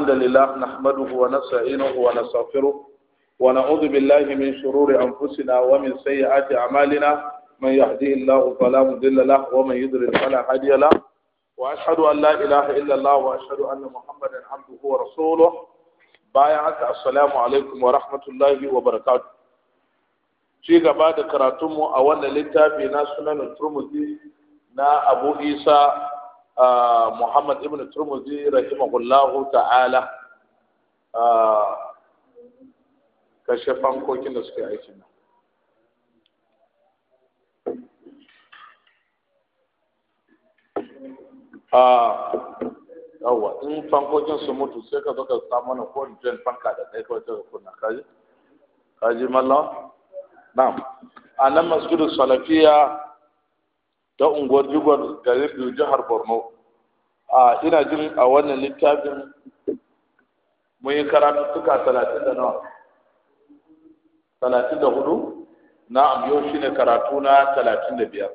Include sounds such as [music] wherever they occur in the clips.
الحمد لله نحمده ونستعينه ونستغفره ونعوذ بالله من شرور أنفسنا ومن سيئات أعمالنا من يهديه الله فلا مضل له ومن يضلل فلا هادي له وأشهد أن لا إله إلا الله وأشهد أن محمدا عبده ورسوله بايعك السلام عليكم ورحمة الله وبركاته ci gaba da karatunmu a wannan littafi na sunan turmuzi Muhammad ibn Turmuzi rahimahullahu ta'ala kashe fankokin da suke aikin nan yawwa in fankokin su mutu sai ka zo ka samu na kowane jen fanka da ɗaya kawai ta kunna kaji kaji malla Na. a nan masu gudu salafiya ta unguwar jigon garin jihar borno a ina jin a wannan littafin mun yi karatuttuka talatin da nawa talatin da hudu na yau shi ne karatu na talatin da biyar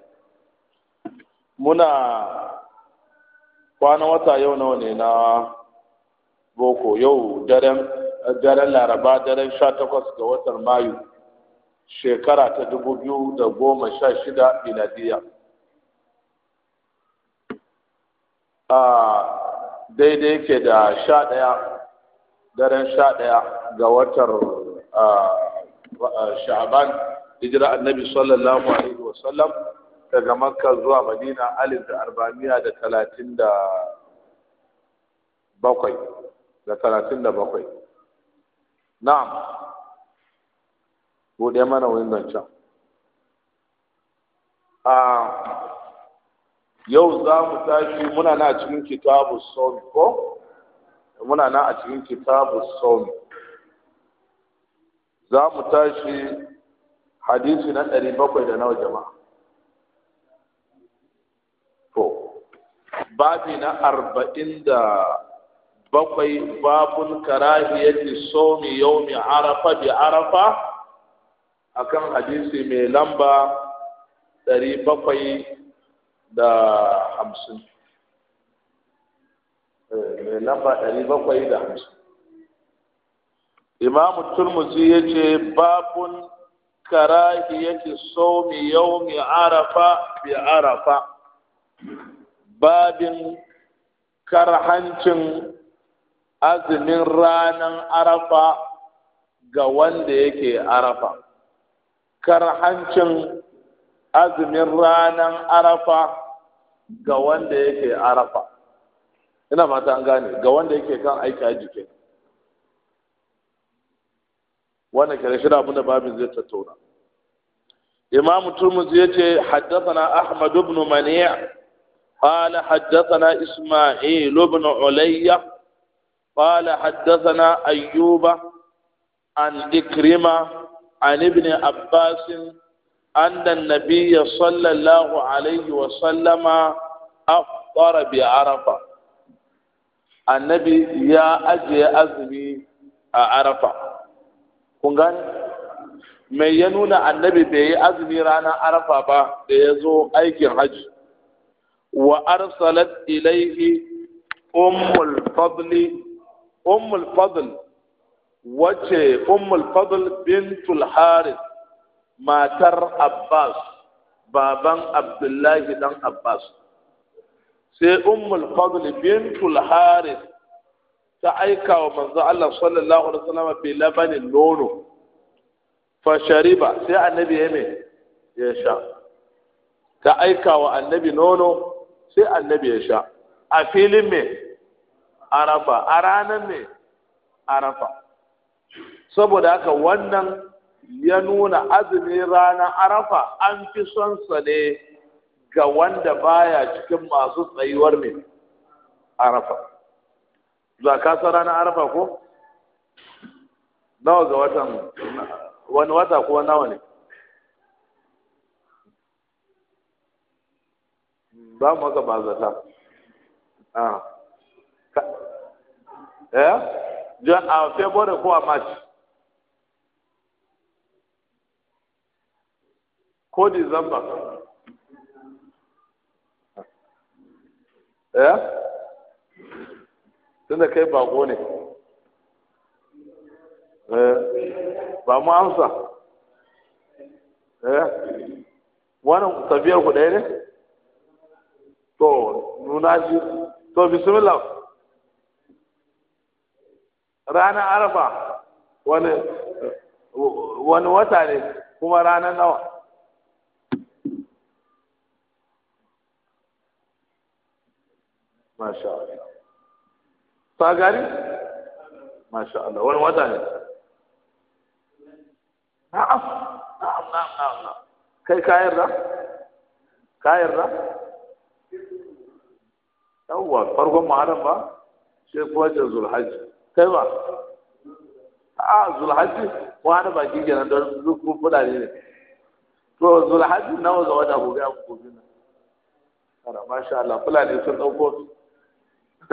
muna kwana wata yau nawa ne na boko yau daren daren laraba daren sha takwas ga watan mayu shekara ta dubu biyu da goma sha shida miladiya daidai yake da sha ɗaya daren sha ɗaya ga watar sha'aban hijira annabi sallallahu alaihi wa sallam daga makka zuwa madina alif da arba'amiya da talatin da bakwai da talatin da bakwai na'am Bude mana wani zancen yau za mu tashi muna na cikin kitabu saumi ko muna na a cikin kitabu saumi za mu tashi hadisi na ɗari bakwai da nawa jama'a to babi na arba'in da bakwai babun somi yau mai arafa bi arafa akan hadisi mai lamba ɗari bakwai da hamsin mai eh, lamba ɗari bakwai da hamsin imamu turmuzi Karahi yake babun karahiyati yau yaumi arafa bi arafa babin karhancin azumin ranan arafa ga wanda yake arafa karhancin azumin ranan arafa ga wanda yake arafa ina mata an gane ga wanda yake kan aiki haji ke wannan kare shi abin da babin zai tattauna imamu turmuzi ya ce haddathana ahmad ibn mani' قال حدثنا إسماعيل بن علي قال حدثنا أيوب عن إكرمة عن ابن عباس أن النبي صلى الله عليه وسلم أفطر بعرفة النبي يا أجي أزمي عرفة كنغان ما ينون النبي بي أزمي رانا عرفة با بيزو أيك حج وأرسلت إليه أم الفضل أم الفضل وجه أم الفضل بنت الحارث matar Abbas baban Abdullahi dan Abbas sai ummul fadl bintul harith ta aika wa manzo Allah sallallahu alaihi wasallam bi labanin nono fa shariba sai annabi ya me ya sha ta aika wa annabi nono sai annabi ya sha a filin me arafa a ranar me arafa saboda haka wannan ya nuna azumi ranar arafa an fi son sa ne ga wanda baya cikin masu tsayuwar ne arafa za ka san ranar arafa ko nawa ga watan wani wata ko nawa ne ba mu ga bazata ah eh a february ko a march ko disamba ya eh? tunda kai bako ne eh, ba mu amsa eh, wannan tafiyar ku ɗaya ne to nuna shi to bismillah ranar arafa wani wata ne kuma ranar nawa masha Allah sagari masha wani wata ne na'am na'am na'am na'am kai ka yarda ka yarda yawwa farkon muharram ba sai kuma ce kai ba a zulhajji wani baki kenan don duk kudade ne to zulhajji nawa ga wata gobe gobe masha Allah fulani sun ɗauko [laughs]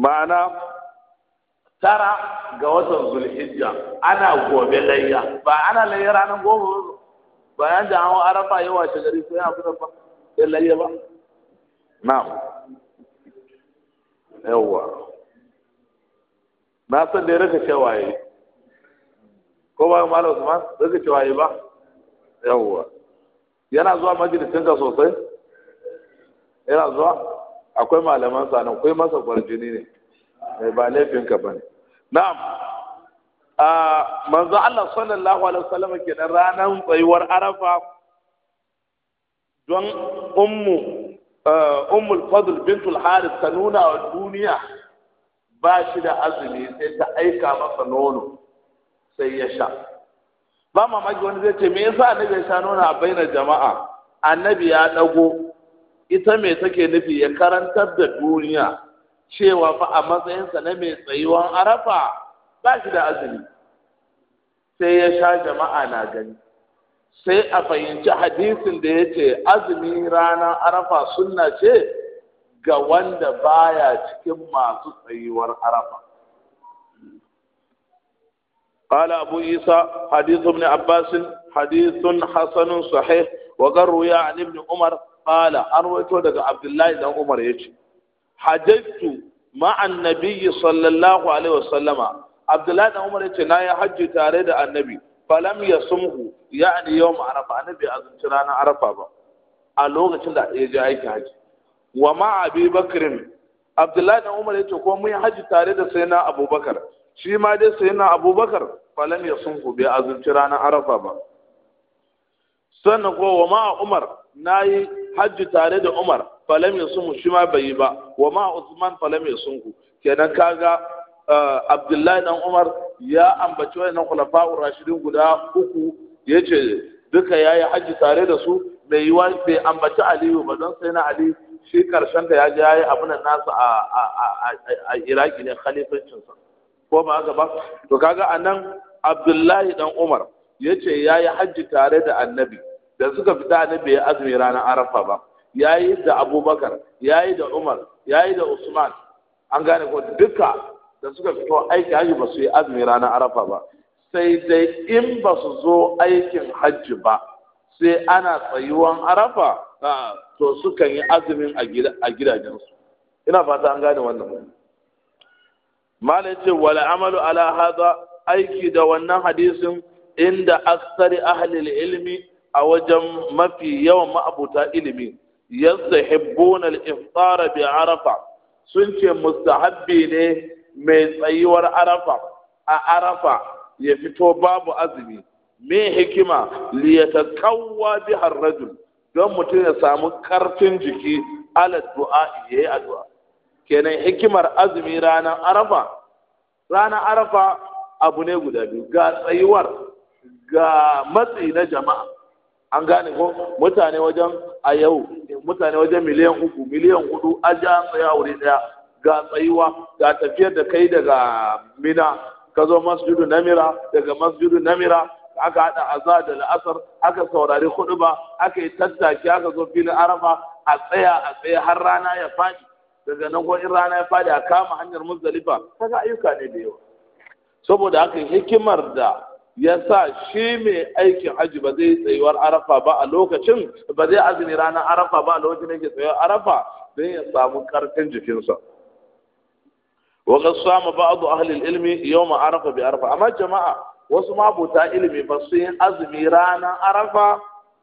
ma'ana tara ga watan zulhijja ana gobe layya ba ana layya ranar goma ba bayan da an arafa yawa shi gari sai abu da ba sai layya ba na yawa na san da ya rika cewaye ko ba malo ma rika cewaye ba yawa yana zuwa majalisin ka sosai yana zuwa akwai malaman sa nan akwai masa kwarjini ne mai ba laifin ka bane na'am a manzo Allah sallallahu alaihi wasallam kenan ranan tsayuwar Arafa don ummu ummul fadl bintul harith ta nuna wa duniya ba shi da azumi sai ta aika masa nono sai ya sha ba mamaki wani zai ce me yasa annabi ya sha nono a bainar jama'a annabi ya dago ita mai take nufi ya karantar da duniya cewa fa a matsayinsa na mai tsayuwan arafa ba shi da azumi sai ya sha jama'a na gani sai a fahimci hadisin da ya ce azumi ranar arafa sunna ce ga wanda baya cikin masu tsayuwar arafa قال أبو عيسى حديث ابن عباس حديث حسن صحيح وقال روي عن ابن عمر qala an waito daga abdullahi dan umar yace hajjatu ma'an annabi sallallahu alaihi wasallama abdullahi dan umar yace na ya hajji tare da annabi falam yasumhu ya'ni yawm arafa annabi azumci ranar arafa ba a lokacin da ya je aiki haji wa ma abi abdullahi dan umar yace ko mun hajji tare da sayyidina abubakar shi ma dai sayyidina abubakar falam yasumhu bai azumci ranar arafa ba sannan ko wa ma umar nayi hajji tare da Umar falam yasum shi ma bai yi ba wa ma Usman falam yasum kenan kaga uh, Abdullahi dan Umar ya ambaci wayannan khulafa'ur rashidin guda uku yace duka yayi hajji tare da su bai yi bai ambaci Aliyu ba don sai na Ali shi karshen ta ya je yayi abin nasa a Iraki ne khalifancin sa ko ba haka to kaga anan Abdullahi dan Umar yace yayi hajji tare da Annabi da suka fita annabi bai azumi ranar arafa ba yayi da abubakar yayi da umar yayi da usman an gane ko duka da suka fito aiki hajji ba su yi azumi ranar arafa ba sai dai in ba su zo aikin hajji ba sai ana tsayuwan arafa to sukan yi azumin a gidajensu ina fata an gane wannan malai ce wala amalu ala hada aiki da wannan hadisin inda aksari ahlil ilmi a wajen mafi yawan ma'abuta ilimi yadda al al'iftara bi arafa sun ce mustahabbi ne mai tsayuwar arafa a arafa ya fito babu azumi me hikima liyata kawwa biha ar don mutum ya samu karfin jiki ala du'a yi addu'a kenan hikimar azumi ranar arafa ranar arafa abu ne guda biyu ga tsayuwar ga matsi na jama'a an gane ko mutane wajen a yau mutane wajen miliyan uku miliyan hudu a ja tsaya wuri daya ga tsayuwa ga tafiyar da kai daga mina ka zo masjidu namira daga masjidu namira aka hada azza da la'asar aka saurari ba aka yi tattaki aka zo filin arafa a tsaya a tsaya har rana ya fadi daga nan ko in rana ya fadi a kama hanyar Muzalifa. kaga ayyuka ne da yawa saboda haka hikimar da ya sa shi mai aikin hajji ba zai tsayuwar arafa ba a lokacin ba zai azumi ranar arafa ba a lokacin yake tsayuwar arafa don ya samu karfin jikinsa wa qad ba ba'd ahli al-ilmi ma arafa bi arafa amma jama'a wasu mabuta ilimi ba su yin azumi ranar arafa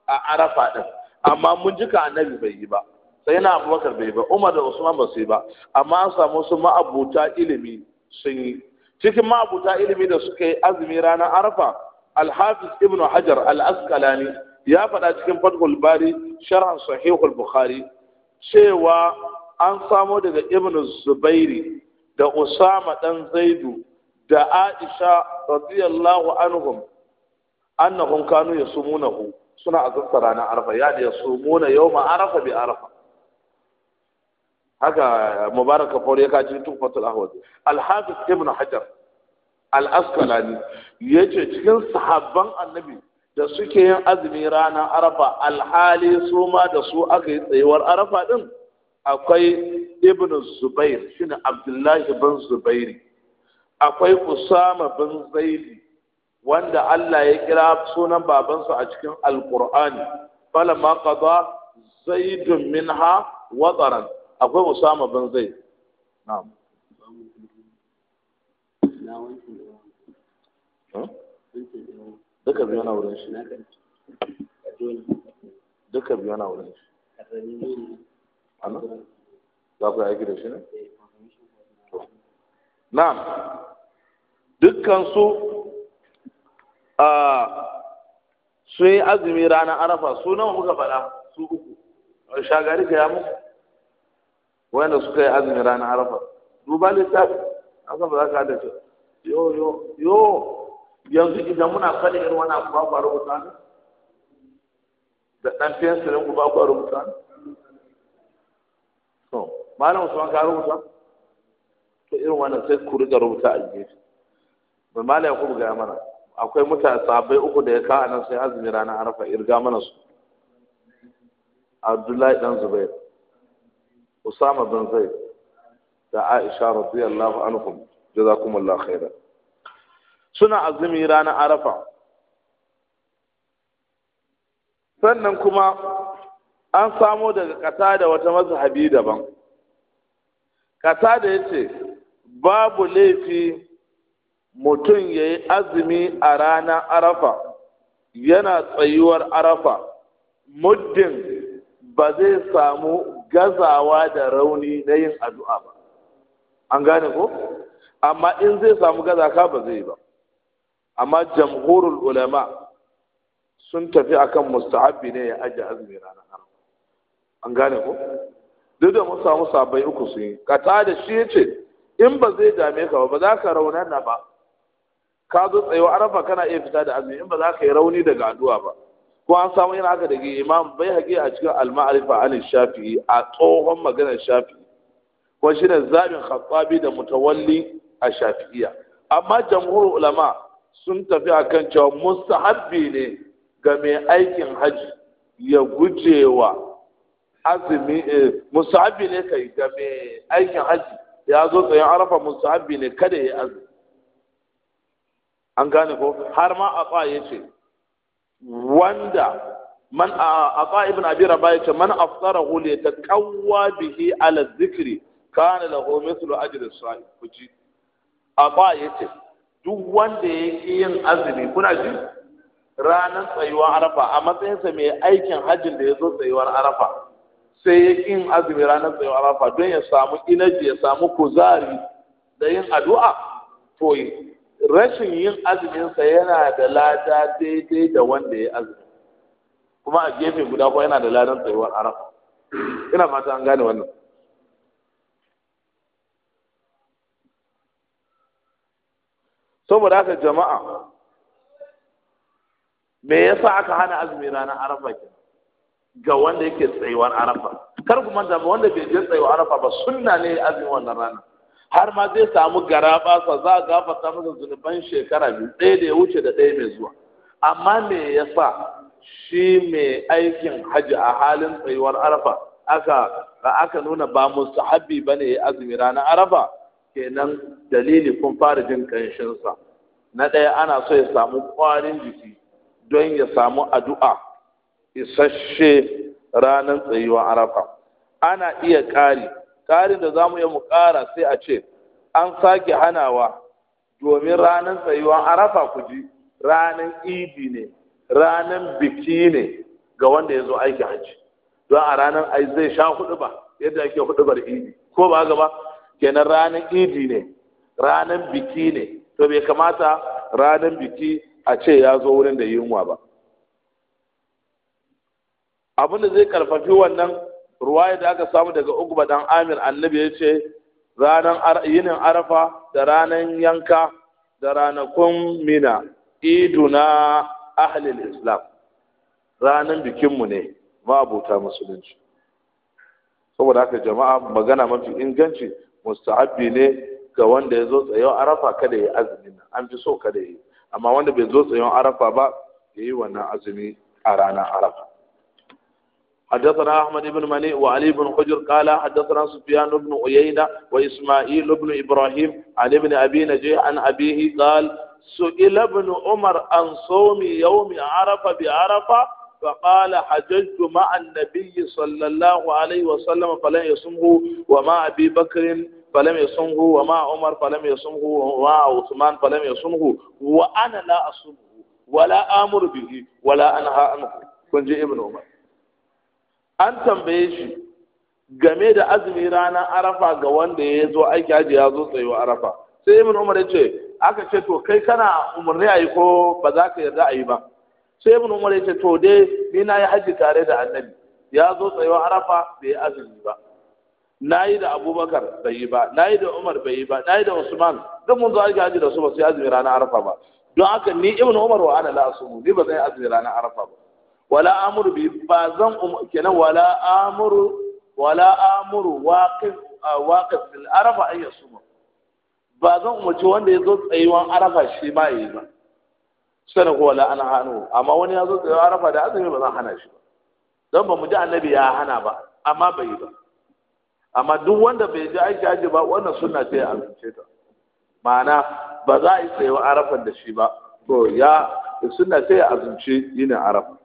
a arafa din amma mun ji ka annabi bai yi ba sai na abubakar bai ba umar da usman ba su yi ba amma an samu su ma'abuta ilimi sun yi cikin ma'abuta ilimi da suka yi azumi ranar arfa alhafiz ibnu hajar al askalani ya faɗa cikin fathul bari sharhan sahihul bukhari cewa an samo daga ibnu zubairi da usama dan zaidu da aisha radiyallahu anhum annahum kanu yasumunahu suna azumta ranar arfa ya da yasumuna yawma arfa bi arfa haka eh, mubarak kafar ya kaji tufatul ahwaz al-hafiz ibn hajar al-asqalani yace cikin sahabban annabi da suke yin azumi ranar arafa alhali su ma da su aka yi tsayuwar arafa din akwai ibn zubair shine abdullahi bin zubairi akwai usama bin zaidi wanda Allah ya kira sunan babansa a cikin alqur'ani falamma qada zaidun minha wataran akwai usama bin zai na'am duka biyu na wurin shi duka biyu na wurin shi ana za ku yi aiki da shi ne na'am dukkan su sun yi azumi ranar arafa su nawa muka faɗa su uku shagari ka ya muku wanda suka yi azumi ranar arafa duba lissafi an san ba za ka ce. yo yo yo yanzu idan muna faɗin irin wani abu babu rubuta ne da ɗan fensirin ku ba ku rubuta ne to malam usman ka rubuta to irin wannan sai ku riga rubuta a gefe ba malam ku ga mana akwai mutane sabai uku da ya kawo nan sai azumi ranar arafa irga mana su abdullahi dan zubair usama bin zaid da aisha radiyallahu anhum jazakumullahu khairan suna azumi ranar arafa sannan kuma an samo daga kasa da wata mazhabi daban kasa da yace babu laifi mutum ya yi azumi a ranar arafa yana tsayuwar arafa muddin ba zai samu gazawa da rauni na yin addu'a ba an gane ko amma in zai samu gaza ka ba zai ba amma jamhurul ulama sun tafi akan mustahabbi ne ya aje azumi ranar arfa an gane ko duk da mun samu sabai uku su yi kata da shi yace in ba zai dame ka ba ba za ka raunana ba ka zo tsayo arfa kana iya fita da azumi in ba za ka yi rauni daga addu'a ba ko an samu yana haka daga imam bai hage a cikin al-ma'arifa an shafi'i a tsohon maganar shafi'i ko shi ne zaɓin khattabi da mutawalli a shafi'iya amma jamhurul ulama sun tafi akan cewa mustahabbi ne ga mai aikin haji ya gujewa azumi eh, mustahabbi ne kai ga mai aikin haji ya zo tsayin arafa mustahabbi ne kada ya azumi an gane ko har ma a ya ce wanda man aqa ibn abi rabah yace man ta li taqawwa bihi ala zikri kana lahu mithlu ajri sa'i kuji aqa yace duk wanda yake yin azumi kuna ji ranar tsayuwar arafa a matsayinsa mai aikin hajjin da ya zo tsayuwar arafa sai ya yin azumi ranar tsayuwar arafa don ya samu inaji ya samu kuzari da yin addu'a to rashin yin azuminsa yana da lada daidai da wanda ya azumi kuma a gefe guda kuma yana da ladan tsayuwar arafa ina fata an gane wannan saboda haka jama'a me yasa aka hana azumi ranar arafa ke ga wanda yake tsayuwar arafa kar ku manta ba wanda bai je tsayuwar arafa ba sunna ne azumin wannan rana har ma zai samu garaba sa za a gafarta masa zunuban shekara biyu ɗaya da ya wuce da ɗaya mai zuwa amma me yasa shi mai aikin hajji a halin tsayuwar arafa aka aka nuna ba mustahabbi bane azumi ranar arafa kenan dalili kun fara jin kanshin sa na ɗaya ana so ya samu ƙwarin jiki don ya samu addu'a isasshe ranar tsayuwar arafa ana iya ƙari karin da za mu yi mu sai a ce an sake hanawa domin ranar tsayuwan arafa ku ji ranar idi ne ranar biki ne ga wanda ya zo aiki hajji don a ranar ai zai sha hudu ba yadda ake hudu bar idi ko ba gaba kenan ranar idi ne ranar biki ne to bai kamata ranar biki a ce ya zo wurin da yunwa ba abin da zai karfafi wannan ruwaya da aka samu daga Ugba dan Amir annabi ya ce ranar yinin Arafa da ranar yanka da ranakun Mina iduna ahlil Islam ranar bikinmu ne mabuta musulunci saboda haka jama'a magana mafi inganci musta'abbi ne ga wanda ya zo tsayon arafa kada ya azumi an fi so kada ya yi amma wanda bai zo tsayon arafa ba ya yi wannan azumi a ranar arafa حدثنا أحمد بن مني وعلي بن حجر قال حدثنا سفيان بن عيينة وإسماعيل بن إبراهيم عن ابن أبي نجيح عن أبيه قال سئل ابن عمر عن صوم يوم عرفة بعرفة فقال حججت مع النبي صلى الله عليه وسلم فلم يصمه ومع أبي بكر فلم يصمه ومع عمر فلم يصمه ومع عثمان فلم يصمه وأنا لا أصمه ولا آمر به ولا أنهى عنه كنت ابن عمر an tambaye shi game da azumi ranar arafa ga wanda ya zo aiki aji ya zo tsayuwa arafa sai ibn umar ya ce aka ce to kai kana umarni a yi ko ba za ka yarda a yi ba sai ibn umar ya ce to dai ni na yi haji tare da annabi ya zo tsayuwa arafa bai yi azumi ba na yi da abubakar bai yi ba na yi da umar bai yi ba na yi da usman duk mun zo aiki aji da su ba su yi azumi ranar arafa ba don haka ni ibn umar wa ana la'asumu ni ba zan yi azumi ranar arafa ba wala amuru bi ba zan um-, kenan wala amuru wala amuru waqif waqif bil arafa ay yasuma ba zan umarci wanda ya zo tsayuwan arafa shi ma yi ba sana ko wala ana hanu amma wani ya zo tsayuwan arafa da azumi ba zan hana shi ba don ba mu ji annabi ya hana ba amma bai ba amma duk wanda bai ji aiki aji ba wannan sunna ce a rubuce ta ma'ana ba za a yi tsayuwan arafan da shi ba to ya sunna ce a rubuce yinin arafa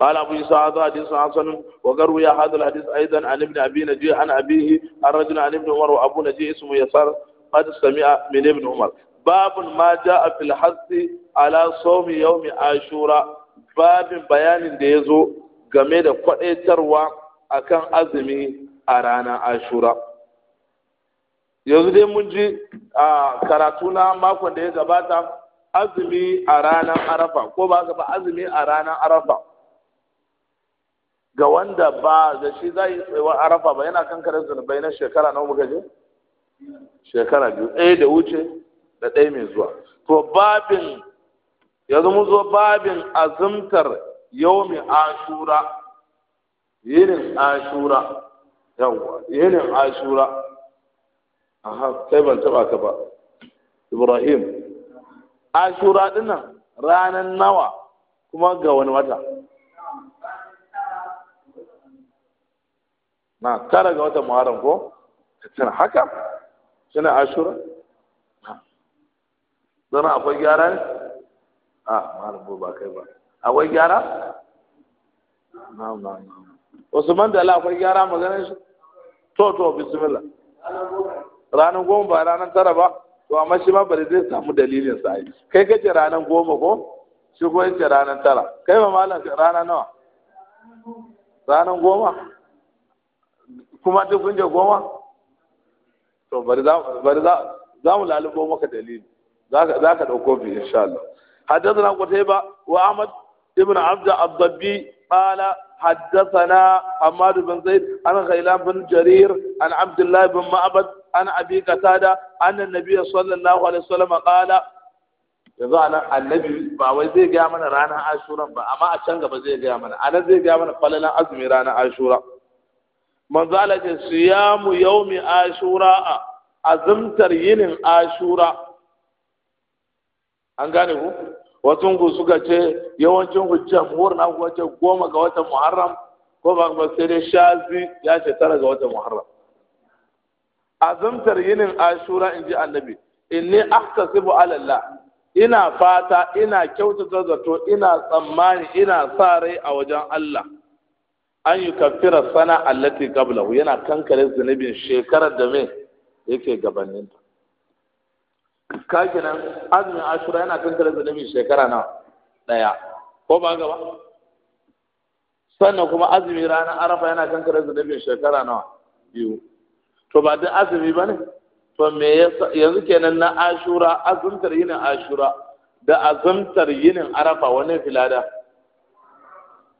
قال ابو يسوع حديث حسن وغروي هذا الحديث ايضا عن ابن ابي نجي عن ابيه الرجل عن ابن عمر وابو نجي اسمه يسار قد سمع من ابن عمر باب ما جاء في الحث على صوم يوم عاشوراء باب بيان da yazo game da kwadaitarwa akan azumi a ranar ashura yanzu dai mun ji a karatu na makon da ya gabata azumi a ranar arafa ko ba ka ba azumi a ranar arafa ga wanda ba da shi za yi tsayawa arafa ba yana kan karin zunubai na shekara na muka je shekara biyu ɗaya da wuce da ɗaya mai zuwa to babin yanzu mu zo babin azumtar mai ashura yinin ashura yawwa yinin ashura aha kai ban taba ka ba ibrahim ashura dinnan ranan nawa kuma ga wani wata na tara ga watan muharram ko tana haka tana ashura don akwai gyara ne a muharram ba kai ba akwai gyara Na na'am Usman da Allah akwai gyara maganar shi to to bismillah ranar goma ba ranar tara ba to amma shi ma bari zai samu dalilin sa kai kace ranar goma ko shi ko yace ranar tara kai ma malam rana nawa ranar goma kuma duk kun je goma to bari za bari za za mu lalubo maka dalili za ka dauko bi insha Allah haddathana qutayba wa ahmad ibn abd ad-dabbi qala haddathana amad bin zaid ana ghailan bin jarir an abdullah bin ma'bad ana abi qatada an an-nabiy sallallahu alaihi wasallam qala yanzu ana annabi ba wai zai gaya mana ranar ashura ba amma a can gaba zai gaya mana a zai gaya mana falalan azumi ranar ashura manzala ce siyamu yaumi ashura azumtar yinin ashura an gane ku wasu ku suka ce yawancin ku jamhur na ku ce goma ga watan muharram ko ba ba sai dai shazi ya ce tara ga watan muharram azumtar yinin ashura inji annabi inni ahtasibu ala Allah ina fata ina kyautata zato ina tsammani ina sa rai a wajen Allah an yi kafira sana allati qablahu yana kankare zunubin shekarar da me yake gabaninta nan azumin ashura yana kankare zunubin shekara na daya ko ba gaba sannan kuma azumi ranar arafa yana kankare zunubin shekara nawa biyu to ba duk azumi ba ne to me yanzu kenan na ashura azumtar yinin ashura da azumtar yinin arafa wani filada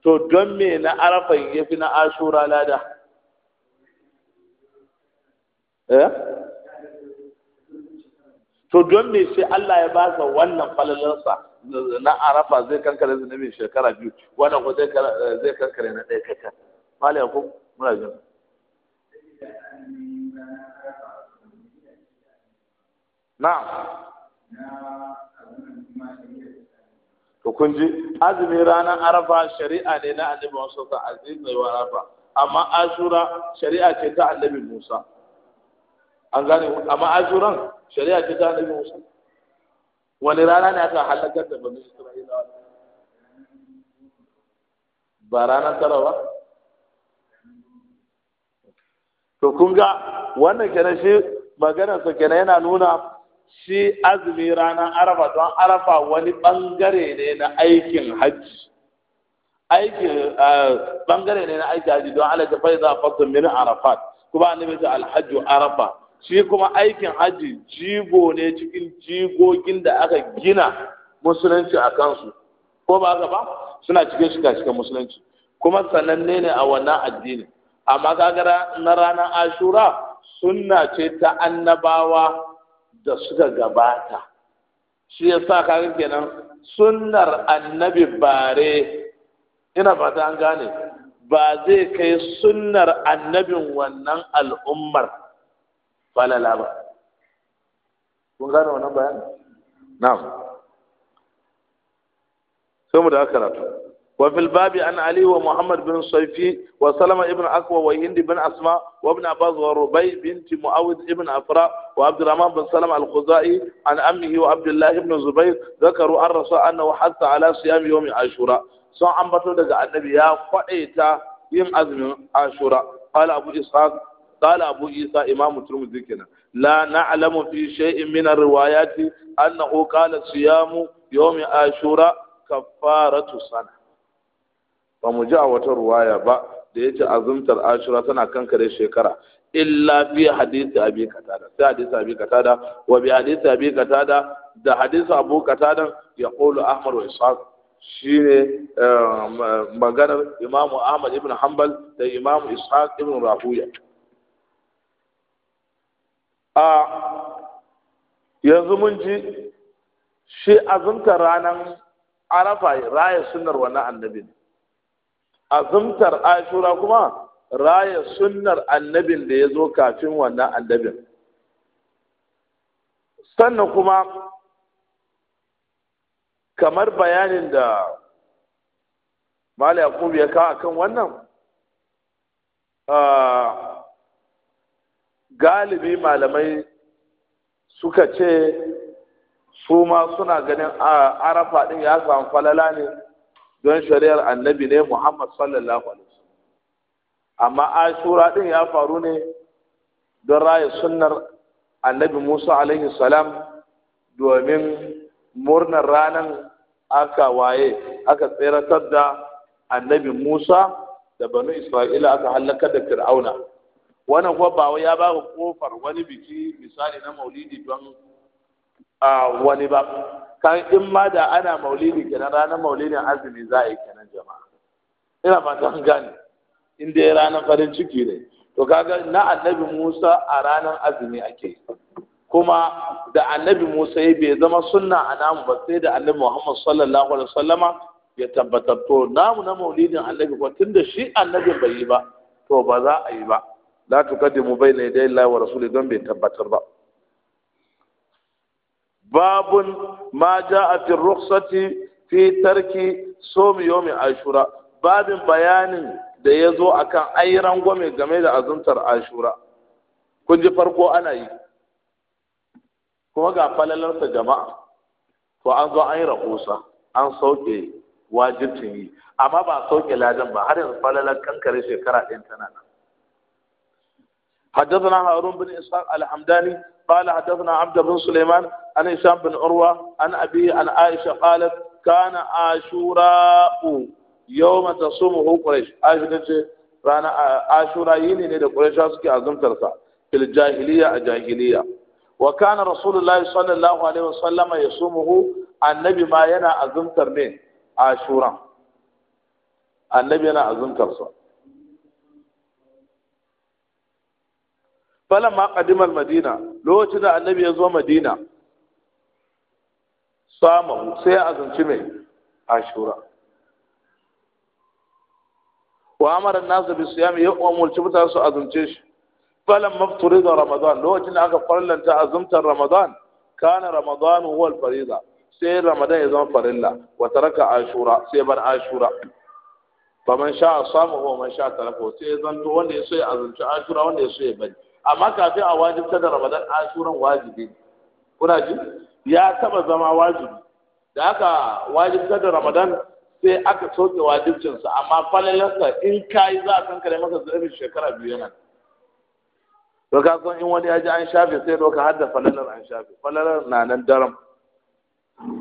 to don me na Arafa ya fi na ashura lada eh to don me sai Allah ya basa wannan falalarsa na arafa zai kankare zunubin shekara biyu wannan ko eh, zai kankare na ɗaya kacan malai kuma, muna jin na'am to kun ji azumi ranar arafa shari'a ne na annabi musa ta aziz mai wa rafa. amma ashura shari'a ce ta annabi musa an gane amma ashuran shari'a ce ta annabi musa wani rana ne aka halakar da bani isra'ilawa ba ranar tara ba to kun ga wannan kenan shi maganarsa kenan yana nuna shi azumi ranar arafa don arafa wani bangare ne na aikin hajji aikin bangare ne na aikin hajji don ala ta a fasa mini arafat kuma annabi ta alhajju arafa shi kuma aikin hajji jigo ne cikin jigogin da aka gina musulunci a kansu ko ba haka ba suna cikin shiga cikin musulunci kuma sananne ne a wannan addini amma kaga na ranar ashura sunna ce ta annabawa da suka gabata shi ya sa kaga kenan sunnar annabi bare ina fata an gane ba zai kai sunnar annabin wannan al'ummar falala ba kun gane wannan bayan na'am sai mu da karatu وفي الباب عن علي ومحمد بن صيفي وسلمة بن أكوى وهند بن أسماء وابن عباس وربيع بنت معاوذ بن أفراء وعبد الرحمن بن سلمة الخزائي عن أمه وعبد الله بن زبير ذكروا عن الرسول أنه حث على صيام يوم عاشوراء sun ambato daga annabi ya faɗaita yin azumin ashura qala abu abu isa imamu turmudi kenan la na'lamu fi shay'in min ar-riwayati annahu qala siyamu yawmi ashura kaffaratu ba mu ji a wata ruwaya ba da yace azumtar ashura tana kankare shekara illa fi hadisi abi katada sai hadisi abi katada wa bi hadisi abi katada da hadisi abu katada ya qulu ahmar wa ishaq shine eh, maganar imam ahmad ibn hanbal da imam ishaq ibn rahuya a yanzu mun ji shi azumtar ranan arafa raya sunnar wannan annabi azumtar ashura kuma raya sunnar annabin da ya zo kafin wannan annabin sannan kuma kamar bayanin da Mali yakub ya kawo akan wannan galibi malamai suka ce su ma suna ganin arafa din ya samu falala ne don shari'ar annabi ne Muhammad sallallahu alaihi wasallam amma ashura din ya faru ne don raya sunnar annabi Musa alaihi salam domin murnar ranar aka waye aka tseratar da annabi Musa da banu Isra'ila aka halaka da Fir'auna wannan kuwa ba ya ba kofar wani biki misali na maulidi don a wani ba kan in ma da ana maulidi kenan ranar maulidin azumi za a yi kenan jama'a ina fata an gane in dai ranar farin ciki ne to kaga na annabi Musa a ranar azumi ake kuma da annabi Musa ya bai zama sunna a namu ba sai da annabi Muhammad sallallahu alaihi wasallama ya tabbatar to namu na maulidin annabi ko tunda shi annabi bai yi ba to ba za a yi ba la tuqaddimu bayna yaday Allah wa rasuli don bai tabbatar ba babun maja ja'a fi rukhsati fi tarki somi yomi ashura babin bayanin da ya zo akan ayran gwame game da azuntar ashura kun ji farko ana yi kuma ga falalarsa jama'a to an zo an yi rahusa an sauke wajibcin yi amma ba sauke ladan ba har yanzu falalar kankare shekara ɗin tana nan حدثنا هارون بن اسحاق الحمداني قال حدثنا عبد بن سليمان عن هشام بن عروة عن أبي عن عائشة قالت كان عاشوراء يوم تصومه قريش عائشة رانا عاشوراء يني ne da Qurayshawa suke azumtar sa fil jahiliya a jahiliya wa kana sallallahu alaihi wasallam yasumuhu annabi ma yana azumtar ne ashura annabi yana falamma qadimal madina lokacin da annabi ya zo madina samu sai ya azanci mai ashura wa amara nasu bi siyami ya umulci mutane su azumce shi falan mafturi da ramadan lokacin da aka farlanta azumtar ramadan kana ramadan huwa al-fariza sai ramadan ya zama farilla wa taraka ashura sai bar ashura faman sha samu wa man sha taraka sai zanto wanda ya so ya azumci ashura wanda ya so ya bari amma kafin a wajibta da ramadan suran wajibi kuna ji ya taba zama wajibi da aka wajibta da ramadan sai aka soke wajibcinsa amma falalarsa in ka yi za a kankare maka zurfin shekara biyu yana to ka san in wani ya ji an shafe sai doka hadda falalar an shafe falalar na nan daram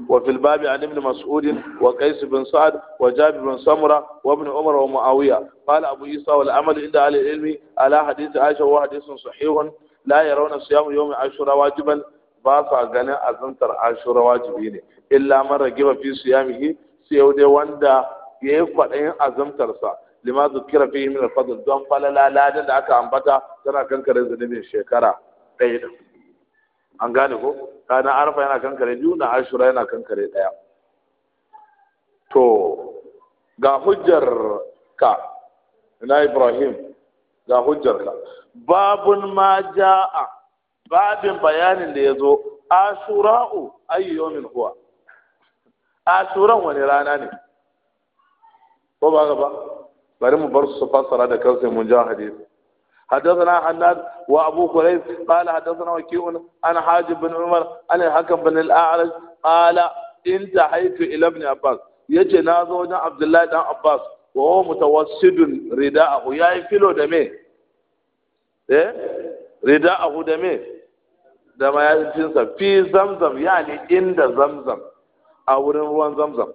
وفي الباب عن ابن مسعود وقيس بن سعد وجابر بن سمرة وابن عمر ومعاوية قال أبو عيسى والعمل عند أهل العلم على حديث عائشة وهو حديث صحيح لا يرون صيام يوم عاشوراء واجبا باسا غنى أزمتر عاشوراء واجبين إلا من رغب في صيامه سيودي وندا يفقد أين أزمتر سا لما ذكر فيه من الفضل دون فلا لا لا دا أكا أنبتا تنا كنكر الزنبين شكرا ɗaya an gane ko kana arfa yana kankare biyu na ashura yana kankare daya to ga hujjar ka na ibrahim ga hujjar ka babun ma ja'a babin bayanin da ya zo ayi yomin huwa ashuran wani rana ne ko ba ga ba bari mu bar su fasara da kansu mun ja hadisi حدثنا حناد وابو كريب قال حدثنا وكيع عن حاجب بن عمر عن الحكم بن الاعرج قال انتهيت الى ابن عباس yace nazo zo wajen Abdullahi dan Abbas wa huwa mutawassidun rida'ahu yayi filo da me eh rida'ahu da me da mayafin sa fi zamzam yani inda zamzam a wurin ruwan zamzam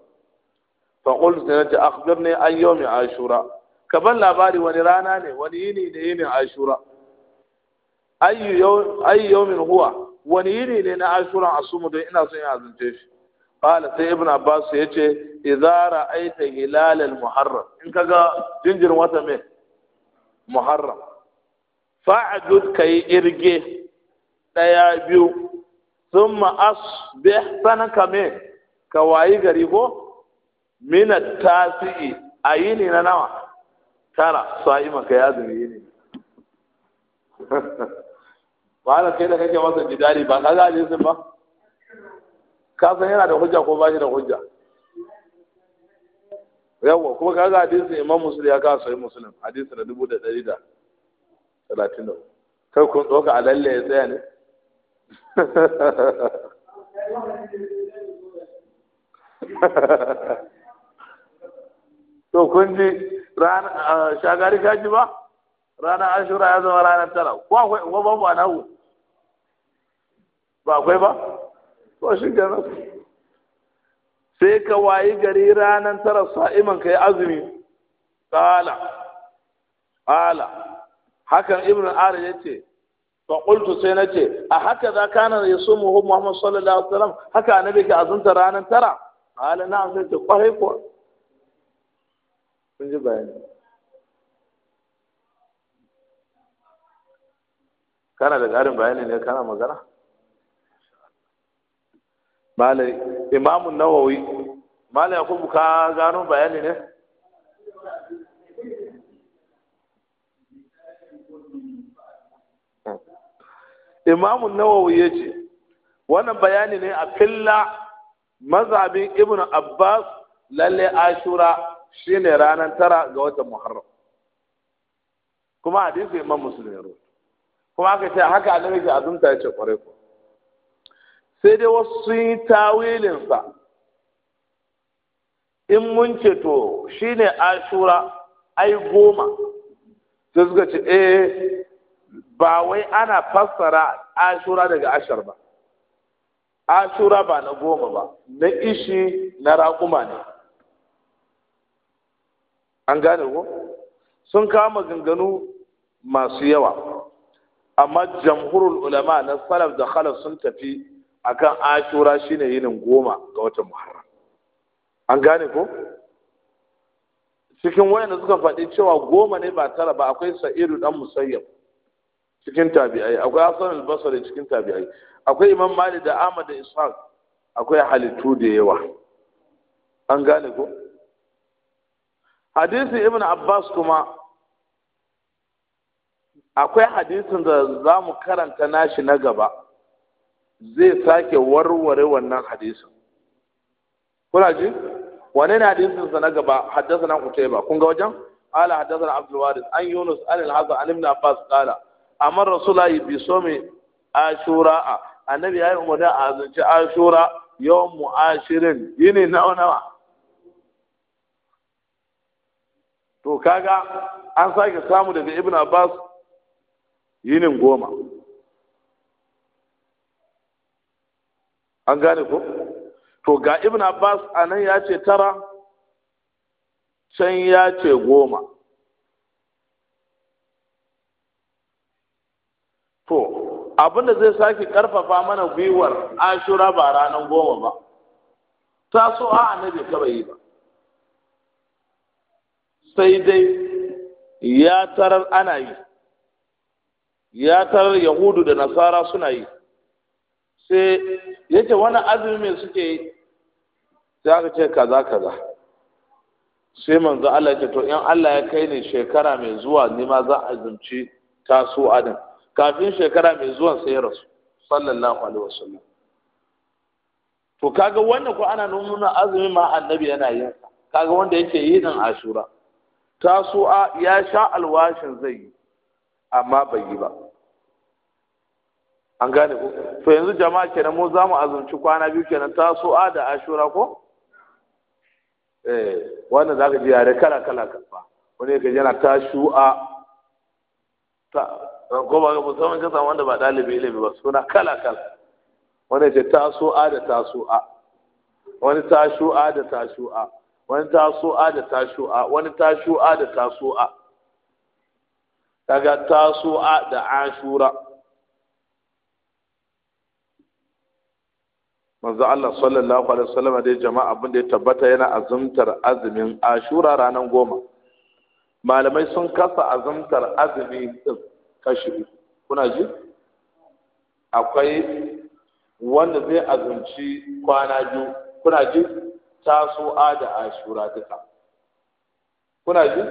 fa qultu nace akhbirni an yawmi ashura ka ban labari wani rana ne wani yini ne yinin ashura ayyu yawmin huwa wani yini ne na ashura asumu don ina son yin azunce shi qala sai ibn abbas yace idza ra'aita hilal al muharram in kaga jinjirin wata mai muharram fa'dud kai irge daya biyu thumma asbih sanaka me ka wayi gari ko minat at A ayini na nawa tara sa'iman ka ya zuri ne ba da kai da kake masa jidali ba ka zaje su ba ka san yana da hujja ko ba shi da hujja yawwa kuma ka ga hadisin imam musulmi ya ka sahih muslim hadisi na dubu da ɗari da talatin da kai kun doka a lalle ya tsaya ne [laughs] to kun ji shagari kaji ba ranar ashura ya zama ranar tara ko akwai ko babu a ba akwai ba Ko shi kenan sai ka wayi gari ranar tara sa'iman kai azumi qala qala hakan ibn al ya ce fa qultu sai nace a haka za kana yasumu muhammad sallallahu alaihi wasallam haka annabi ka azunta ranar tara qala na'am sai ce kwarai ko kun ji bayani kana da ƙarin bayani ne kana magana malai imamun nawawi malai yakubu ka gano bayani ne imamun nawawi ya ce wannan bayani ne a filla mazabin ibn abbas lalle ashura Shi ne ranar tara ga watan muharram kuma hadisi imam muslim ya kuma aka ce haka annabi ke azumta ya ce kwarai ko sai dai wasu sun yi tawilin sa in mun ce to shi ne ashura ai goma sai suka ce eh ba wai ana fassara ashura daga ashar ba ashura ba na goma ba na ishi na raƙuma ne an gane ko sun kama ganganu masu yawa amma jamhurul ulama na salaf da khalaf sun tafi akan ashura shine yinin goma ga watan muharram an gane ko cikin wayanda suka faɗi cewa goma ne ba tara ba akwai sa'idu dan musayyab cikin tabi'ai akwai hasan al-basri cikin tabi'ai akwai imam malik da ahmad da ishaq akwai halittu da yawa an gane ko hadisi ibn abbas kuma akwai hadisin da za mu karanta nashi na gaba zai sake warware wannan hadisin kuna ji wane ne hadisinsa na gaba haddasa na kutaiba kun ga wajen ala haddasa na Abdulwaris, an yunus an al an ibn abbas kala amma yi bi somi ashura annabi ya yi umarni a zance ashura yawan mu'ashirin yini na nawa to kaga an sake samu daga ibn abbas yinin goma an gane ko to ga ibn abbas a nan ya ce tara can ya ce goma to abinda zai sake karfafa mana gwiwar ashura ba ranar goma ba ta so a annabi kaba yi ba sai dai ya tarar ana yi ya tarar yahudu da nasara suna yi sai yake wani azumi suke yi sai aka ce kaza kaza sai manzo Allah ce to in Allah ya kai ni shekara mai zuwa ni ma za a zumci taso adam kafin shekara mai zuwan sai ya rasu sallallahu alaihi wasallam to kaga wannan ko ana nuna azumi ma annabi yana yin kaga wanda yake yi nan ashura tasu'a ya sha alwashin zai yi amma bai yi ba an gane ku to yanzu jama'a kenan mu za mu azumci kwana biyu kenan tasu'a da ashura ko eh wannan zaka ji yare kala kala kafa wani ka yana tashu'a ta ko ba ga musamman ka samu wanda ba dalibi ilimi ba suna kala kala wani ce tasu'a da tasu'a wani tashu'a da tashu'a wani tasu'a da tashu'a wani tashu'a da tasu'a daga tasu'a da ashura manzo Allah sallallahu alaihi wasallam dai jama'a abin da ya tabbata yana azumtar azumin ashura ranar goma malamai sun kasa azumtar azumi kashi kuna ji akwai wanda zai azumci kwana biyu kuna ji tasu'a da ashura duka kuna ji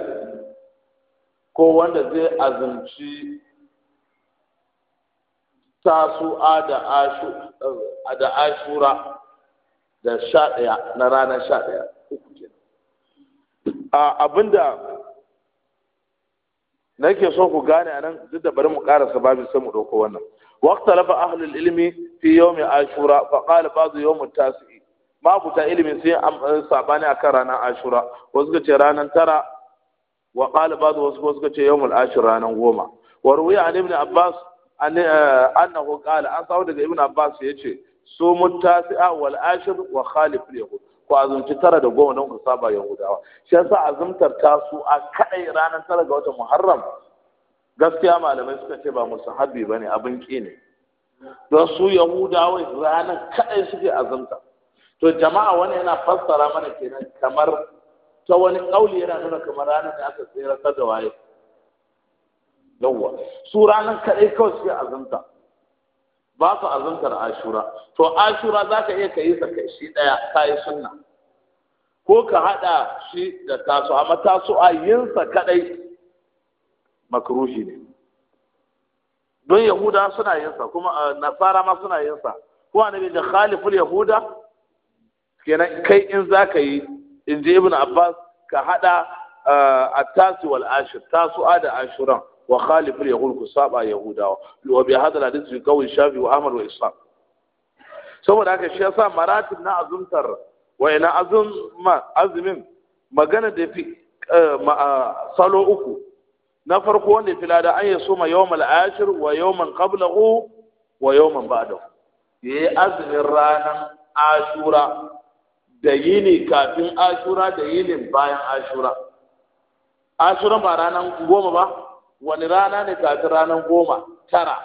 ko wanda zai azumci tasu'a eh, da ashura da sha ɗaya na ranar sha ɗaya a ke abinda nake so ku gane a nan duk da bari mu ƙarasa babin sai mu ɗauko wannan واختلف أهل العلم في يوم ashura فقال بعض yawmi tasi. mabuta ilimin sai an eh, sabani akan ranar ashura wasu ka ce ranar tara wa qala ba'du wasu wasu ka ce yawon ashir ranar goma wa ruwiya an ibn abbas eh, na qala an samu daga ibn abbas ya ce, su a wal ashir wa khalif al yahud ko azumci tara da goma don ku saba gudawa. shi yasa azumtar tasu a kaɗai ranar tara ga watan muharram gaskiya malamai suka ce ba musu ba ne, abin ƙi ne don su yahudawai ranar kaɗai suke azumta to jama'a wani yana fassara mana kenan kamar ta wani kauli yana nuna kamar ranar da aka tsira da waye yawwa su ranar kaɗai kawai suke azanta ba su azantar ashura to ashura za ka iya ka yi shi ɗaya ka yi sunna ko ka haɗa shi da taso amma taso a yinsa kaɗai makruhi ne don yahuda suna yinsa kuma eh, nasara ma suna yinsa ko annabi da khaliful yahuda kenan kai in za ka yi in ji ibn abbas ka hada التاسع والعاشر ku saba yahudawa wa bi hadal يهودا وبهذا kawai shafi wa الشافعي wa Isa. saboda haka shi yasa maratib na azumtar ina azum azumin magana da fi eh, salo uku na farko wanda fi lada an yi soma yawmal ashir wa yawman qablahu wa yawman ba'dahu yayi azumin ranan ashura da yini kafin ashura da yinin bayan ashura ashura ba ranar goma ba wani rana ne kafin ranar goma tara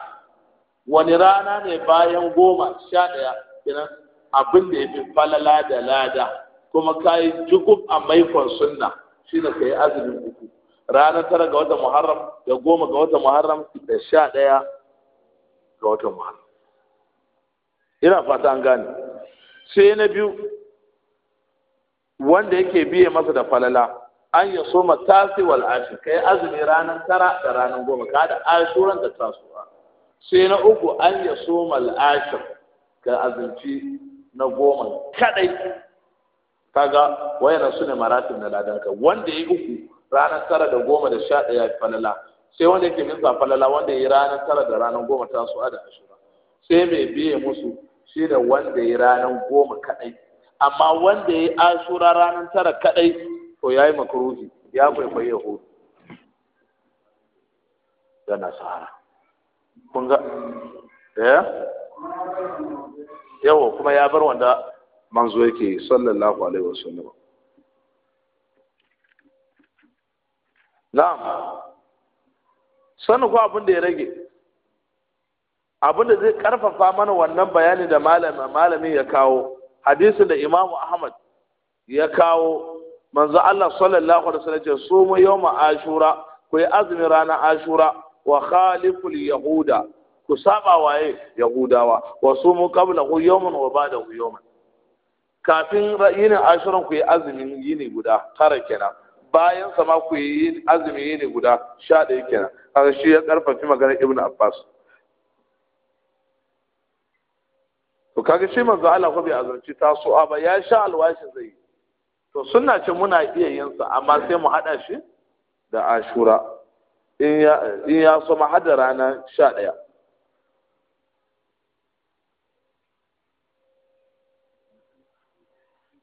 wani rana ne bayan goma sha ɗaya kenan abin da ya fi falala da lada kuma ka yi jukub a maikon sunna shi ne ka yi azumin uku ranar tara ga watan muharram da goma ga watan muharram da sha ɗaya ga watan muharram ina fata an gane sai na biyu wanda yake biye masa da falala an ya soma tasi wal ashir kai azumi ranar tara da ranar goma ka da ashuran da tasuwa sai na uku an ya soma al ashir ka azumci na goma kadai kaga wayannan su ne maratin na ladanka wanda ya uku ranar tara da goma da sha ɗaya falala sai wanda yake minsa falala wanda ya ranar tara da ranar goma tasuwa da ashura sai mai biye musu shi da wanda ya ranar goma kadai amma wanda ya yi ashura ranar tara kadai to ya yi makaruhi ya kwaikwayi hudu da nasara kun ga ya? Eh? Yawo kuma ya bar wanda manzo yake sallallahu alaihi wasallam na'am sanin ko abin da ya rage abin da zai karfafa mana wannan bayani da malamin ya kawo hadisin da Imam Ahmad ya kawo manzo Allah sallallahu alaihi wasallam ce sumu yawma ashura ku yi azumin ranar ashura wa khaliful yahuda ku saba waye yahudawa wa sumu qablahu yawman wa ba'dahu yawman kafin yinin ashuran ku yi azumin yini guda tara kenan bayan sama ku yi azumin yini guda sha kenan kaga shi ya karfafi maganar ibnu abbas kaga shi manzo Allah ko bai azurci tasowa ba ya sha alwashi zai to sunna ce muna iya yin sa amma sai mu hada shi da ashura in ya in ya so mu hada rana 11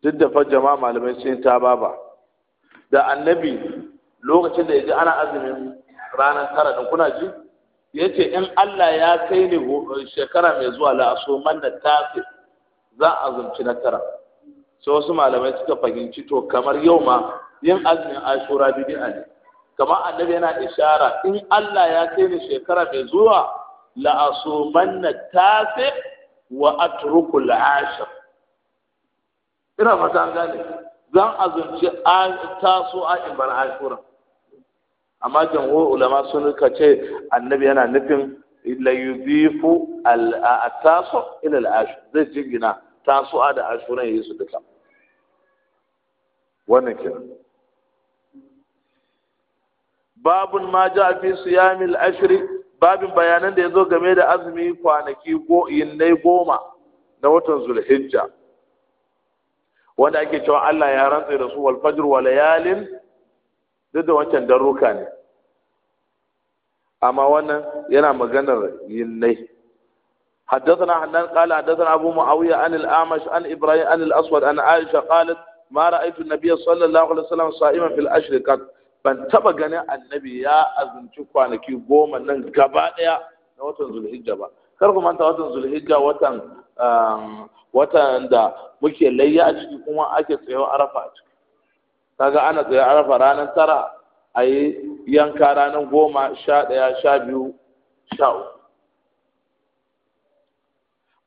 duk da fa jama'a malamai sun ta baba da annabi lokacin da yaji ana azumin ranar tara din kuna ji ya ce in Allah ya kai ni shekara mai zuwa la'asoman da tafi za a azumci na tara sai wasu malamai suka fahimci to kamar yau ma yin azumin ashura bid'a ne kamar annabi yana ishara in Allah ya kai ni shekara mai zuwa la'asoman da tafi wa atruku al'ashir ina fata gane zan azumci taso a in bar ashura amma jamhur ulama sun ka ce annabi yana nufin la yudifu al atasu ila al ash zai jingina tasu'a da ashuran yi su duka wannan kenan babun ma ja fi siyamil ashri babin bayanan da yazo game da azumi kwanaki go yinnai goma na watan zulhijja wanda ake cewa Allah ya rantsa da su wal fajr wa layalin duk da wancan daruka ne amma wannan yana maganar yinnai حدثنا حنان قال حدثنا أبو معاوية عن الأعمش عن إبراهيم عن الأسود عن عائشة قالت ما رأيت النبي صلى الله عليه وسلم صائما في العشر قط ban taba ganin annabi ya azumci kwanaki goma nan gaba daya na watan zulhijja ba kar ku manta watan zulhijja watan um, da muke layya a ciki kuma ake tsayo a kaga ana tsaye arafa ranar tara a yi yanka ranar goma sha ɗaya sha biyu sha uku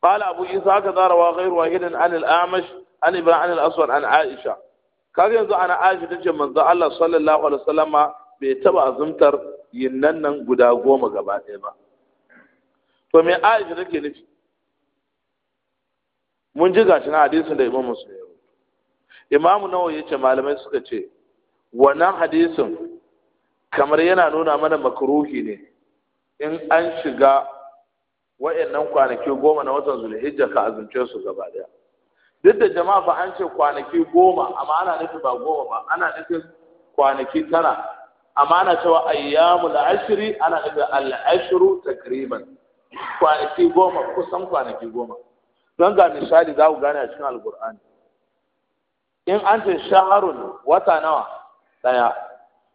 قال أبو إيسا كذا روى an واحد عن الأعمش عن إبراهيم عن الأسود عن عائشة كان ينزو عن عائشة تجي من الله صلى الله عليه وسلم بيتبع زمتر يننن قدا قوم To إبا فمن عائشة ke nufi? mun ji gashi na hadisin da imam imamu ya ce malamai suka ce wannan hadisin kamar yana nuna mana makaruhi ne in an shiga wa'annan kwanaki goma na watan zulhijja ka azumce su gaba daya duk da jama'a ba an ce kwanaki goma amma ana nufin ba goma ba ana nufin kwanaki tara amma ana cewa ayyamul ashiri ana nufin al'ashiru takriban kwanaki goma kusan kwanaki goma don ga misali za ku gane a cikin alkur'ani in an ce shaharun wata nawa daya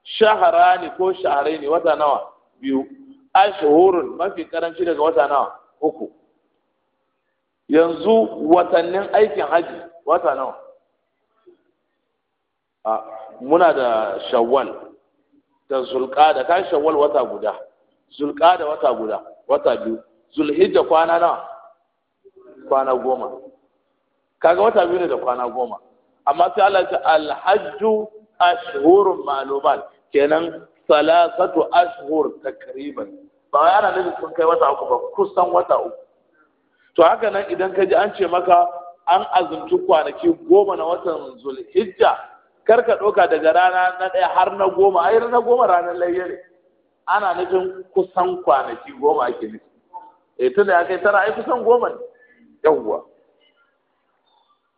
shaharani ko shaharaini wata nawa biyu ashhurun mafi karanci daga wata nawa uku yanzu watannin aikin haji wata nawa muna da shawwal da zulqada kan shawwal wata guda zulqada wata guda wata biyu zulhijja kwana nawa kwana goma kaga wata biyu ne da kwana goma amma sai Allah ta alhajju ashhurun ma'lumat kenan salasatu ashhur takriban ba ya na nufin kun kai wata uku ba kusan wata uku to haka nan idan ka ji an ce maka an azumci kwanaki goma na watan zulhijja kar ka ɗauka daga rana na ɗaya har na goma ai na goma ranar layya ne ana nufin kusan kwanaki goma ake nufi eh tunda ya kai tara ai kusan goma ne yawwa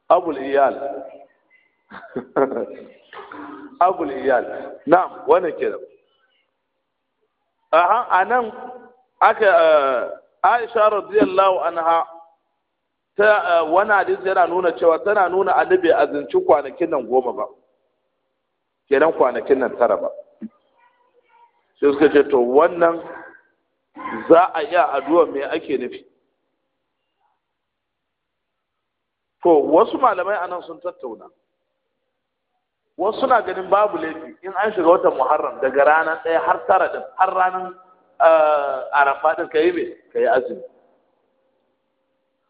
abul iyal [laughs] abul iyal na'am wannan kenan aha anan aka eh, Aisha radiyallahu anha ta eh, wani hadisi yana nuna cewa tana nuna annabi azinci kwanakin nan goma ba kenan kwanakin nan tara ba sai suka ce to wannan za a yi addu'a me ake nufi to wasu malamai anan sun tattauna wasu suna ganin babu laifi in an shiga watan muharram daga ranar ɗaya har tara da har ranar eh, arafa din ka yi me ka yi azumi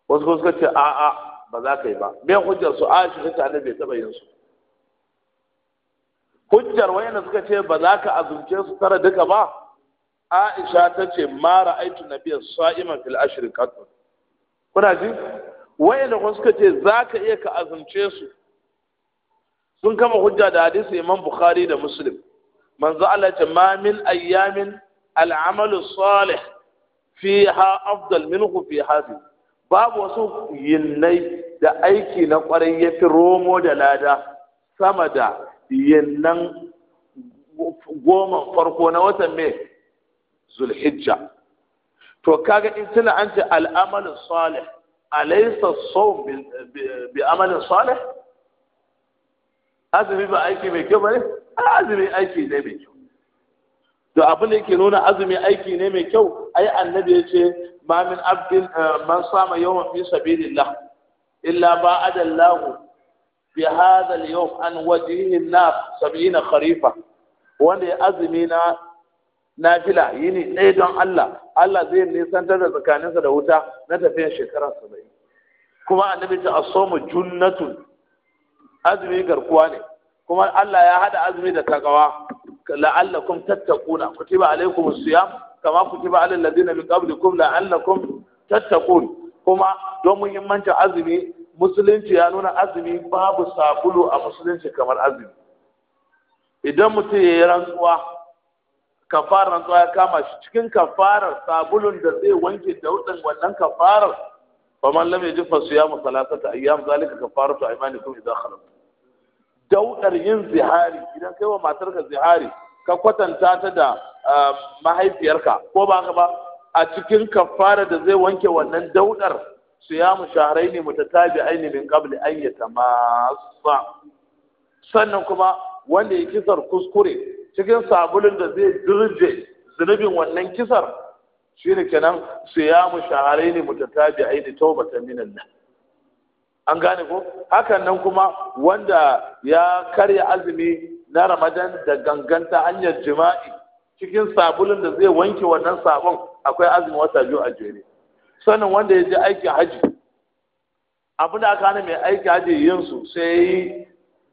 wasu suka ce a'a ba za ka yi ba me hujjar su a shi ta annabi bai taba yin su hujjar wayanda suka ce ba za ka azumce su tara duka ba Aisha ta ce ma ra'aitu nabiyya sa'iman fil ashirin kuna ji wayanda kuma suka ce za ka iya ka azumce su sun kama hujja da hadisi imam bukhari da muslim manzo Allah ce ma min ayyamin al'amalu salih fiha afdal minhu fi hadhi babu wasu yinnai da aiki na kwarai yafi romo da lada sama da yinnan goma farko na watan mai zulhijja to kaga in tuna an ce al'amalu salih alaysa sawm bi amalin salih azumi ba aiki mai kyau ne? azumi aiki ne mai kyau to abin da ke nuna azumi aiki ne mai kyau ai annabi ya ce ma min abdin eh, man sama yawman fi sabilillah illa ba adallahu bi hadha al-yawm an wajhihi an-nar 70 kharifa wanda ya azumi na nafila yini ɗaya don Allah Allah zai nisantar da tsakaninsa da wuta na tafiyar shekarar saba'in kuma annabi ta asomu junnatun azumi garkuwa ne kuma Allah ya hada azumi da takawa la'allakum tattaquna kutiba alaykum siyam kama kutiba alal ladina min qablikum la'allakum tattaqun kuma don muhimmancin azumi musulunci ya nuna azumi babu sabulu a musulunci kamar azumi idan mutum ya yi rantsuwa kafarar rantsuwa ya kama shi cikin kafarar sabulun da zai wanke da wannan kafarar faman lam yajid fa siyamu salasata ayyam zalika kafaratu aymanikum idza kharajtum daudar yin zihari idan kai wa matarka zihari ka kwatanta ta da mahaifiyarka ko ba ka ba a cikin kafarar da zai wanke wannan daudar siyamu shahraini tabi min qabli an yatamassa sannan kuma wanda ya kisar kuskure cikin sabulun da zai dirje zunubin wannan kisar ne kenan su mu shahrayn mutatabi'ain tawbatan min Allah an gane ko hakan nan kuma wanda ya karya azumi na Ramadan da ganganta hanyar jima'i cikin sabulun da zai wanke wannan sabon akwai azumi wata biyu a jere sannan wanda ya je aikin haji abu da aka hana mai aiki haji yin su sai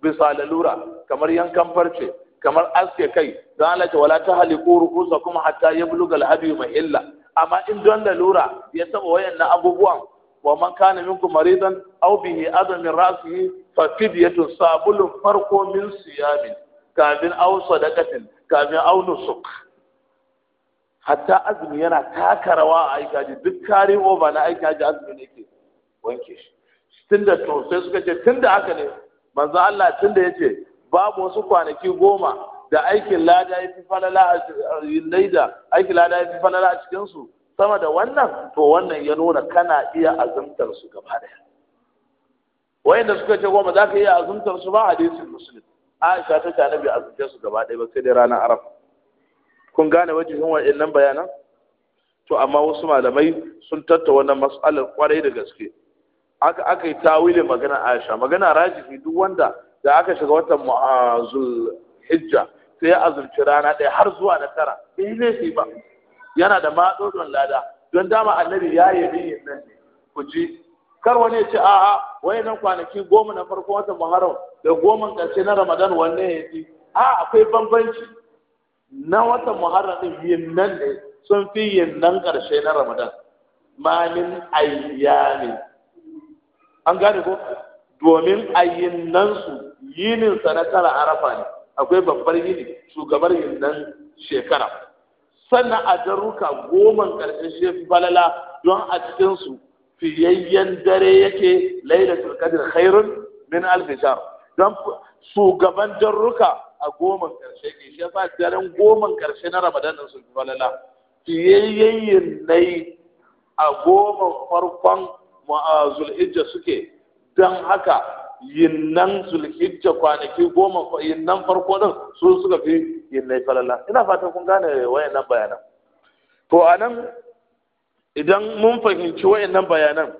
bisa lalura kamar yankan farce kamar aske kai don Allah ta wala ta haliku rukusa kuma hatta ya buluga mai illa. amma in don lura ya saba wayannan abubuwan wa man kana minkum maridan aw bihi adam min ra'sihi fa fidyatu sabul farko min siyamin kafin aw sadaqatin kafin aw nusuk hatta azumi yana taka rawa a aikaji duk kare oba na aikaji azumi ne ke wanke shi tunda to sai suka ce tunda haka ne manzo Allah tunda yace babu wasu kwanaki goma da aikin lada ya fi falala laida aikin lada ya fi falala a cikin su sama da wannan to wannan ya nuna kana iya azumtar su gaba daya wayanda suka ce goma za ka iya azumtar su ba hadisin muslim aisha ta ce annabi azumce su gaba daya ba sai dai ranar arab kun gane wajihin wa'annan bayanan to amma wasu malamai sun tattauna wannan mas'alar kwarai da gaske aka aka yi tawilin magana aisha magana rajihi duk wanda da aka shiga watan hijja sai ya azurci rana ɗaya har zuwa na tara bai laifi ba yana da maɗoɗon lada don dama annabi ya yi yin nan ne ku ji kar wani ya ce a'a wai nan kwanaki goma na farko watan muharram da goma ƙarshe na ramadan wanne ya fi a akwai bambanci na watan muharram ɗin yin nan ne sun fi yin nan ƙarshe na ramadan ma min an gane ko domin a yinnansu yinin sanatar na arafa ne akwai babbar yini shugabar nan shekara sannan a jaruka goma ƙarshen shefi balala don a cikinsu fiyayyen dare yake laila qadr khairun min alf don shugaban jarruka a goma karshe ne shi yasa daren goman karshe na ramadan da su balala fiyayyen yinnai a goma farkon zulhijja suke don haka yin nan zulhijja kwanaki goma yin nan farko nan su suka fi yinnai falala ina fatan kun gane wayannan bayanan to anan idan mun fahimci wayannan bayanan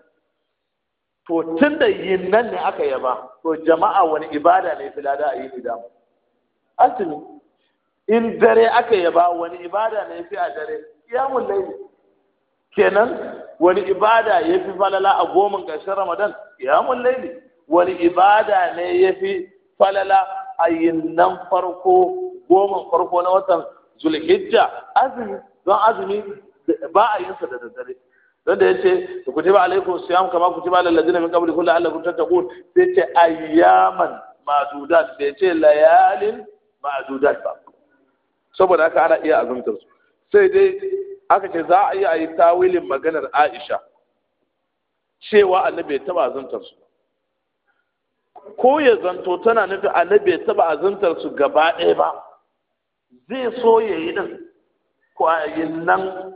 to tun da nan ne aka yaba to jama'a wani ibada ne filada a yi idan asini in dare aka yaba wani ibada ne fi a dare mun laili kenan wani ibada ya fi falala a goman ƙarshen ramadan kiyamun laili wani ibada ne ya fi falala a nan farko goma farko na watan zulhijja azumi don azumi ba a yinsa da daddare don da ya ce ku kutiba alaikum siyam kama ba lalazi na min kula Allah, kuta ta kun sai ce ayyaman Da sai ce layalin ma'adudat ba saboda haka ana iya azumtar su sai dai aka ce za a yi a yi tawilin maganar aisha cewa annabi ya taba azantar ko ya zanto tana nufi annabi ya taba azantar su gaba ɗaya ba zai so ya yi din kwayin nan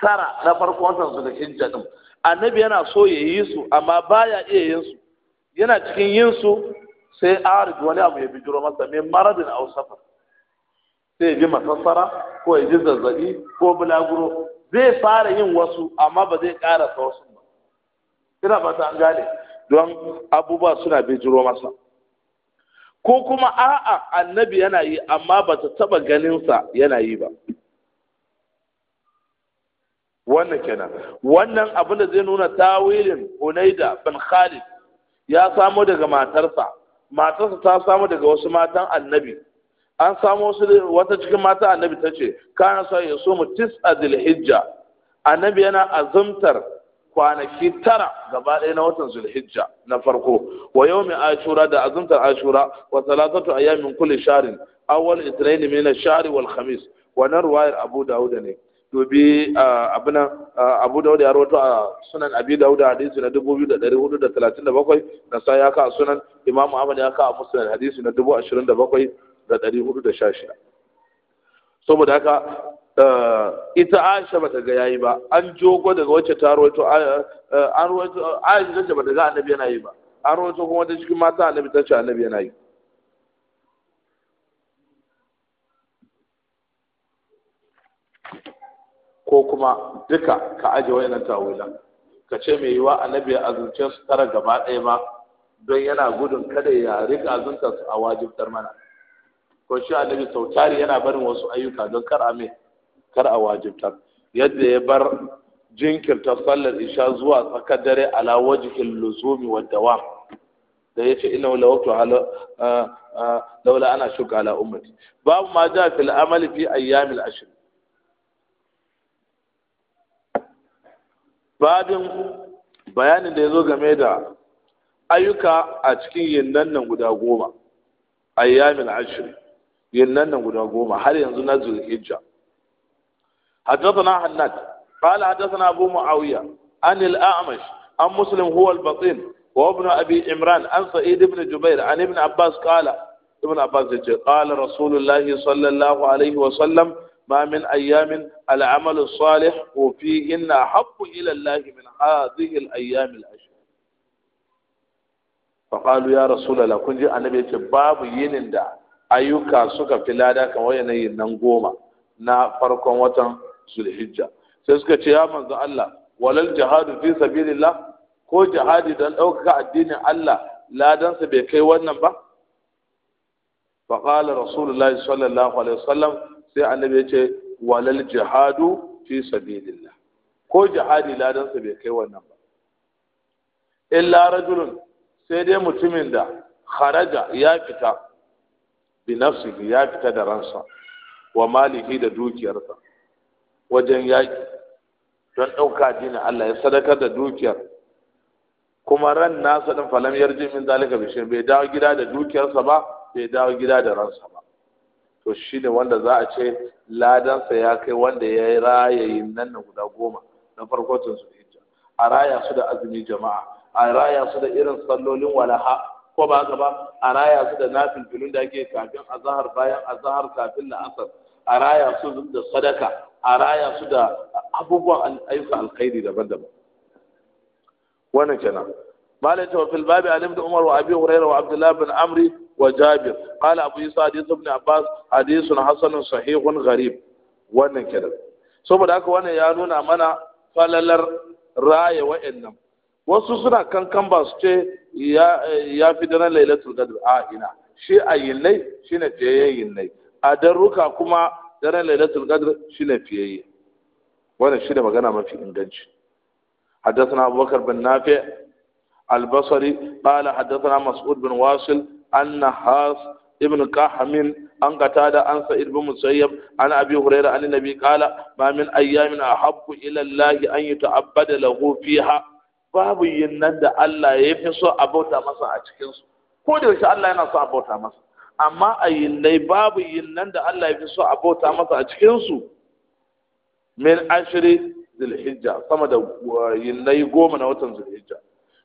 tara na farko wata su da hijja din annabi yana so ya yi su amma baya iya yin su yana cikin yin su sai arid wani abu ya bijiro masa mai maradin au safar sai ya ji masassara ko ya ji zazzabi ko bulaguro zai fara yin wasu amma ba zai ƙara ta wasu ba ina ba ta gane don abubuwa suna bijiro masa ko kuma a'a annabi yana yi amma ba ta taba ganinsa yana yi ba wannan kenan wannan abin da zai nuna tawilin unaida bin khalid ya samo daga matarsa matarsa ta samo daga wasu matan annabi an samu wasu wata cikin mata annabi ta ce kana sa ya so mu tis'a hijja annabi yana azumtar kwanaki tara gaba ɗaya na watan zulhijja na farko wa yau mai ashura da azumtar ashura wa salatatu yamin kulle sharin awal itinai ne na shari wal khamis wannan ruwayar abu dawud ne dobi ah, abuna ah, abu dawud ya rawato a sunan abi dawud hadisi na biyu da talatin da bakwai. sa ya ka sunan imam ahmad ya ka musulun hadisi na dubu ashirin da bakwai. da ɗari hudu da sha shida saboda haka eh, ita aisha bata ga yayi ba an jogo daga wacce ta rawaito eh, eh, an rawaito aisha ta ce bata ga annabi yana yi ba an rawaito kuma ta cikin mata annabi ta ce annabi yana yi ko kuma duka ka aje wayannan tawilan ka ce mai yiwa annabi ya azumce su tara gaba ɗaya ma don yana gudun kada ya rika azunta su a wajibtar mana ko shi annabi sautari yana barin wasu ayyuka don kar a mai kar a wajibta yadda ya bar jinkirta sallar isha zuwa tsakar dare ala wajihin luzumi wa dawa da ya ce ina wula waktu laula ana shuka ala ummati babu ma ja fil amali fi ayyamil ashr babin bayanin da ya zo game da ayyuka a cikin yinnan nan guda goma ayyamil ashirin ينن nan guda هل ينزل نزل الحجة حدثنا حنات قال حدثنا أبو معاوية عن الأعمش عن مسلم هو البطين وابن أبي عمران عن سعيد بن جبير عن ابن عباس قال ابن عباس قال رسول الله صلى الله عليه وسلم ما من أيام العمل الصالح وفيهن أحب إلى الله من هذه الأيام العشر فقالوا يا رسول الله كنت أنا بيت باب ينن ayyuka suka fi lada kamar yanayin nan goma na farkon watan zulhijja sai suka ce ya manzo Allah walal jihadu fi sabilillah ko jihadi don ɗaukaka addinin Allah ladansa bai kai wannan ba faƙala rasulullahi sallallahu alaihi wasallam sai annabi ya ce walal jihadu fi sabilillah ko jihadi ladansa bai kai wannan ba illa rajulun sai dai mutumin da kharaja ya fita bi ya fita da ransa wa malihi da dukiyarsa wajen yaƙi don ɗauka dinin Allah ya sadakar da dukiyar kuma ran nasa din falam yarji min zalika bishin bai dawo gida da dukiyarsa ba bai dawo gida da ransa ba to shi ne wanda za a ce ladansa ya kai wanda ya yi rayayin nan na guda goma na farko tun su hijja a raya su da azumi jama'a a raya su da irin sallolin walaha ko ba haka ba a raya su da nafin filin da ake kafin azahar bayan azahar kafin na Asar. a raya su da sadaka a raya su da abubuwan ayyukan alkhairi daban-daban wannan kenan malai ta fil babi alim da umar wa abi hurairah wa abdullah bin amri wa jabir qala abu isa hadith ibn abbas hadithun hasanun sahihun gharib wannan kenan saboda haka wannan ya nuna mana falalar raya wa'annan wasu suna kankan ba su ce ya fi daren lailatul qadr a ina shi a yinnai shine fiyayyen yinnai a darruka kuma daren lailatul qadr fiye yi. wannan shi da magana mafi inganci حدثنا أبو بكر بن نافع البصري قال حدثنا مسعود بن واصل أن حاس ابن قحم عن قتادة عن سعيد بن مسيب عن أبي هريرة عن النبي قال ما من أيام أحب إلى الله أن يتعبد له فيها babu yin nan da Allah ya fi so a bauta masa a cikinsu ko da yaushe Allah yana so a bauta masa amma a yinnai babu yin nan da Allah ya fi so a bauta masa a cikinsu min ashiri zilhijja sama da yinnai goma na watan zilhijja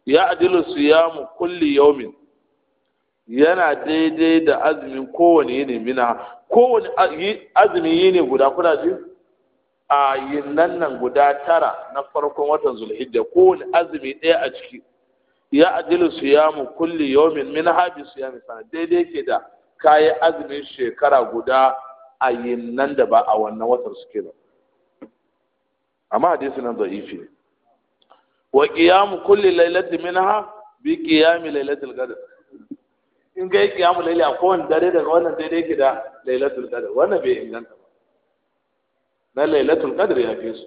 ya adilu siyamu kulli yaumin yana daidai da azumin kowane yini mina kowane azumi yini guda kuna ji a yinnan nan guda tara na farkon watan zulhijja kowane azumi ɗaya a ciki ya ajilu siyamu kulli yawmin min habi siyami sana daidai ke da kayi azumin shekara guda a yinnan da ba a wannan watan suke ba amma hadisi nan da'ifi ne wa qiyamu kulli lailatin minha bi qiyami lailatul qadr in kai qiyamu laili a kowane dare daga wannan daidai ke da lailatul qadr wannan bai inganta na lailatul qadr ya fi su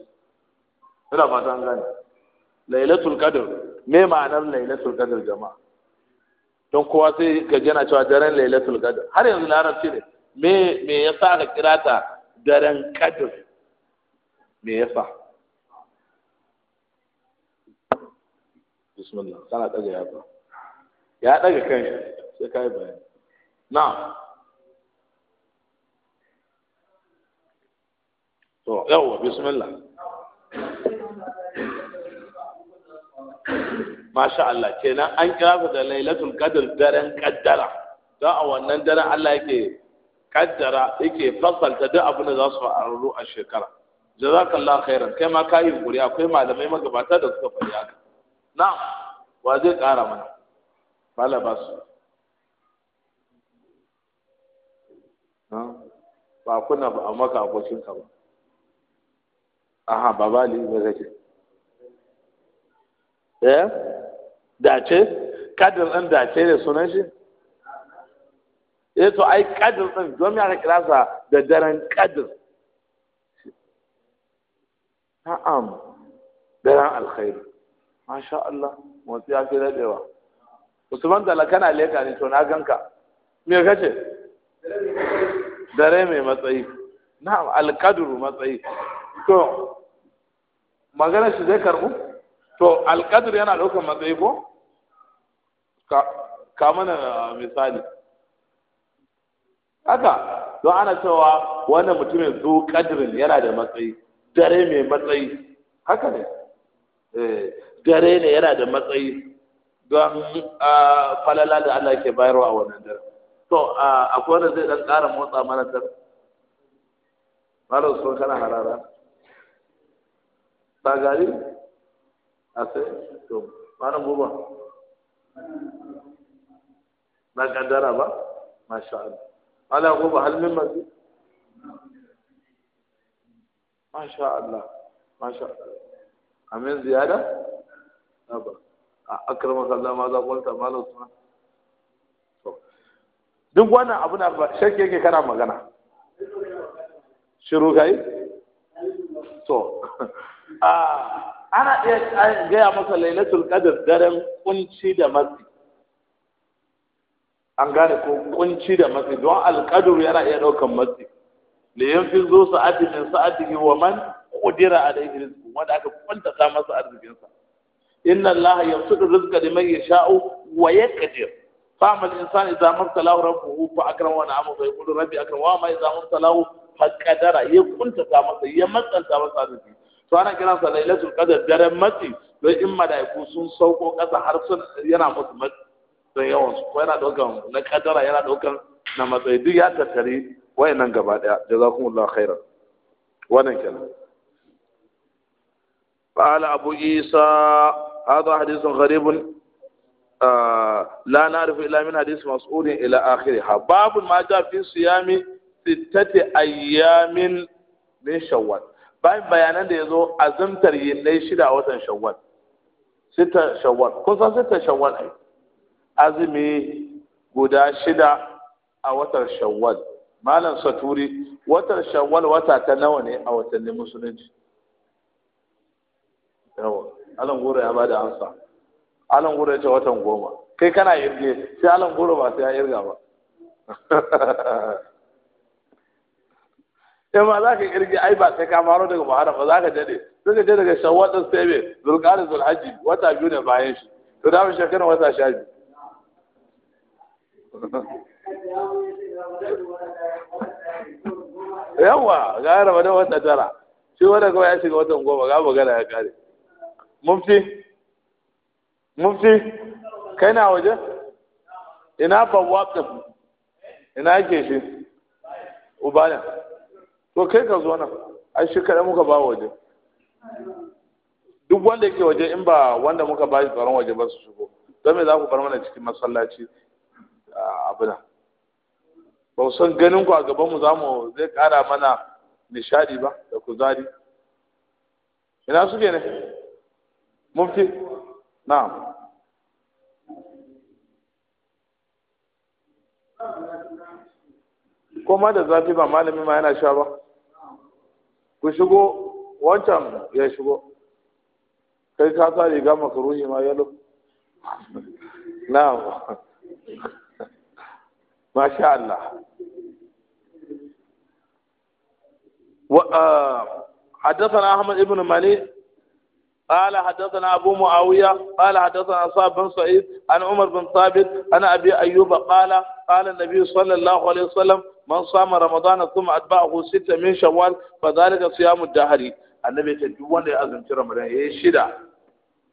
ina fatan an gane lailatul qadr me ma'anar lailatul qadr jama'a don kowa sai gaji yana cewa daren lailatul qadr har yanzu larabci ne me me yasa ka kira ta daren qadr me yasa bismillah kana daga ba ya daga kan sai kai bayani na'am to yawwa bismillah masha Allah kenan an kira ku da lailatul qadr daren kaddara da a wannan daren Allah yake kaddara yake fasalta duk abin da za su faru a shekara jazakallahu khairan kai ma ka yi guri akwai malamai magabata da suka faɗi haka Na. wa zai ƙara mana bala ba su ba kuna ba a maka abokinka ba aha ba ba li ne kake eh dace kadir din dace ne sunan shi eh to ai kadir din don ya kira sa da daren kadir na'am daren alkhairi masha Allah motsi ya fi dadewa Usman da kana leka ne to na ganka me kace dare mai matsayi na'am alkadru matsayi to magana shi zai karbu to alkadir yana daukan matsayi ko ka mana misali haka don ana cewa wannan mutumin zo kadirin yana da matsayi dare mai matsayi haka ne eh, dare ne yana da matsayi don falala da Allah ke bayarwa a wannan dare to akwai wanda zai dan ƙara motsa mana dare malam sun kana harara ba ase to mana buba ba kaddara ba masha Allah ala buba hal min mazi masha Allah masha Allah amin ziyada aba akrama sallama ma za kwanta malam suna duk wannan abu na ba shakki yake kana magana shiru kai to [laughs] ana iya gaya masa lailatul qadr daren kunci da matsi an gane ko kunci da matsi don alqadr yana iya daukan matsi li yanfi zo sa'ati min sa'atihi wa man qudira alayhi rizqu wanda aka sa masa arzikin sa inna allaha yabsutu rizqa liman yasha'u wa yaqdir fa amal insani idza mabtalahu rabbuhu fa akrama wa na'ama fa yaqulu rabbi akrama wa ma idza mabtalahu fa qadara ya sa masa ya matsanta masa arzikin to ana kiran sa lailatul qadar daren matsi don in malaiku sun sauko kasa har sun yana musu matsi don yawan su ko yana daukan na kadara yana daukan na matsayi duk ya tattare nan gaba daya jazakumullahu khairan wannan kenan قال أبو عيسى هذا حديث غريب آه لا نعرف إلا من حديث مسعود إلى آخرها باب ما جاء في صيام ستة أيام من شوال bayan bayanan da ya zo azumtar yinnai shida a watan shawwal sita shawwal kusan sita shawwal ai azumi guda shida a watan shawwal malam saturi watan shawwal wata ta nawa ne a watannin musulunci yawa alan Gura ya bada amsa alan Gura ya ce watan goma kai kana irge sai alan Gura ba sai ya irga ba [laughs] in ma za ka kirgi ai ba sai ka faro daga muharram ba za ka dade sai ka je daga shawwal din sai me zulqa'ada wata biyu ne bayan shi to da mu shekara wata sha biyu [laughs] yawa ga ramadan wata tara shi wanda kawai ya shiga watan goma ga magana ya kare mufti mufti kai na waje ina bawab ina ke shi ubana to kai ka zo nan ai shi kaɗai muka ba waje duk wanda yake waje in ba wanda muka ba shi tsaron waje ba su shigo don me za ku bar mana cikin masallaci ah, abu na ba san ganin ku a gaban mu zamu zai kara mana nishadi ba da kuzari ina suke ne mufti na'am ko ma da zafi ba malami ma yana sha ba ku shigo wancan ya shigo kai ka sa riga makaruhi ma yalo na'am masha Allah حدثنا أحمد بن مالي قال حدثنا أبو معاوية قال حدثنا أصاب بن سعيد عن عمر بن ثابت عن أبي أيوب قال قال النبي صلى الله عليه وسلم من صام رمضان ثم أتبعه ستة من شوال فذلك صيام الدهر النبي تجوان لأزم رمضان إيه شدة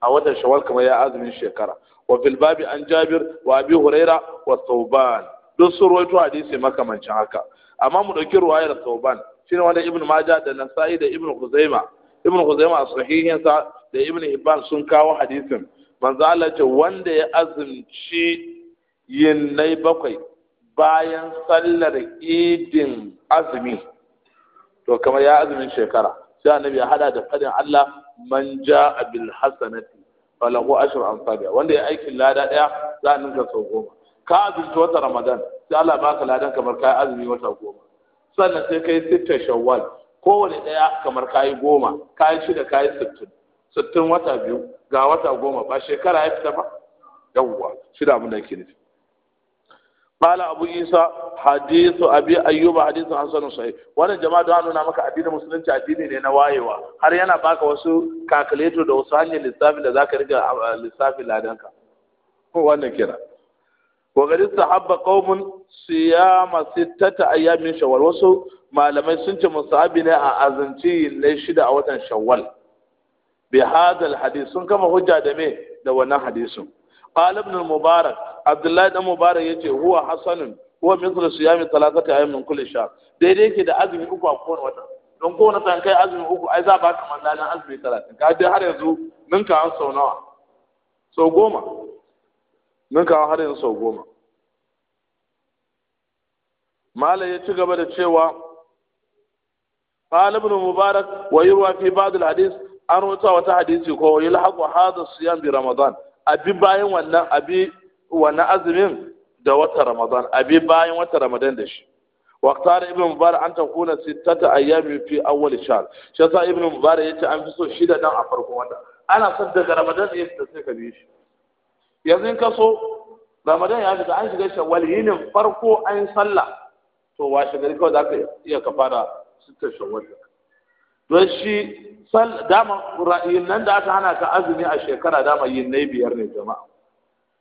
أود شوال كما يا أزم الشكرة وفي الباب عن جابر وأبي هريرة والثوبان duk sun rawaito hadisi makamancin haka amma mu dauki ruwayar Sauban shine wanda Ibn Majah da Nasa'i da Ibn Khuzaima Ibn Khuzaima a sahihin sa da Ibn Hibban sun kawo hadisin manzo Allah ce wanda ya azumci yinnai bakwai bayan sallar idin azumi to kamar ya azumin shekara sai annabi ya hada da fadin Allah man jaa bil hasanati falahu ashru amsalha wanda ya aikin lada daya za a ninka sau goma ka azumi wata ramadan sai Allah baka ladan kamar kai azumi wata goma sannan sai kai sita shawwal kowane daya kamar kai goma kai shida kai sittin sittin wata biyu ga wata goma ba shekara ya fita ba yawwa shida abin da yake nufi قال ابو عيسى حديث ابي ايوب حديث حسن صحيح وانا جماعة دعا نونا addinin musulunci مسلم ne na wayewa, هر yana baka wasu calculator da wasu hanyar lissafi da zaka riga lissafi ladanka ko wannan kira wa gari sahabba qaumun siyama sittata ayyamin shawwal wasu malamai sun ce musabi ne a azanci lai shida a watan shawwal bi hadal hadith sun kama hujja da me da wannan hadisin qala mubarak abdullahi dan mubarak yace huwa hasanun huwa mithlu siyami thalathati ayyamin min kulli shahr daidai da azumi uku a kowane wata don kowane san kai azumi uku ai za ba ka mandalan azumi 30 ka dai har yanzu ninka an sau sau goma ninka har yanzu sau goma ya ci gaba da cewa qala ibn mubarak wa yurwa fi ba'd an rubuta wata hadisi ko yulhaqu hadha siyam bi ramadan abi bayan wannan abi wannan azumin da wata ramadan abi bayan wata ramadan da shi waqtar ibn mubarak an takuna sittata ayyami fi awwal shahr shi yasa ibn mubarak yace an fi so shida dan a farkon wata ana son daga ramadan ne da sai ka bi shi yanzu in ka so ramadan ya shiga an shiga shawwal yinin farko an sallah to washe gari kawai za ka iya ka fara sittar shawwal don shi sal dama nan da aka hana ka azumi a shekara dama yin nai biyar ne jama'a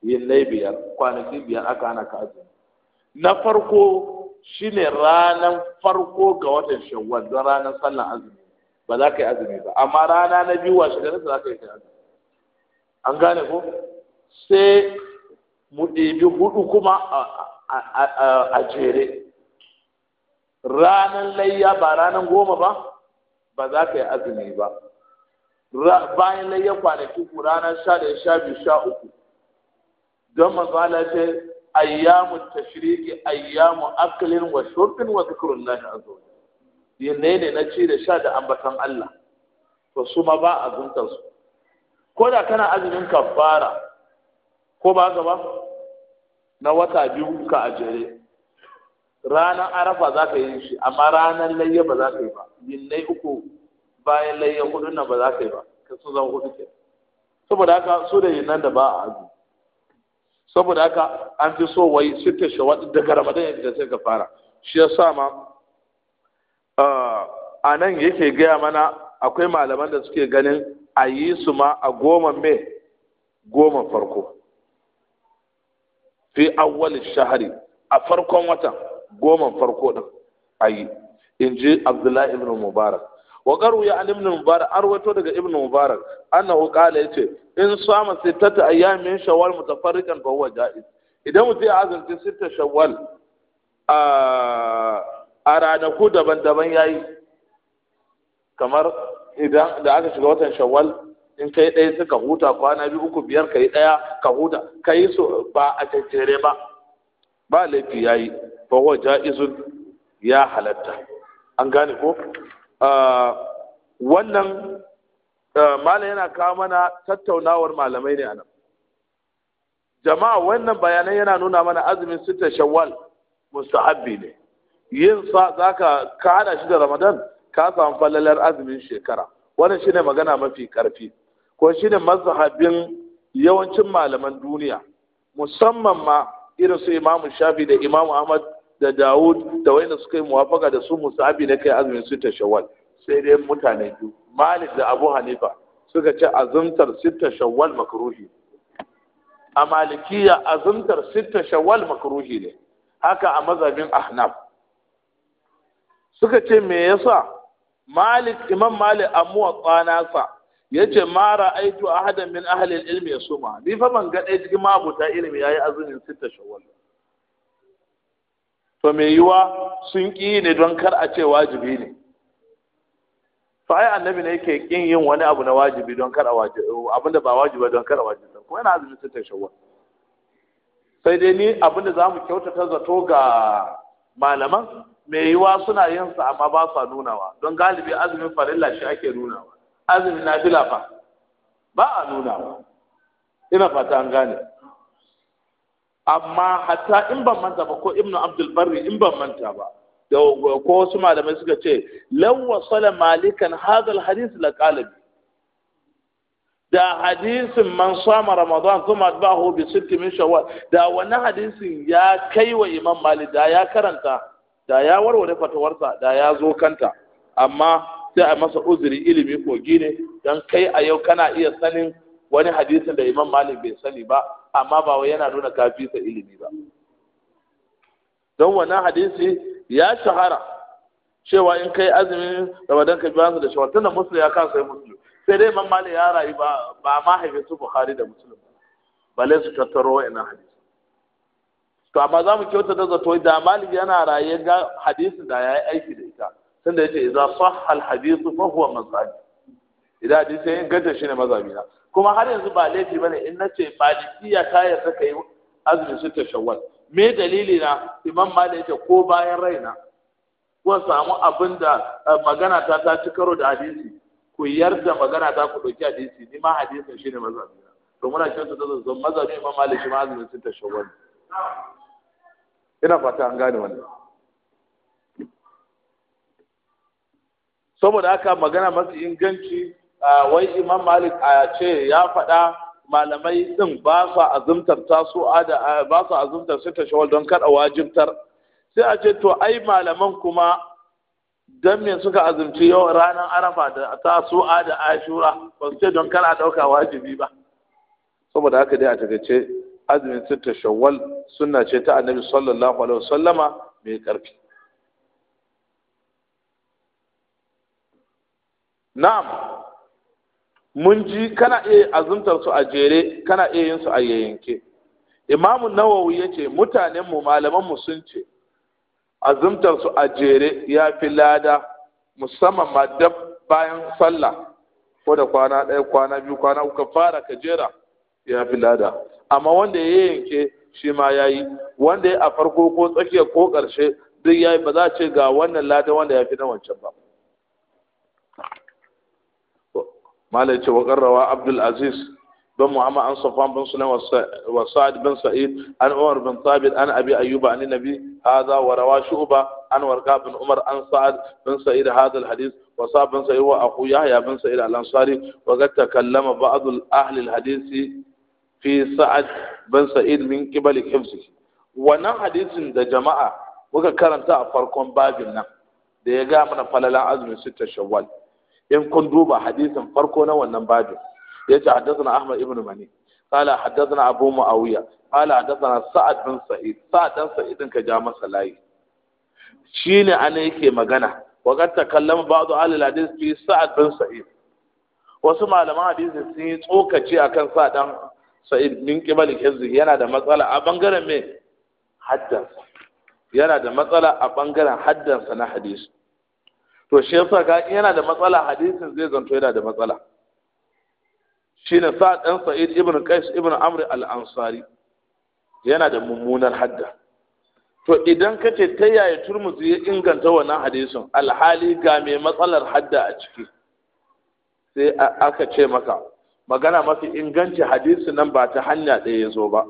yin nai biyar kwanaki biyar aka hana ka azumi na farko shine ranan farko ga watan shawwal don ranan sallan azumi ba za ka yi azumi ba amma rana na biyu washe da za ka yi azumi an gane ko sai mu ɗebi hudu kuma a jere ranan layya ba ranan goma ba ba za ka yi azumi ba bayan layya kwanaki ku ranar sha da sha biyu sha uku don mazala ce ayyamu tashriqi ayyamu akalin wa shurbin wa zikrullahi azza wa yanne ne na ci da sha da ambatan Allah to su ma ba azuntar su ko da kana azumin kafara ko ba ka ba na wata biyu ka ajere rana arafa za ka yi shi amma ranar layya ba za ka yi ba Yin yinnai uku bayan layya hudu na ba za ka yi ba ka su zan hudu ke saboda haka su da yin nan da ba a azu saboda haka an fi so wai sitta shawad daga ramadan yadda sai ka fara shi ya sa ma a nan yake gaya mana akwai malaman da suke ganin a yi su ma a goma mai goma farko fi awwalin shahari a farkon watan goma farko ayi in ji abdullahi ibn mubarak wa qaru ya ibn mubarak arwato daga ibn mubarak annahu qala yace in sama sittata ayyam min shawwal mutafarriqan fa huwa ja'iz idan mutum ya azanci sitta shawwal a ranaku daban-daban yayi kamar idan da aka shiga watan shawwal in kai ɗaya suka huta kwana biyu uku biyar kai ɗaya ka huta kai so ba a tattare ba ba laifi yayi fa huwa jaizun ya halatta an gane ko ah, wannan ah, malam yana kawo mana tattaunawar malamai ne anan jama'a wannan bayanan yana nuna mana azumin sita shawwal mustahabbi ne yin sa zaka ka hada shi da ramadan ka samu falalar azumin shekara wannan shine magana mafi karfi ko shine mazhabin yawancin malaman duniya musamman ma irin su imamu shafi da imamu ahmad da Dawud da wani suka yi muwafaka da su musabi na kai azumin sita shawwal sai dai mutane biyu Malik da Abu Hanifa suka ce azumtar sita shawwal makruhi a malikiya azumtar sita shawwal makruhi ne haka a mazhabin Ahnaf suka ce me yasa Malik Imam Malik amuwa sa yace ma ra'aitu ahadan min ahli al-ilmi yasuma ni fa ban ga dai cikin mabuta ilimi yayi azumin sita shawwal to mai yiwa sun ƙi ne don kar a ce wajibi ne to ai annabi ne yake ƙin yin wani abu na wajibi don kar a wajibi da ba wajibi don kar a wajibi kuma yana azumi sai shawwa sai dai ni da zamu kyautata zato ga malaman me yiwa suna yin sa amma ba sa nunawa don galibi azumin farilla shi ake nunawa azumin nafila fa ba a nunawa ina fata an gane amma hatta in ban manta ba ko ibnu abdul barri in ban manta ba ko wasu malamai suka ce law wasala malikan hadha al hadith la qalib da hadisin man sama ramadan kuma atba'ahu bi sitti min shawwal da wannan hadisin ya kai wa imam malik da ya karanta da ya warware fatawarsa da ya zo kanta amma sai a masa uzuri ilimi kogi ne dan kai a yau kana iya sanin wani hadisin da imam malik bai sani ba amma ba wai yana nuna sa ilimi ba don wannan hadisi ya shahara cewa in kai azumin ramadan ka biya su da shawar tunda musulun ya kasa yi musulun sai dai imam malik ya rayu ba ba ma haife su bukhari da musulun balle su tattaro wa'annan hadisi to amma za mu kyauta da zato da malik yana raye ga hadisi da ya yi aiki da ita tunda ya ce idan sahal hadisu fa huwa mazhabi idan hadisi ya inganta shi ne mazhabina kuma har yanzu ba laifi ne in na ce malikiya ta yarda yi azumin sita shawar. me dalili na imam malik ce ko bayan raina ko samu abin da eh, magana ta ta ci karo da hadisi ku yarda magana ta ku dauki hadisi ni ma hadisin ne mazhabi to muna kyautu da zan mazhabi imam malik ma azumin sita shawar. ina fata an gane wannan saboda haka magana masu inganci wai imam malik a ce ya faɗa malamai ɗin ba su azumtar taso da ba su azumtar sai tashawal don kada wajibtar sai a ce to ai malaman kuma don me suka azumci yau ranar arafa da taso da ashura ba su ce don kada dauka wajibi ba saboda haka dai a takaice azumin ta shawar suna ce ta annabi sallallahu alaihi wasallama mai karfi na'am mun ji kana iya azumtar su a jere kana iya yin su a yayyanke imamu nawawi ya ce mutanenmu malamanmu sun ce azumtar su a jere ya fi lada musamman ma dab bayan sallah ko da kwana ɗaya kwana biyu kwana uku fara ka jera ya fi lada amma wanda ya yanke shi ma ya yi wanda ya a farko ko tsakiya ko ƙarshe duk ya yi ba za a ce ga wannan lada wanda ya fi na wancan ba malai ce wa qarrawa abdul aziz بن محمد عن صفوان بن سليم وسعد بن سعيد عن عمر بن ثابت عن ابي ايوب عن النبي هذا وروى شعبه عن ورقاء بن عمر عن سعد بن سعيد هذا الحديث وصعب بن سعيد واخو يحيى بن سعيد الانصاري وقد تكلم بعض اهل الحديث في سعد بن سعيد من قبل حفظه wannan hadisin da jama'a muka karanta a farkon babin nan da ya ga mana falalan azumin sittar shawwal in kun duba hadisin farko na wannan babu ya ce haddasa ahmad ibn mani kala haddasa na abu ma'awiya kala haddasa na sa'ad bin sa'id sa'ad bin sa'id ka ja masa layi shi ne an yake magana wakanta kallama ba zuwa alil hadis fi sa'ad bin sa'id wasu malaman hadisi sun yi tsokaci a kan sa'ad bin sa'id min kibali kezi yana da matsala a bangaren me haddasa yana da matsala a bangaren haddasa na hadisi to shi yasa ga yana da matsala hadisin zai zanto yana da matsala shine sa dan sa'id ibn qais ibn amr al-ansari yana da mummunar hadda to idan ka ce ta yaya turmuzi ya inganta wannan hadisin alhali ga mai matsalar hadda a ciki sai aka ce maka magana mafi inganci hadisin nan ba ta hanya ɗaya ya zo ba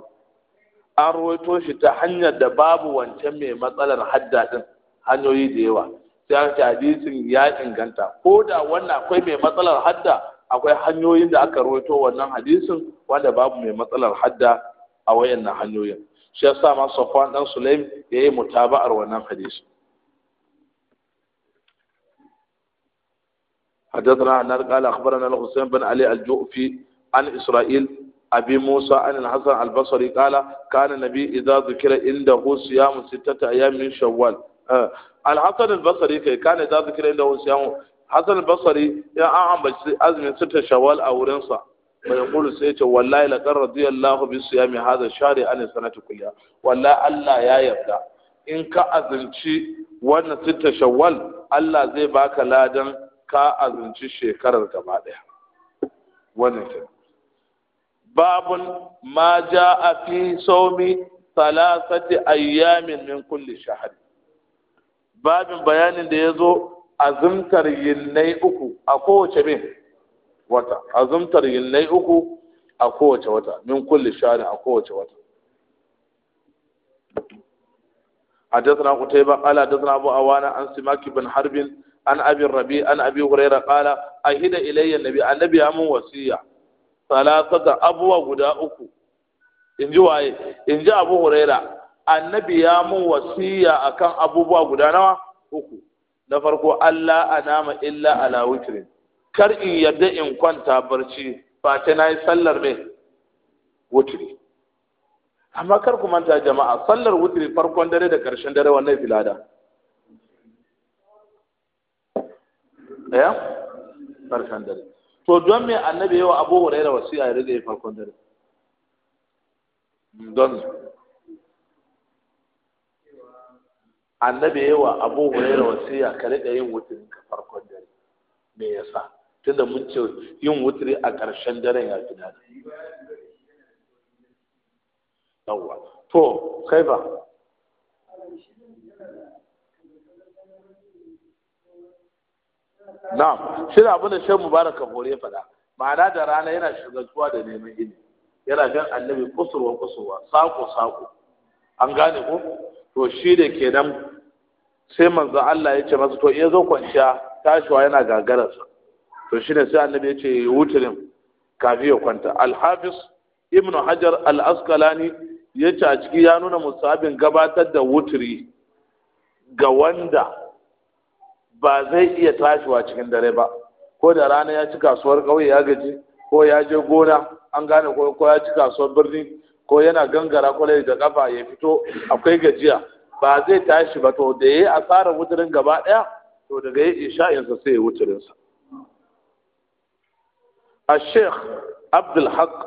an rawaito shi ta hanyar da babu wancan mai matsalar hadda din hanyoyi da yawa sai aka hadisin ya inganta ko da wannan akwai mai matsalar hadda akwai hanyoyin da aka rawaito wannan hadisin wanda babu mai matsalar hadda a wayannan hanyoyin shi ya sa masu sofan dan Sulaim ya yi mutaba'ar wannan hadisin حدثنا عن قال اخبرنا الحسين بن علي الجوفي عن اسرائيل ابي موسى عن الحسن البصري قال كان النبي اذا ذكر عنده صيام سته ايام من شوال al-hasan al-basri kai kana da zikirin da wasu yawo hasan al-basri ya an ambaci azumin sita shawwal a wurin sa bai kulu sai ce wallahi laqad radiyallahu bi siyami hadha shari an sanati kulliya wallahi Allah ya yarda in ka azumci wannan sita shawwal Allah zai baka ladan ka azumci shekarar gaba daya wannan kenan باب ما جاء في صوم ثلاثة أيام من babin bayanin da ya zo azumtar yinnai uku a kowace min wata azumtar yinnai uku a kowace wata min kulli shahrin a kowace wata حدثنا قتيبة قال حدثنا أبو أوانا عن سماك بن حرب عن أبي الربيع عن أبي هريرة قال أهد إلي النبي النبي أم وسيع ثلاثة guda uku, in إن جوا إن جاء أبو هريرة annabi ya mun wasiya akan abubuwa guda nawa uku na farko Allah anama illa ala witrin kar in yarda in kwanta barci ba ta nayi sallar me witri amma kar ku manta jama'a sallar witri farkon dare da karshen dare wannan filada ɗaya eh? farkon dare to don me annabi yawa abu hurairah wasiya ya rage farkon dare don annabi yawa abu huraira wasiya ka rika yin wuturi ka farkon dare me yasa tunda mun ce yin wuturi a ƙarshen daren ya fi daɗi yawwa to kai ba na'am shi da abin da shehu mubarak ya faɗa ma'ana da rana yana shagaltuwa da neman ilimi yana gan annabi kusurwa kusurwa sako sako an gane ko to shi da kenan sai manzo Allah ya ce masa to in zo kwanciya tashiwa yana gagararsa to shine sai annabi ya ce wutirin kafi ya kwanta al-hafiz ibn hajar al-asqalani ya ce a ciki ya nuna musabin gabatar da wuturi ga wanda ba zai iya tashiwa cikin dare ba ko da rana ya ci kasuwar kauye ya gaji ko ya je gona an gane ko ya ci kasuwar birni ko yana gangara kwalai da kafa ya fito akwai gajiya ba zai tashi ba to da yayi asarar wuturin gaba daya to daga yayi isha sa sai ya wuturin sa sheikh عبد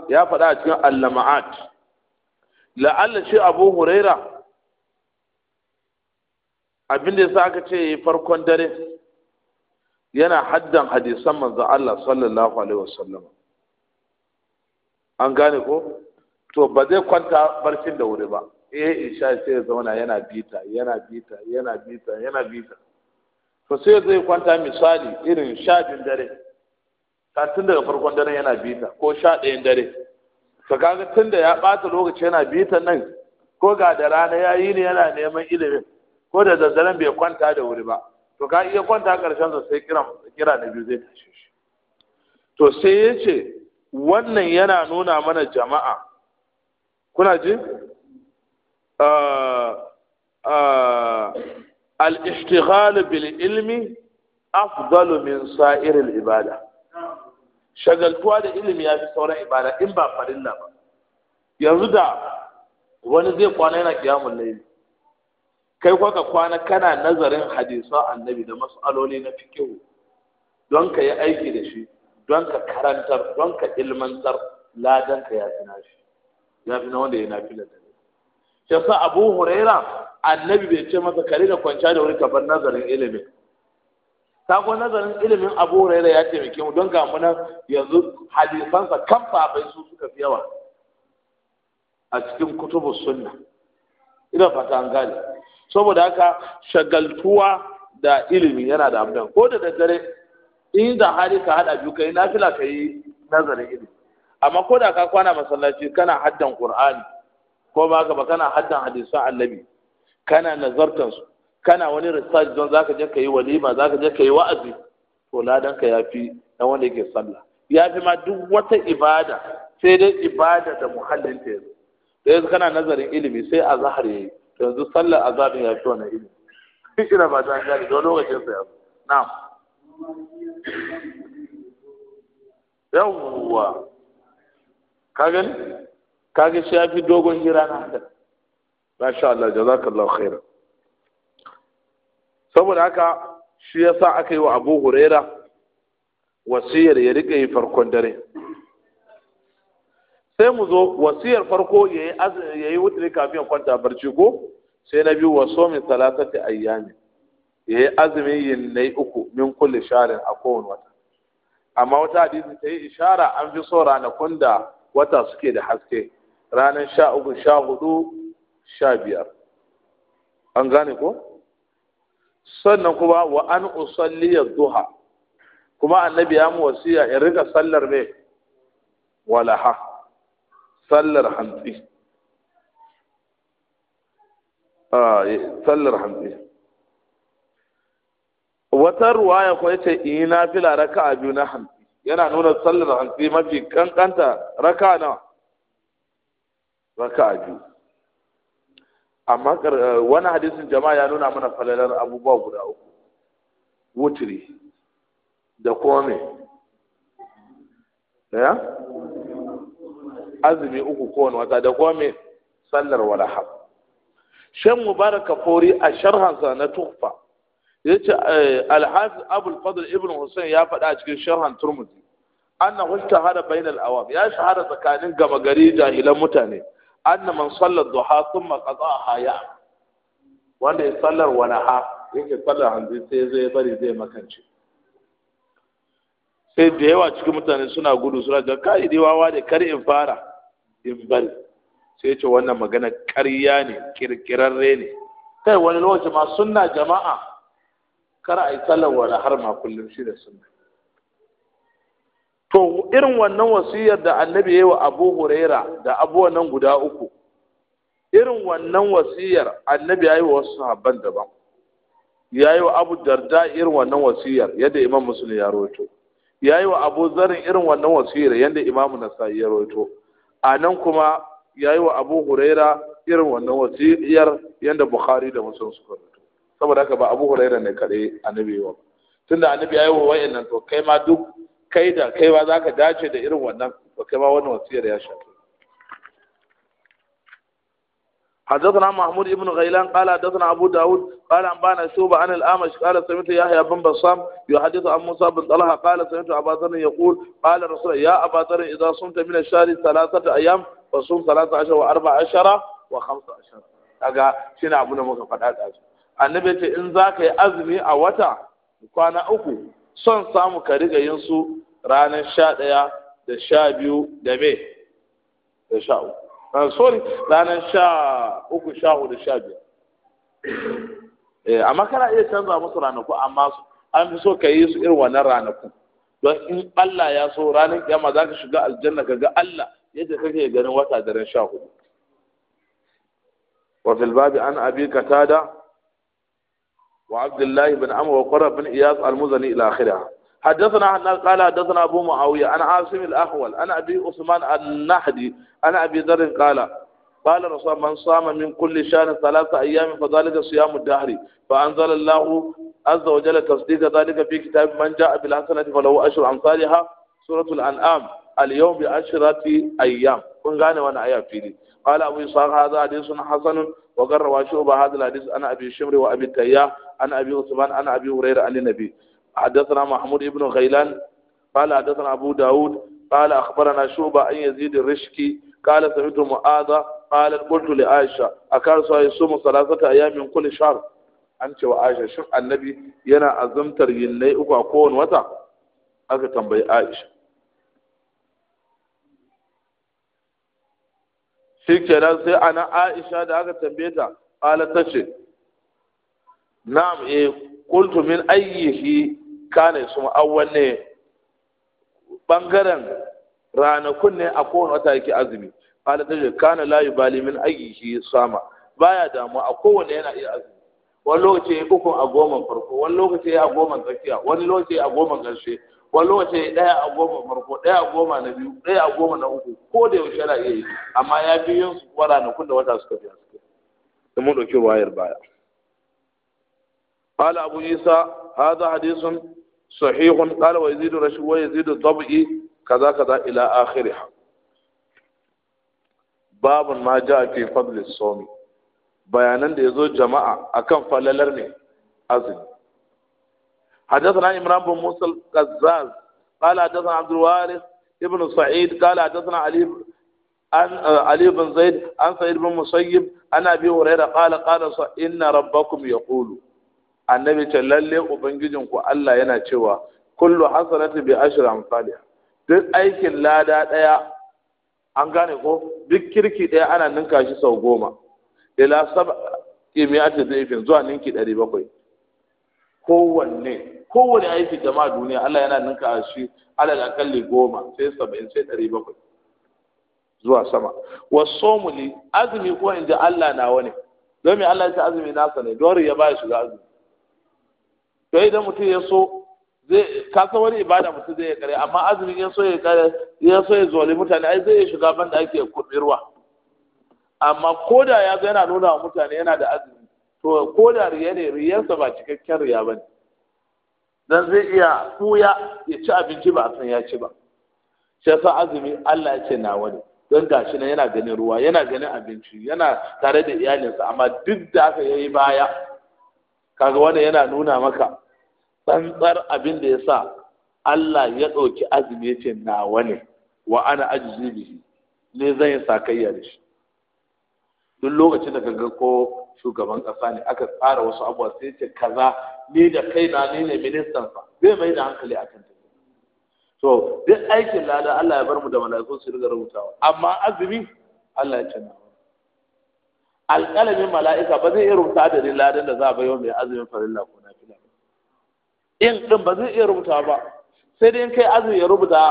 ya faɗa a cikin اللمعات لعل شي abu huraira abin da yasa aka ce farkon dare yana haddan hadisan manzo Allah sallallahu alaihi wasallam an gane ko to ba zai kwanta barcin da wuri ba eh isha sai ya zauna yana bita yana bita yana bita yana bita to sai zai kwanta misali irin sha biyun dare ka tun daga farkon dare yana bita ko sha ɗayan dare ka kaga tun da ya ɓata lokaci yana bita nan ko ga da rana ya yi ne yana neman ilimin ko da daddaren bai kwanta da wuri ba to ka iya kwanta ƙarshen sa sai kira na biyu zai tashi shi to sai ya ce wannan yana nuna mana jama'a kuna ji al-ishtighal bil ilmi afdalu min sa'iril ibada shagaltuwa da ilimi ya fi sauran ibada in ba farilla ba yanzu da wani zai kwana yana kiyamun laili kai kuwa ka kwana kana nazarin hadisa annabi da mas'aloli na fikihu don ka yi aiki da shi don ka karantar don ka ilmantar ladan ka ya fi na shi ya fi na wanda ya na fi da Yasa abu huraira annabi bai ce masa kare da kwanciya da wuri kafar nazarin ta ko nazarin ilimin abu huraira ya taimake mu don ga muna yanzu hadisansa kan sahabai su suka fi yawa a cikin kutubus sunna ina fata an gane saboda haka shagaltuwa da ilimi yana da abin ko da daddare in da hari ka hada biyu kai nafila ka nazarin ilimi amma ko da ka kwana masallaci kana haddan qur'ani ko ba ka ba kana haddan hadisu annabi kana nazartan su kana wani research don zaka je kai walima zaka je kai wa'azi to ladan ka yafi na wanda yake sallah yafi ma duk wata ibada sai dai ibada da muhallin ta yanzu Sai yanzu kana nazarin ilimi sai a yayi yanzu sallar azhar ya fi wannan ilimi kira ba ta gani don lokacin sa yanzu na'am yawwa ka gani kage shi ya fi dogon hira na hadar masha Allah jazakallahu khaira saboda haka shi yasa aka yi wa Abu Huraira wasiyar ya rike yi farkon dare sai mu zo wasiyar farko yayi yayi wutri kafin kwanta barci ko sai na biyu waso min salatati ayyami yayi azumi yin nay uku min kulli sharin a kowane wata amma wata hadisi ta yi ishara an fi so ranakun da wata suke da haske ranar sha uku sha hudu sha biyar an gane ko sannan kuma wa an usalli duha kuma annabi ya mu wasiya in rika sallar me walaha sallar hantsi ah, sallar hantsi wata ruwaya kuwa yace ina fila raka'a biyu na hantsi yana nuna sallar hantsi mafi kankanta raka'a nawa raka'a biyu amma eh, wani hadisin jama'a ya nuna mana falalar abubuwa guda uku wutiri da kome ya azumi uku kowane wata da kome sallar walahab shan mubarak fori a sharhansa na tufa ya ce eh, alhafiz abul fadl ibn hussein ya faɗa a cikin sharhan turmuzi hushta hada bainal awam ya shahara tsakanin gama gari jahilan mutane anna man salla duha thumma a haya. wanda ya sallar wani ha yake sallar hanzu sai zai bari zai makance sai da yawa cikin mutane suna gudu suna ga kai dai wawa da kar in fara in bari sai ce wannan magana ƙarya ne kirkirarre ne kai wani lokaci ma sunna jama'a kar a yi sallar wani har ma kullum shi da sunna to irin wannan wasiyar da annabi yayi wa Abu Huraira da abubuwan nan guda uku irin wannan wasiyar annabi yayi wa wasu sahabban daban yayi wa Abu Darda irin wannan wasiyar yadda Imam Muslim ya rawaito yayi wa Abu zarin irin wannan wasiyar yadda Imam Nasa'i ya rawaito a nan kuma yayi wa Abu Huraira irin wannan wasiyar yadda Bukhari da Muslim suka rawaito saboda haka ba Abu Huraira ne kadai annabi yi wa tunda annabi yayi wa wayannan to kai ma duk kai da kaiwa za ka dace da irin wannan ba kai ma wannan wasiyar ya shafi حدثنا محمود بن غيلان قال حدثنا ابو داود قال انبانا شوبه عن الامش قال سمعت يحيى بن بصام يحدث عن موسى بن طلحه قال سمعت ابا ذر يقول قال رسول يا ابا ذر اذا صمت من الشهر ثلاثه ايام فصوم 13 و14 و15 kaga shine abu da muka faɗa da shi annabi ce in zaka yi azumi a wata kwana uku son samu ka riga yin su ranar sha ɗaya da sha biyu da me da sha uku ah, sorry ranar sha uku sha hudu sha biyar eh, amma kana iya canza musu ranaku amma an fi so ka yi su irin wannan ranaku. don in Allah ya so ranar kiyama za ka shiga aljanna ka ga Allah yadda kake ganin wata daren sha hudu wa fil babi an abi katada وعبد الله بن عمرو وقرة بن إياس المزني إلى آخرها حدثنا عن قال حدثنا أبو معاوية أنا عاصم الأحول أنا أبي عثمان النحدي أنا أبي ذر قال قال رسول من صام من كل شهر ثلاثة أيام فذلك صيام الدهر فأنزل الله عز وجل تصديق ذلك في كتاب من جاء بالحسنة فله أشهر أمثالها سورة الأنعام اليوم بعشرة أيام كن غانا وانا آيات فيني قال أبو إسحاق هذا حديث حسن وقرر وشوب هذا الحديث أنا أبي شمر وأبي تياه عن أبي عثمان عن أبي هريرة عن النبي حدثنا محمود بن غيلان قال حدثنا أبو داود قال أخبرنا شعبة أن يزيد الرشكي قال سمعت معاذ قال قلت لعائشة أكان سيصوم ثلاثة أيام من كل شهر أنت وعائشة شوف النبي ينا أزمتر يلي أكو أكون وتا أكا تنبي عائشة shi kenan sai ana aisha da aka tambaye ta ƙala na'am eh kultumin min ayyihi su awwal ne bangaren ranakun ne a kowane wata yake azumi qala ta kana la yubali min ayyihi sama baya damu a kowane yana iya azumi wani lokaci ya uku a goma farko wani lokaci ya a goma tsakiya wani lokaci ya a goma ƙarshe wani lokaci ya ɗaya a goma farko ɗaya a goma na biyu ɗaya a goma na uku ko da yaushe na iya yi amma ya fi yin su ranakun da wata suka biya suka mun ɗauki wayar baya قال أبو عيسى هذا حديث صحيح قال ويزيد رشد ويزيد الضبئي كذا كذا إلى آخرها باب ما جاء في فضل الصوم بيانا يزو جماعة أكم فللرني أزل حدثنا إمران بن موسى القزاز قال حدثنا عبد الوارث ابن سعيد قال حدثنا علي عن علي بن زيد عن سعيد بن مسيب عن ابي هريره قال قال ان ربكم يقول annabi ce lalle ubangijin ku Allah yana cewa kullu hasanatu bi ashr amsalih duk aikin lada daya an gane ko duk kirki daya ana ninka shi sau goma ila sab kimiyatu zaifin zuwa ninki 700 kowanne kowane aiki jama'a duniya Allah yana ninka shi alal akalli goma sai 70 sai 700 zuwa sama wasomuli azumi ko inda Allah na wani don me Allah ya ce azumi nasa ne don ya ba shi shiga azumi sai idan mutum ya so zai ka wani ibada mutum zai kare amma azumin ya so ya kare ya so ya zoli mutane ai zai shiga ban da ake kurbirwa amma koda ya zo yana nuna wa mutane yana da azumi to koda riya ne riyarsa ba cikakken riya ba ne dan zai iya kuya ya ci abinci ba a san ya ci ba sai sa azumi Allah ya ce na wani don gashi nan yana ganin ruwa yana ganin abinci yana tare da iyalinsa amma duk da aka yayi baya kaga wannan yana nuna maka tsantsar abin da ya sa Allah ya ɗauki azumi ya ce nawa ne wa ana ajiye bihi ne zan yi sakayya da shi duk lokacin da ga ko shugaban ƙasa ne aka tsara wasu abubuwa sai ce kaza ni da kaina ni ne ministan sa zai mai da hankali a kan to duk aikin lada Allah ya bar mu da mala'iku su riga rubutawa amma azumi Allah ya ce nawa alƙalamin mala'ika ba zai iya rubuta adadin ladan da za a bayyana mai azumin farilla ko in din ba zai iya rubuta ba sai dai in kai azumi ya rubuta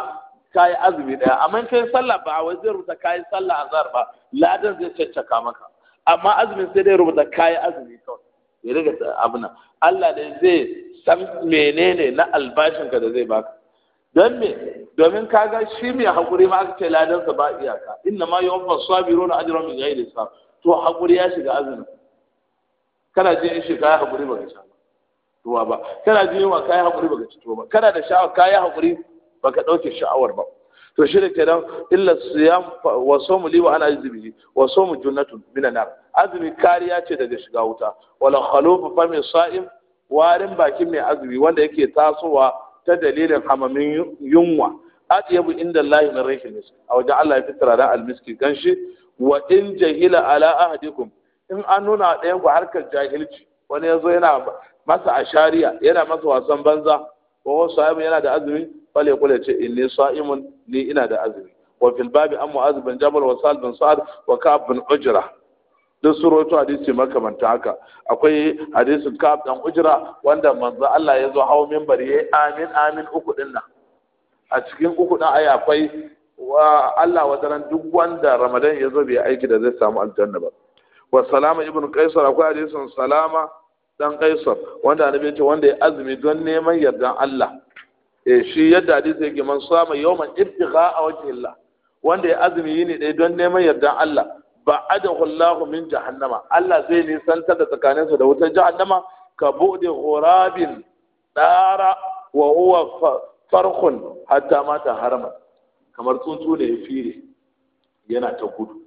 kayi azumi daya amma in kai sallah ba wai zai rubuta kayi sallah azhar ba ladan zai caccaka maka amma azumin sai dai rubuta kayi azumi kawai ya riga abuna Allah ne zai san menene na albashin ka da zai baka don me domin kaga shi mai hakuri ma aka ce ladan sa ba iyaka inna ma yuwaffa sabiruna ajrahum bi ghairi hisab to hakuri ya shiga azumin kana jin in shiga hakuri ba ka sha tuwa ba kana jin yunwa kayi hakuri baka ci ba kana da sha'awa kayi hakuri baka ɗauke sha'awar ba to shi da kenan illa siyam wa sawmu li ana azbihi wa sawmu junnatun min azumi kariya ce daga shiga wuta wala khalufu fami sa'im warin bakin mai azumi wanda yake tasowa ta dalilin hamamin yunwa atyabu inda Allah min rayhi misk aw ja'ala fi tirada al miski ganshi wa in jahila ala ahadikum in an nuna ɗayan ku harkar jahilci wani ya zo yana masa ashariya yana masa wasan banza ko wasu sa'im yana da azumi bale kula ce ni sa'imun ni ina da azumi wa fil babi an mu'az bin jabal wa sal bin sa'ad wa ka'ab bin ujra duk surotu hadisi makamanta haka akwai hadisin ka'ab dan ujra wanda manzo Allah ya zo hawo minbari yayi amin amin uku din nan a cikin uku din ayi akwai wa Allah wadaran duk wanda Ramadan ya zo bai aiki da zai samu aljanna ba wa salama ibn qaisar akwai hadisin salama dan kaisar wanda annabi ya ce wanda ya azumi don neman yardan Allah eh shi yadda hadisi yake man sama yawman ibtigha'a Allah. wanda ya azumi yini dai don neman yardan Allah adahu Allahu min jahannama Allah zai nisantar da tsakaninsa da wutar jahannama ka bude ghurabin dara wa huwa farkhun hatta mata harama kamar tsuntsu da ya fire yana ta gudu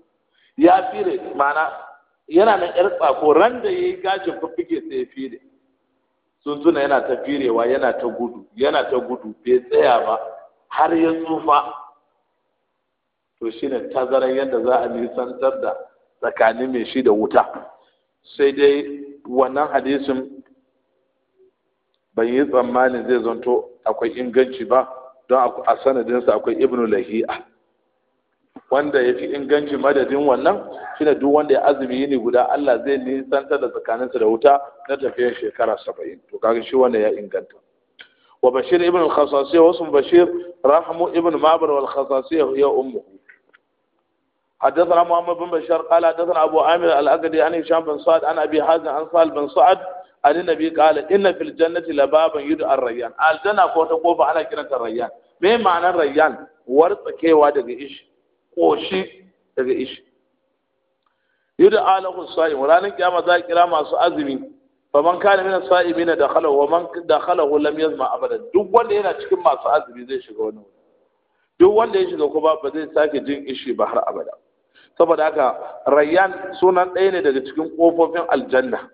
ya fire ma'ana yana nan yar tsako ran da yayi gashin fiffike sai ya fire tsuntsuna yana ta firewa yana ta gudu yana ta gudu bai tsaya ba har ya tsufa to shine tazaran yadda za a nisantar da tsakanin mai shi da wuta sai dai wannan hadisin ban yi tsammanin zai zanto akwai inganci ba don a sanadinsa akwai ibnu lahi'a wanda ya fi inganci madadin wannan shine duk wanda ya azumi yini guda Allah zai nisanta da tsakaninsa da wuta na tafiyar shekara saba'in to kaga shi wanda ya inganta wa bashir ibn al-khasasiyya wasu bashir rahmu ibn mabar wal khasasiyya ya ummu حدثنا محمد بن بشار قال حدثنا ابو عامر الاجدي عن هشام بن سعد عن ابي حازم عن سال بن سعد عن النبي قال ان في الجنه لبابا يدعى الريان الجنه ko ta kofa ana kiranta rayyan me ma'anar rayyan wartsakewa daga ishi ƙoshi daga ishi yudu alahu sa'im ranar kyama za a kira masu azumi Ba man kane mina sa’i sa'imin da khala wa man da khala lam yazma abada duk wanda yana cikin masu azumi zai shiga wani duk wanda ya shiga kuma ba zai sake jin ishi ba har abada saboda haka rayyan sunan ɗaya ne daga cikin ƙofofin aljanna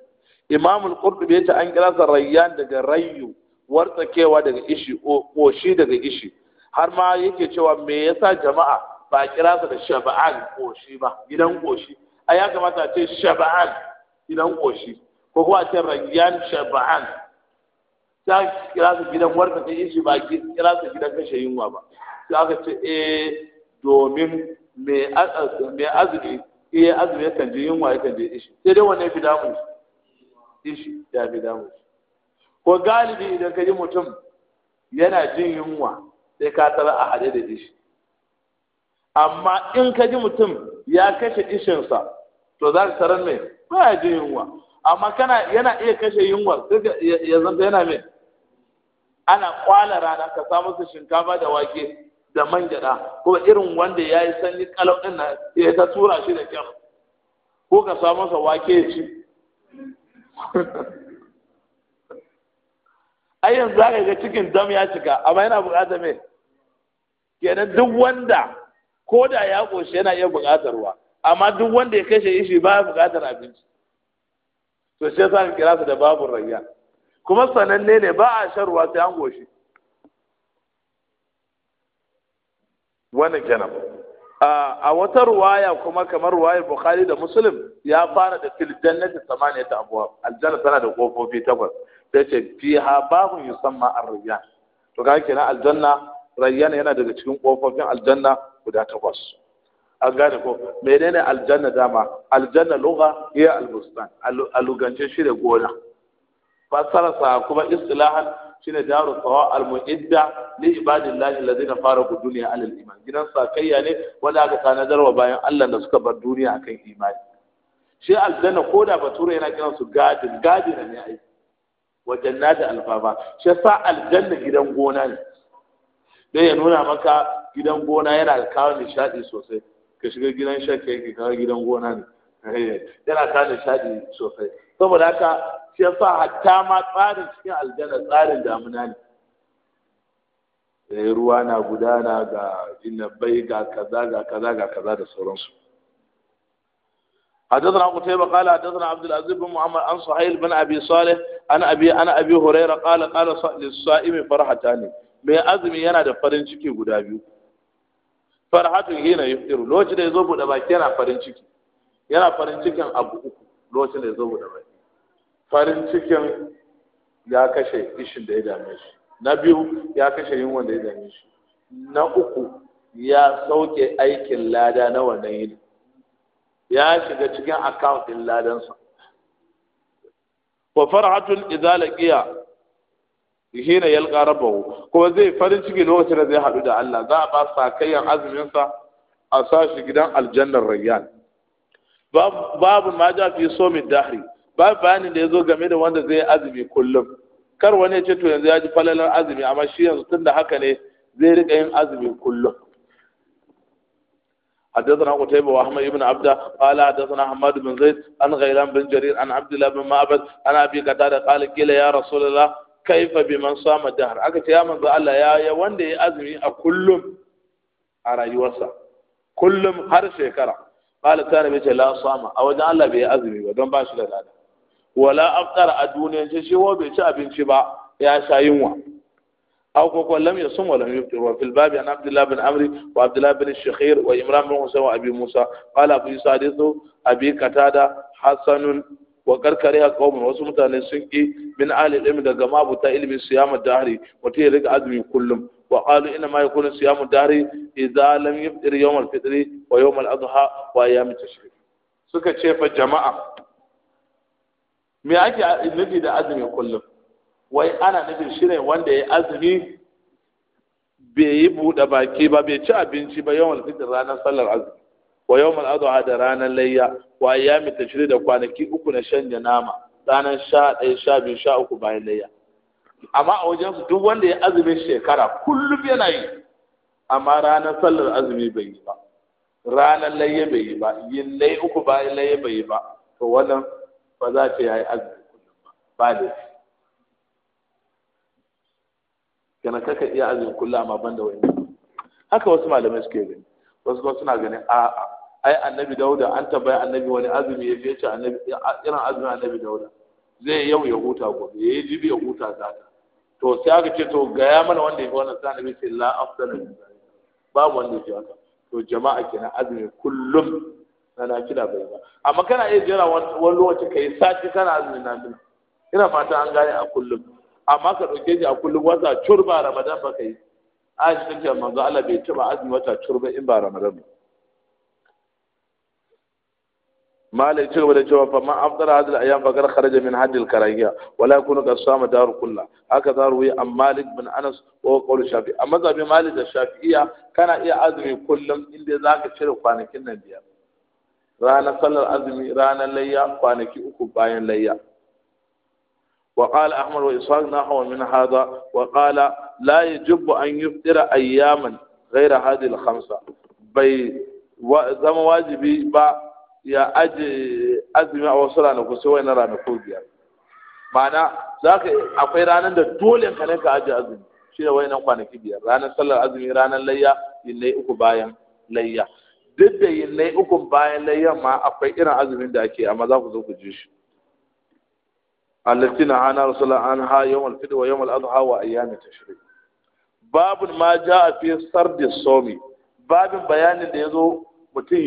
imamul qurtubi ta an kira sa rayyan daga rayyu wartsakewa daga ishi koshi daga ishi har ma yake cewa me yasa jama'a ba kira sa da shaba'an koshi ba gidan koshi a ya kamata a ce shaba'an gidan koshi ko kuma a ce rayyan shaba'an ta kira sa gidan warka ta ishi ba kira sa gidan kashe yunwa ba sai aka ce eh domin mai azumi iya eh, azumi ya kan je yunwa ya kan je ishi sai dai wanne fi damu ishi ya fi damu ko galibi idan ka ji mutum yana jin yunwa sai ka tara a hade da ishi amma in ka ji mutum ya kashe ishinsa to za ka tarar mai baya ya ji yunwa amma kana yana iya kashe yunwa ya zanta yana mai ana kwala rana ka samu su shinkafa da wake da man gyada kuma irin wanda ya yi sanyi kalau din na ya ta tura shi da kyau ko ka samu sa wake ya ci [laughs] ai yanzu za ka ga cikin dam ya cika amma yana buƙatar mai kenan duk wanda ko da ya ƙoshi yana iya buƙatar ruwa amma duk wanda ya kashe ishi ba ya buƙatar abinci to sai sa ka kira su da babun rayya kuma sananne ne ba a shan ruwa sai an goshi wannan kenan a wata ruwaya kuma kamar ruwayar bukhari da muslim ya fara da fil jannati ta abuwa aljanna tana da kofofi takwas sai ce fiha babun yusamma arriyan to ga kenan aljanna rayyana yana daga cikin ƙofofin aljanna guda takwas an gane ko menene aljanna dama aljanna lugha hiya albustan alugance shi da gona fassara sa kuma istilahan shine daru sawa almuidda li ibadillahi alladhina faraku dunya ala iman. gidan sakayya ne wanda aka tanadar wa bayan Allah da suka bar duniya akan imani shi aljanna koda bature yana kiran su gadin gadin ne ai wa jannati alfaba shi sa aljanna gidan gona ne dan ya nuna maka gidan gona yana kawo nishaɗi sosai ka shiga gidan shakka yake kawo gidan gona ne eh, yana kawo nishaɗi sosai saboda haka shi yasa hatta ma tsarin cikin aljanna tsarin damuna ne eh, ruwa na gudana ga inabai ga kaza ga kaza ga kaza da sauransu حدثنا قتيبة قال حدثنا عبد العزيز بن محمد عن صهيل بن أبي صالح عن أبي أنا أبي هريرة قال قال للصائم فرحتان mai azumi yana da farin ciki guda biyu farhatun hina yuftiru lokacin da yazo bude baki yana farin ciki yana farin cikin abu uku lokacin da yazo bude baki farin cikin ya kashe ishin da ya dame shi na biyu ya kashe yunwan da ya dame shi na uku ya sauke aikin lada na wannan yini ya shiga cikin account din ladansa wa farhatun idza laqiya hina yalqa rabbahu kuma zai farin ciki lokacin da zai haɗu da Allah za a ba sa kayan azumin sa a sashi gidan aljannar rayyan babu ma ja fi somin dahri babu bayanin da yazo game da wanda zai azumi kullum kar wani ya ce to yanzu ya ji falalar azumi amma shi yanzu da haka ne zai rika yin azumi kullum حدثنا قتيبة وأحمد بن عبدة قال حدثنا حماد بن زيد عن غيلان بن جرير عن عبد الله بن معبد عن أبي قتادة قال قيل يا رسول الله kaifa biman sama dahar aka ce ya manzo Allah ya ya wanda ya azumi a kullum a rayuwarsa kullum har shekara qala ta nabi ce la sama a wajen Allah bai azumi ba don ba shi da lada wala afkara a duniya ce shi bai ci abinci ba ya sha yunwa أو كوكو لم يصم ولم يفطر وفي الباب عن عبد الله بن عمرو وعبد الله بن الشخير وإمران بن حسين وأبي موسى قال أبو يوسف أبي قتادة wa karkare a qaumun wasu mutane sun ki min alil ilmi daga mabuta ilmi siyama dahri mutum ya riga azumi kullum wa qalu inna ma yakunu siyamu dahri idza lam yaftir yawm al-fitr wa yawm al-adha wa ayyam tashrik suka ce fa jama'a me ake nufi da azumi kullum wai ana nufin shine wanda ya azumi bai yi buɗe baki ba bai ci abinci ba yawan fitin ranar sallar azumi wa yawmal adha da ranar layya wa ya ayyami tashri da kwanaki uku na shanya nama ranar sha ɗaya sha biyu sha uku bayan layya amma a wajen su duk wanda ya azumin shekara kullum yana yi amma ranar sallar azumi bai yi ba ranar layya bai yi ba yin lai uku bayan layya bai yi ba to wannan ba za ta yi azumi kullum ba ba da shi kana kaka iya azumin kullum amma da wani haka wasu malamai suke gani wasu kuma suna ganin a'a ai annabi dauda an tabbai annabi wani azumi ya fece annabi irin azumin annabi dauda zai yau ya huta gobe ya yi jibi ya huta zata to sai aka ce to gaya mana wanda ya fi wannan sa annabi sai la afsana Ba babu wanda ya fi haka to jama'a kenan azumi kullum na kira bai ba amma kana iya jira wani lokaci kai sati kana azumin nafila ina fata an gane a kullum amma ka ɗauke shi a kullum wata curba ramadan ba ka yi aisha take manzo Allah bai taba azumi wata curba in ba ramadan ba ما لي تشوف ولا تشوف فما افضل هذه الايام فقد خرج من هذه الكراهيه ولا يكون قصام دار كلها هكذا روي عن مالك بن انس وهو قول الشافعي اما ذا بمالك الشافعيه كان يا إيه ادمي كلهم ان ذاك الشيء وقانكنا ديال رانا صلى الادمي رانا ليا قانكي اكو باين ليا وقال احمد واسحاق نحو من هذا وقال لا يجب ان يفطر اياما غير هذه الخمسه بي زم واجبي با ya aje azumi a wasu ranaku sai wani ranaku biyar ma'ana za ka akwai ranar da dole ka ne ka aje azumi shi da wani kwanaki biyar ranar sallar azumi ranar layya yinnai uku bayan layya duk da na uku bayan layya ma akwai irin azumin da ake amma za ku zo ku ji shi التي نهانا رسول الله عنها wa الفطر ويوم الأضحى وأيام التشريق باب ما جاء fi سرد الصوم babin bayanin da yazo mutum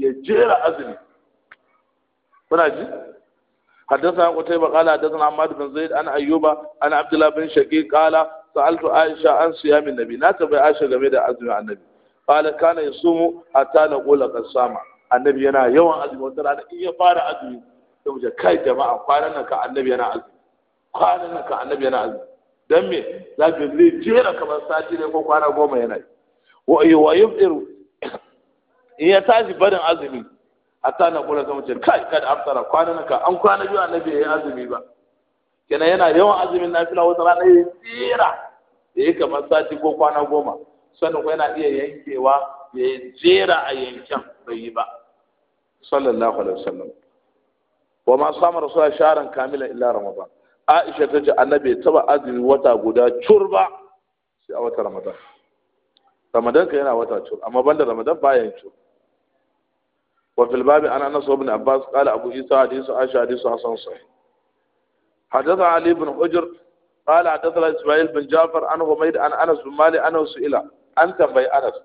ya jera azumi kuna ji حدثنا قتيبة قال حدثنا عماد بن زيد عن أيوب عن عبد الله بن شقيق قال سألت عائشة عن صيام النبي ناتب عائشة جميل عزم عن النبي قال كان يصوم حتى نقول قد sama. النبي yana yawan azumi wata rana in ya fara azumi Da mu kai jama'a kwanan na ka annabi yana azumi kwanan na ka annabi yana azumi dan me za zai jera kamar sati ne ko kwana goma yana yi wa in ya tashi barin azumi ta na kula zama ce kai kada afsara kwanan ka an kwana biyu annabi ya yi azumi ba kenan yana yawan azumin na fila wata rana ya tsira da ya kamar sati ko kwana goma sannan ko yana iya yankewa ya jera a yankin bai yi ba sallallahu alaihi wasallam wa ma sama rasul sharan kamila illa ramadan aisha ta ce annabi taba azumi wata guda curba sai a wata ramadan ramadan ka yana wata cur amma banda ramadan bayan cur وفي الباب عن انس بن عباس قال ابو عيسى حديث عائشه حديث حسن صحيح حدث علي بن حجر قال حدثنا اسماعيل بن جعفر عن حميد عن انس بن مالك انه سئل an tambayi Anas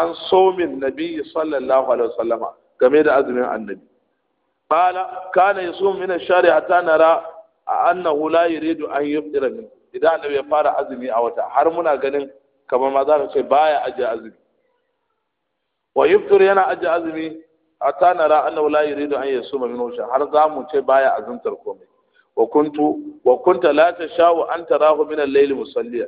an somin nabi sallallahu alaihi wasallama game da azumin annabi qala kana yasum min ash-shari hatta nara annahu la yuridu an yufṭira min idan annabi ya fara azumi a wata har muna ganin kamar ma za ka ce baya aje azumi wa yana aje azumi hatta ra annahu la yuridu an yasuma minhu shay har za mu ce baya azumtar komai wa kuntu wa kunta la tashau an tarahu min al-layl musalliya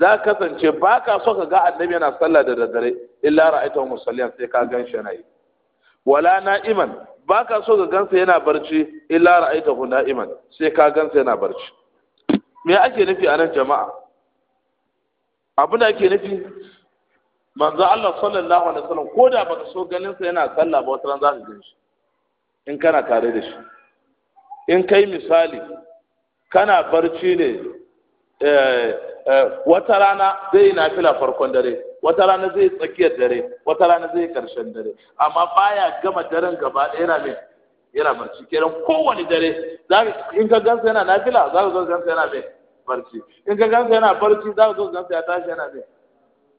za kasance baka so ka ga annabi yana sallah da daddare illa ra'aytahu musalliyan sai ka gan shi yana yi wala na'iman baka so ka gansa yana barci illa ra'aytahu na'iman sai ka gansa yana barci me ake nufi a nan jama'a abin da ake nufi manzo Allah sallallahu alaihi wasallam ko da baka so ganin sa yana sallah ba wata ran za ka gan shi in kana tare da shi in kai misali kana barci ne eh, eh, wata rana zai yi nafila farkon dare wata rana zai yi tsakiyar dare wata rana zai yi karshen dare amma baya gama daren gaba ɗaya yana mai yana barci kenan kowane dare in ka gansa yana nafila za ka zo gansa yana mai barci in ka gansa yana barci za ka zo gansa ya tashi yana mai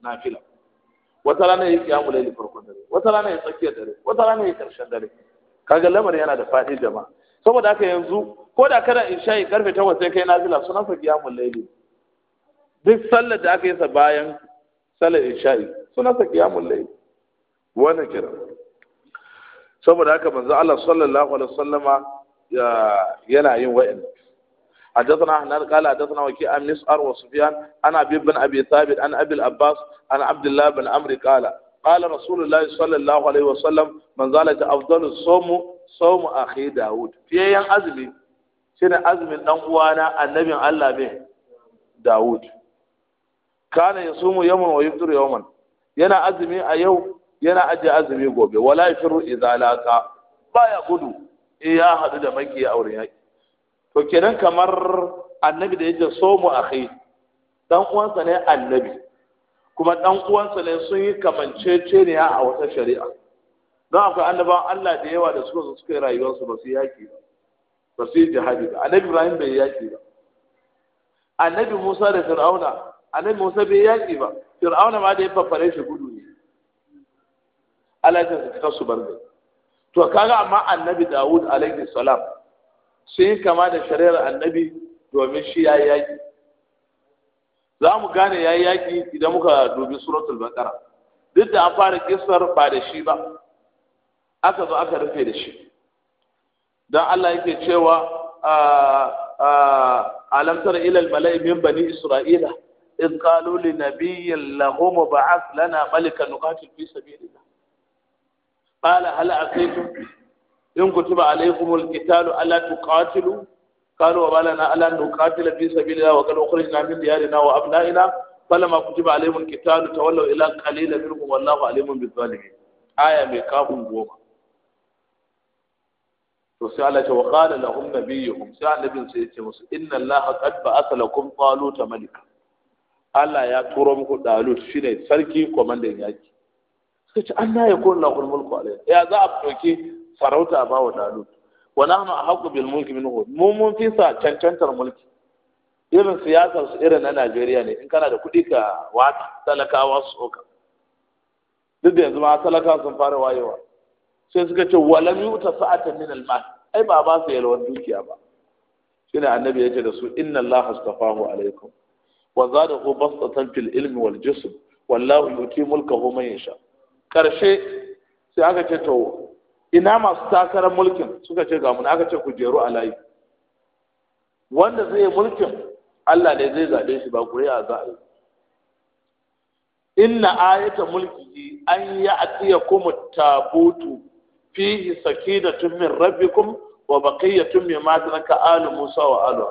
nafila wata rana ya mulai da laili farkon dare wata rana ya tsakiyar dare wata rana ya karshen dare kaga lamarin yana da faɗi jama'a saboda haka yanzu ko da kada in shayi karfe takwas sai kai nazila sunan sa kiyamun laili duk sallar da aka yi sa bayan sallar isha'i sunan sa kiyamun laili wannan kira saboda haka manzo Allah sallallahu alaihi wasallama yana yin wa'in حدثنا أحمد قال حدثنا وكيع عن مسعر وسفيان عن أبي بن أبي ثابت عن أبي العباس عن عبد الله بن عمرو قال قال رسول الله صلى الله عليه وسلم من قال أفضل الصوم صوم أخي داود في أيام أزمي شنو أزمي أنوانا النبي الله به داود كان يصوم يوما ويفطر يوما yana azumi a yau yana ajiye azumi gobe wala yafiru idza laqa baya gudu in ya hadu da makiya auren yaki to kenan kamar annabi da yake so mu akhi dan uwansa ne annabi kuma dan uwansa ne sun yi kamanceceniya a wata shari'a don akwai annaban Allah da yawa da suka zo suka yi rayuwarsu ba su yaki ba ba su yi jihadi ba annabi Ibrahim bai yaki ba annabi Musa da Fir'auna annabi Musa bai yaki ba Fir'auna ma da ya fafare shi gudu ne Allah ya tsaka su bar to kaga amma annabi Dawud alaihi salam sun yi kama da shari'ar annabi domin shi ya yi yaƙi za mu gane ya yi yaƙi idan muka dubi suratul baqara duk da an fara kisar ba da shi ba aka zo aka rufe da shi don Allah yake cewa alam tara ila malai min bani isra'ila إذ قالوا لنبي لهم ابعث لنا ملكا نقاتل في سبيل الله قال هل عصيتم in kutuba alaikum alqitalu ala tuqatilu qalu wa balana ala nuqatila fi sabilillah wa qad ukhrijna min diyarina wa abnaina falamma kutiba alaihim alqitalu tawallaw ila qalilin minhum wallahu alimun bil zalimin aya mai kafin goma to sai Allah ya wakala lahum nabiyuhum sai annabi sai ya ce musu inna Allah asala, kun falo ta malika Allah ya turo muku dalut shine sarki komandan yaki suka ce Allah ya kula kulmulku alaihi ya za a doke farauta a bawa dalu wa nahnu ahqqu bil mulki minhu mu mun fi sa cancantar mulki irin siyasar su irin na Najeriya ne in kana da kuɗi ka wata talakawa su oka. duk da yanzu ma talakawa sun fara wayewa sai suka ce walam yuta sa'atan min al mal ai ba ba su yalwar dukiya ba shine annabi yake da su inna Allah astafahu alaikum wa zadahu bastatan fil ilmi wal jism wallahu yuti mulkahu man yasha karshe sai aka ce to ina masu takarar mulkin suka ce ga mu aka ce ku jeru a layi wanda zai mulkin Allah ne zai zaɓe shi ba ku za a yi inna ayata mulki an ya atiya kuma tabutu fihi sakinatun min rabbikum wa baqiyatun mimma taraka alu musa wa alu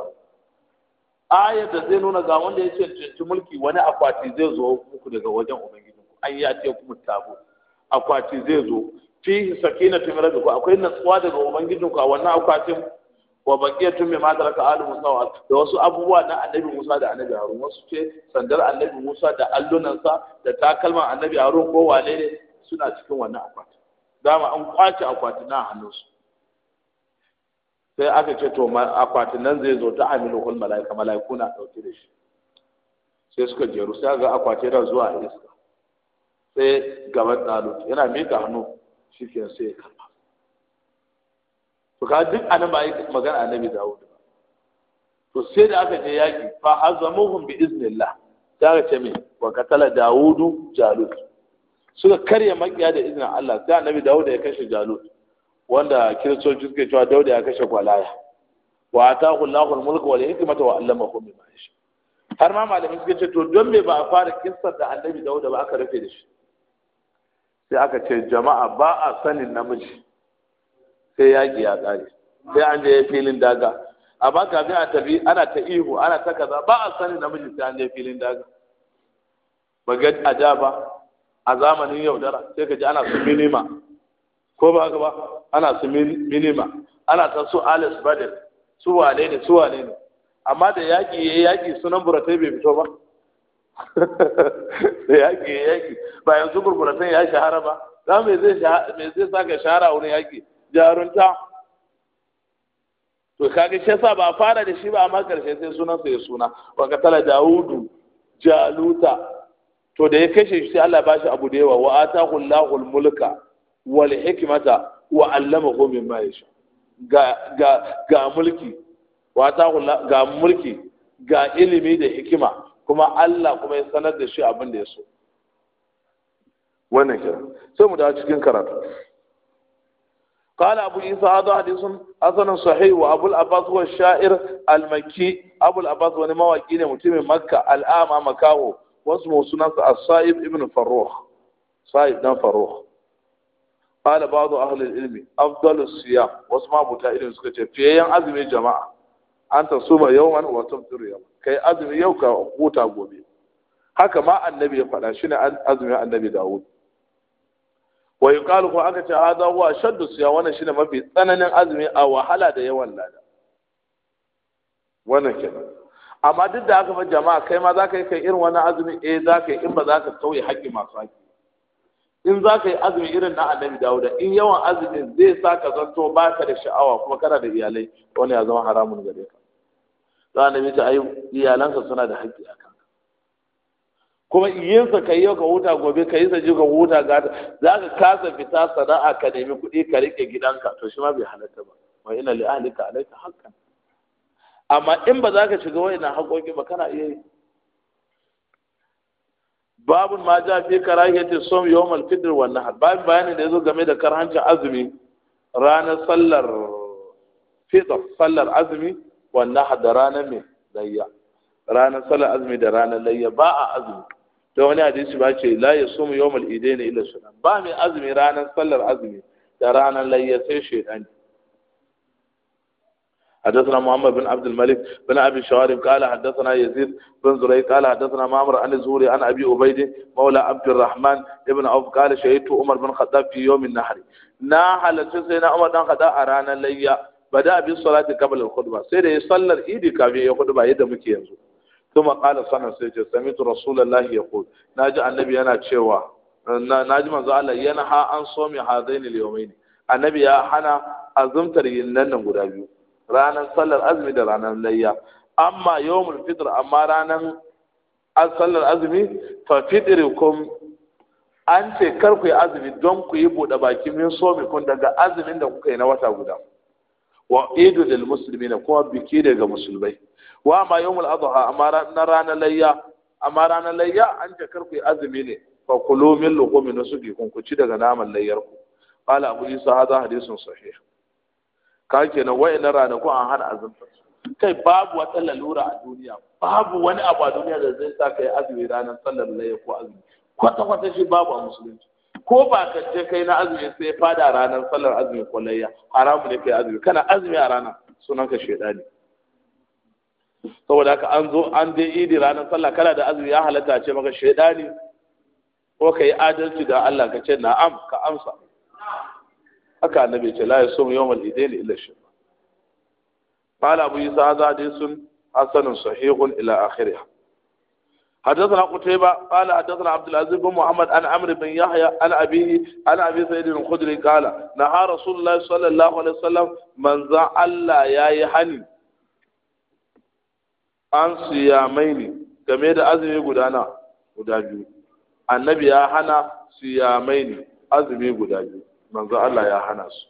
ayat da zai nuna ga wanda ya cancanci mulki wani akwati zai zo muku daga wajen ubangiji an ya atiya kuma tabutu akwati zai zo fi sakinatu min ko akwai natsuwa daga ubangijinku a wannan akwatin wa baqiyatu mimma taraka alu musa da wasu abubuwa na annabi musa da annabi harun wasu ce sandar annabi musa da sa da takalman annabi harun ko wane ne suna cikin wannan akwati dama an kwace akwati na hannunsu sai aka ce to akwatin nan zai zo ta amilul malaika malaiku na dauke da shi sai suka jeru sai ga akwati da zuwa iska sai gaban dalu yana mika hannu shi sai ya karba to ka duk anan ba yi magana annabi Dawud ba to sai da aka je yaki fa azamuhum bi iznillah ta ga ce me wa katala Dawudu Jalut suka karya makiya da izinin Allah sai annabi Dawud ya kashe Jalut wanda kiristoci suke cewa Dawud ya kashe kwalaya wa atahu Allahu al wa wal hikmata wa allamahu mimma yasha har ma malamin suke ce to don me ba a fara kissar da annabi Dawud ba aka rufe da shi sai aka ce jama'a ba a sanin namiji sai yaƙi ya tsari sai an je filin daga amma kafin a tafi ana ta ihu ana ta kaza ba a sanin namiji sai an je filin daga ba ga a ja ba a zamanin yaudara sai ka ji ana su minima ko ba ka ba ana su minima ana ta su alice badal su wane ne su wane ne amma da yaƙi ya yaƙi sunan buratai bai fito ba yaki yaki ba yanzu sai ya shahara ba za me zai me zai saka shahara a wurin yaki jarunta to kage shi yasa ba fara da shi ba amma karshe sai sunan sa ya suna wa tala daudu jaluta to da ya kashe shi sai Allah bashi abu da yawa wa atahu Allahul mulka wal hikmata wa allamahu mimma yasha ga ga ga mulki wa ta ga mulki ga ilimi da hikima kuma Allah kuma ya sanar da shi abin da ya so wannan kira sai mu dawo cikin karatu qala abu isa hadha hadithun asanan sahih wa abul abbas wa sha'ir al abul abbas wani mawaki ne mutumin makka al ama makao wasu musunan sa sa'ib ibn farrukh sa'ib dan farrukh qala ba'du ahli al ilmi afdalu siyam wasu mabuta irin suka ce fiyayen azumi jama'a An tasuma yawman wa tumtiru kai azumi yau ka huta gobe haka ma annabi ya faɗa shi ne azumin annabi Dawud wa yuqalu ko aka ce hada huwa shaddu siya wannan shine mafi tsananin azumi a wahala da yawan lada wannan kenan amma duk da aka ba jama'a kai ma zaka yi kai irin wannan azumi eh zaka yi in ba zaka sauye haƙƙi masu haƙƙi in za ka yi azumi irin na annabi dawuda in yawan azumin zai sa ka zanto ba ka da sha'awa kuma kana da iyalai wani ya zama haramun gare ka to annabi ta ayi iyalansa suna da haƙƙi a kan kuma iyinsa ka yi ka huta gobe ka yi sa ji ka huta ga za ka kasa fita sana'a ka nemi kuɗi ka riƙe gidanka to shi ma bai halatta ba wa ina li ahlika alayka haqqan amma in ba za ka shiga wayannan haƙoƙi ba kana iya yi babu ma ja fi karahiyati som yawmal fitr wal nahar babu bayanin da yazo game da karhancin azumi ranar sallar fitr sallar azumi wannan da ranar mai layya ranar sallar azumi da ranar layya ba a azumi ta wani hadisi ba ce la ya sumu yawmal idaina illa sunan ba mai azumi ranar sallar da layya sai حدثنا محمد بن عبد الملك بن ابي شوارب قال حدثنا يزيد بن زريق قال حدثنا معمر عن الزهري عن ابي عبيد مولى عبد الرحمن ابن عوف قال شهدت عمر بن الخطاب في يوم النحر نا حلت سيدنا عمر بن الخطاب ارانا ليا bada abin salati qabla al-khutba sai da ya sallar idi kafin ya khutba yadda muke yanzu ma qala sana sai ce samitu rasulullahi Na naji annabi yana cewa naji manzo Allah yana ha an somi hadaini al-yawmaini annabi ya hana azumtar yinnan nan guda biyu ranar sallar azumi da ranar layya amma yawmul fitr amma ranar sallar azumi fa fitrikum an ce kar ku yi azumi don ku yi buɗe baki min so kun daga azumin da kuka yi na wata guda wa idu lil muslimina kuma biki daga musulmai wa ma yawmul adha amma na ranar layya amma ranar layya an jakar ku azumi ne fa kulu min luqumin na kun ku ci daga naman layyar ku qala abu isa haza hadithun sahih ka ke kenan rana ranaku an hana azumta kai babu wata lalura a duniya babu wani abu a duniya da zai sa kai azumi ranar sallar layya ko azumi kwata kwata shi babu a musulunci ko ba ka ce kai na azumi sai fada ranar sallar azumi kullayya haramu ne kai azumi kana azumi a rana sunan ka shedani saboda haka an zo an je idi ranar sallah kana da azumi ya halatta ce maka shedani ko ka yi adalci ga Allah ka ce na'am ka amsa haka annabi ce la yasum yawmal idain illa shi qala abu isa hadisun hasanun sahihun ila akhirih حدثنا قتيبة قال حدثنا عبد العزيز بن محمد عن عمرو بن يحيى عن أبيه عن أبي سعيد الخدري قال نهى رسول الله صلى الله عليه وسلم من زعل يا يحني an siyamaini game da azumi gudana guda biyu annabi ya hana siyamaini azumi guda biyu manzo Allah ya hana su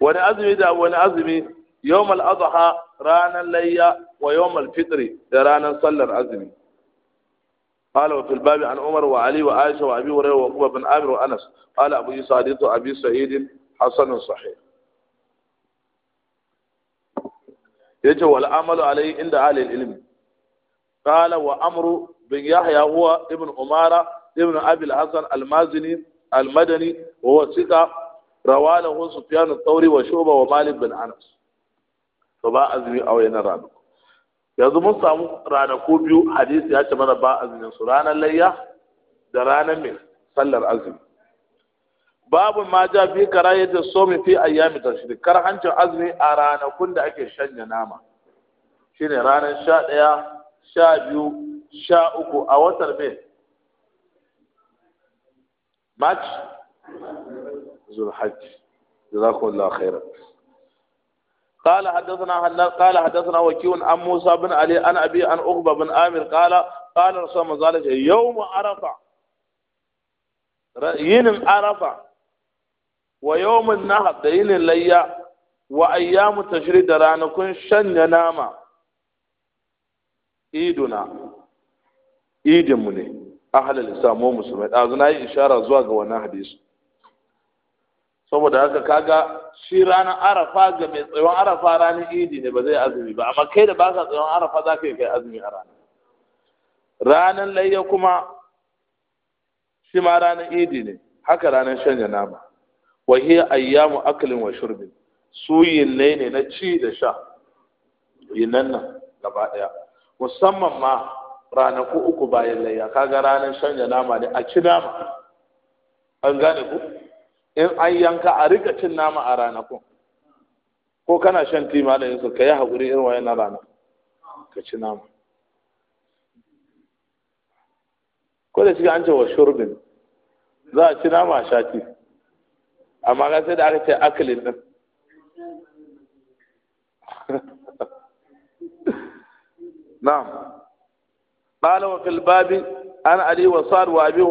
wani azumi da wani azumi يوم الأضحى رانا ليا ويوم الفطر رانا صلى العزم قال وفي الباب عن عمر وعلي وعائشة وأبي هريرة وأبو بن عامر وأنس قال أبو يسعد أبي سعيد حسن صحيح يجب العمل عليه عند أهل العلم قال وأمر بن يحيى هو ابن عمارة ابن أبي الحسن المازني المدني وهو ثقة رواه سفيان الثوري وشوبة ومالك بن أنس to ba azumi a wayannan ranaku yanzu mun samu ranaku biyu hadisi ya ce mana ba azumin su ranar layya da ranar mai sallar azumi babu ma ja fi so da fi ayyami kar hancin azumi a ranakun da ake shanya nama shine ranar sha ɗaya sha biyu sha uku a watan mai march zulhajj jazakumullahu khairan قال حدثنا هلال قال حدثنا وكيع عن موسى بن علي عن ابي عن عقبه بن عامر قال قال رسول الله صلى يوم عرفه ين عرفه ويوم النهر دين ليا وايام التشريد رانكن شن ناما ايدنا ايد ne اهل الاسلام islam wa musulmai اشاره nayi ishara ga wannan hadisi saboda haka kaga shi ranar arafa ga mai tsayon arafa ranar idi ne ba zai azumi ba amma kai da ba ka tsayon arafa za ka yi kai azumi a ranar ranar layya kuma shi ma ranar idi ne haka ranar shanya nama wa hiya ayyamu aklin wa shurbin su yinnai ne na ci da sha yinnan nan gaba daya musamman ma ranaku uku bayan layya kaga ranar shanya nama ne a ci nama an gane ku in an yanka a rika cin nama a ranakun ko kana shan ti da yanzu ka yi haƙuri irin wayan na rana ka ci nama ko da shiga an ce wa shurbin za a ci nama a shati amma ga sai da aka ce akilin din [laughs] an قال wa الباب wa abi wa وابي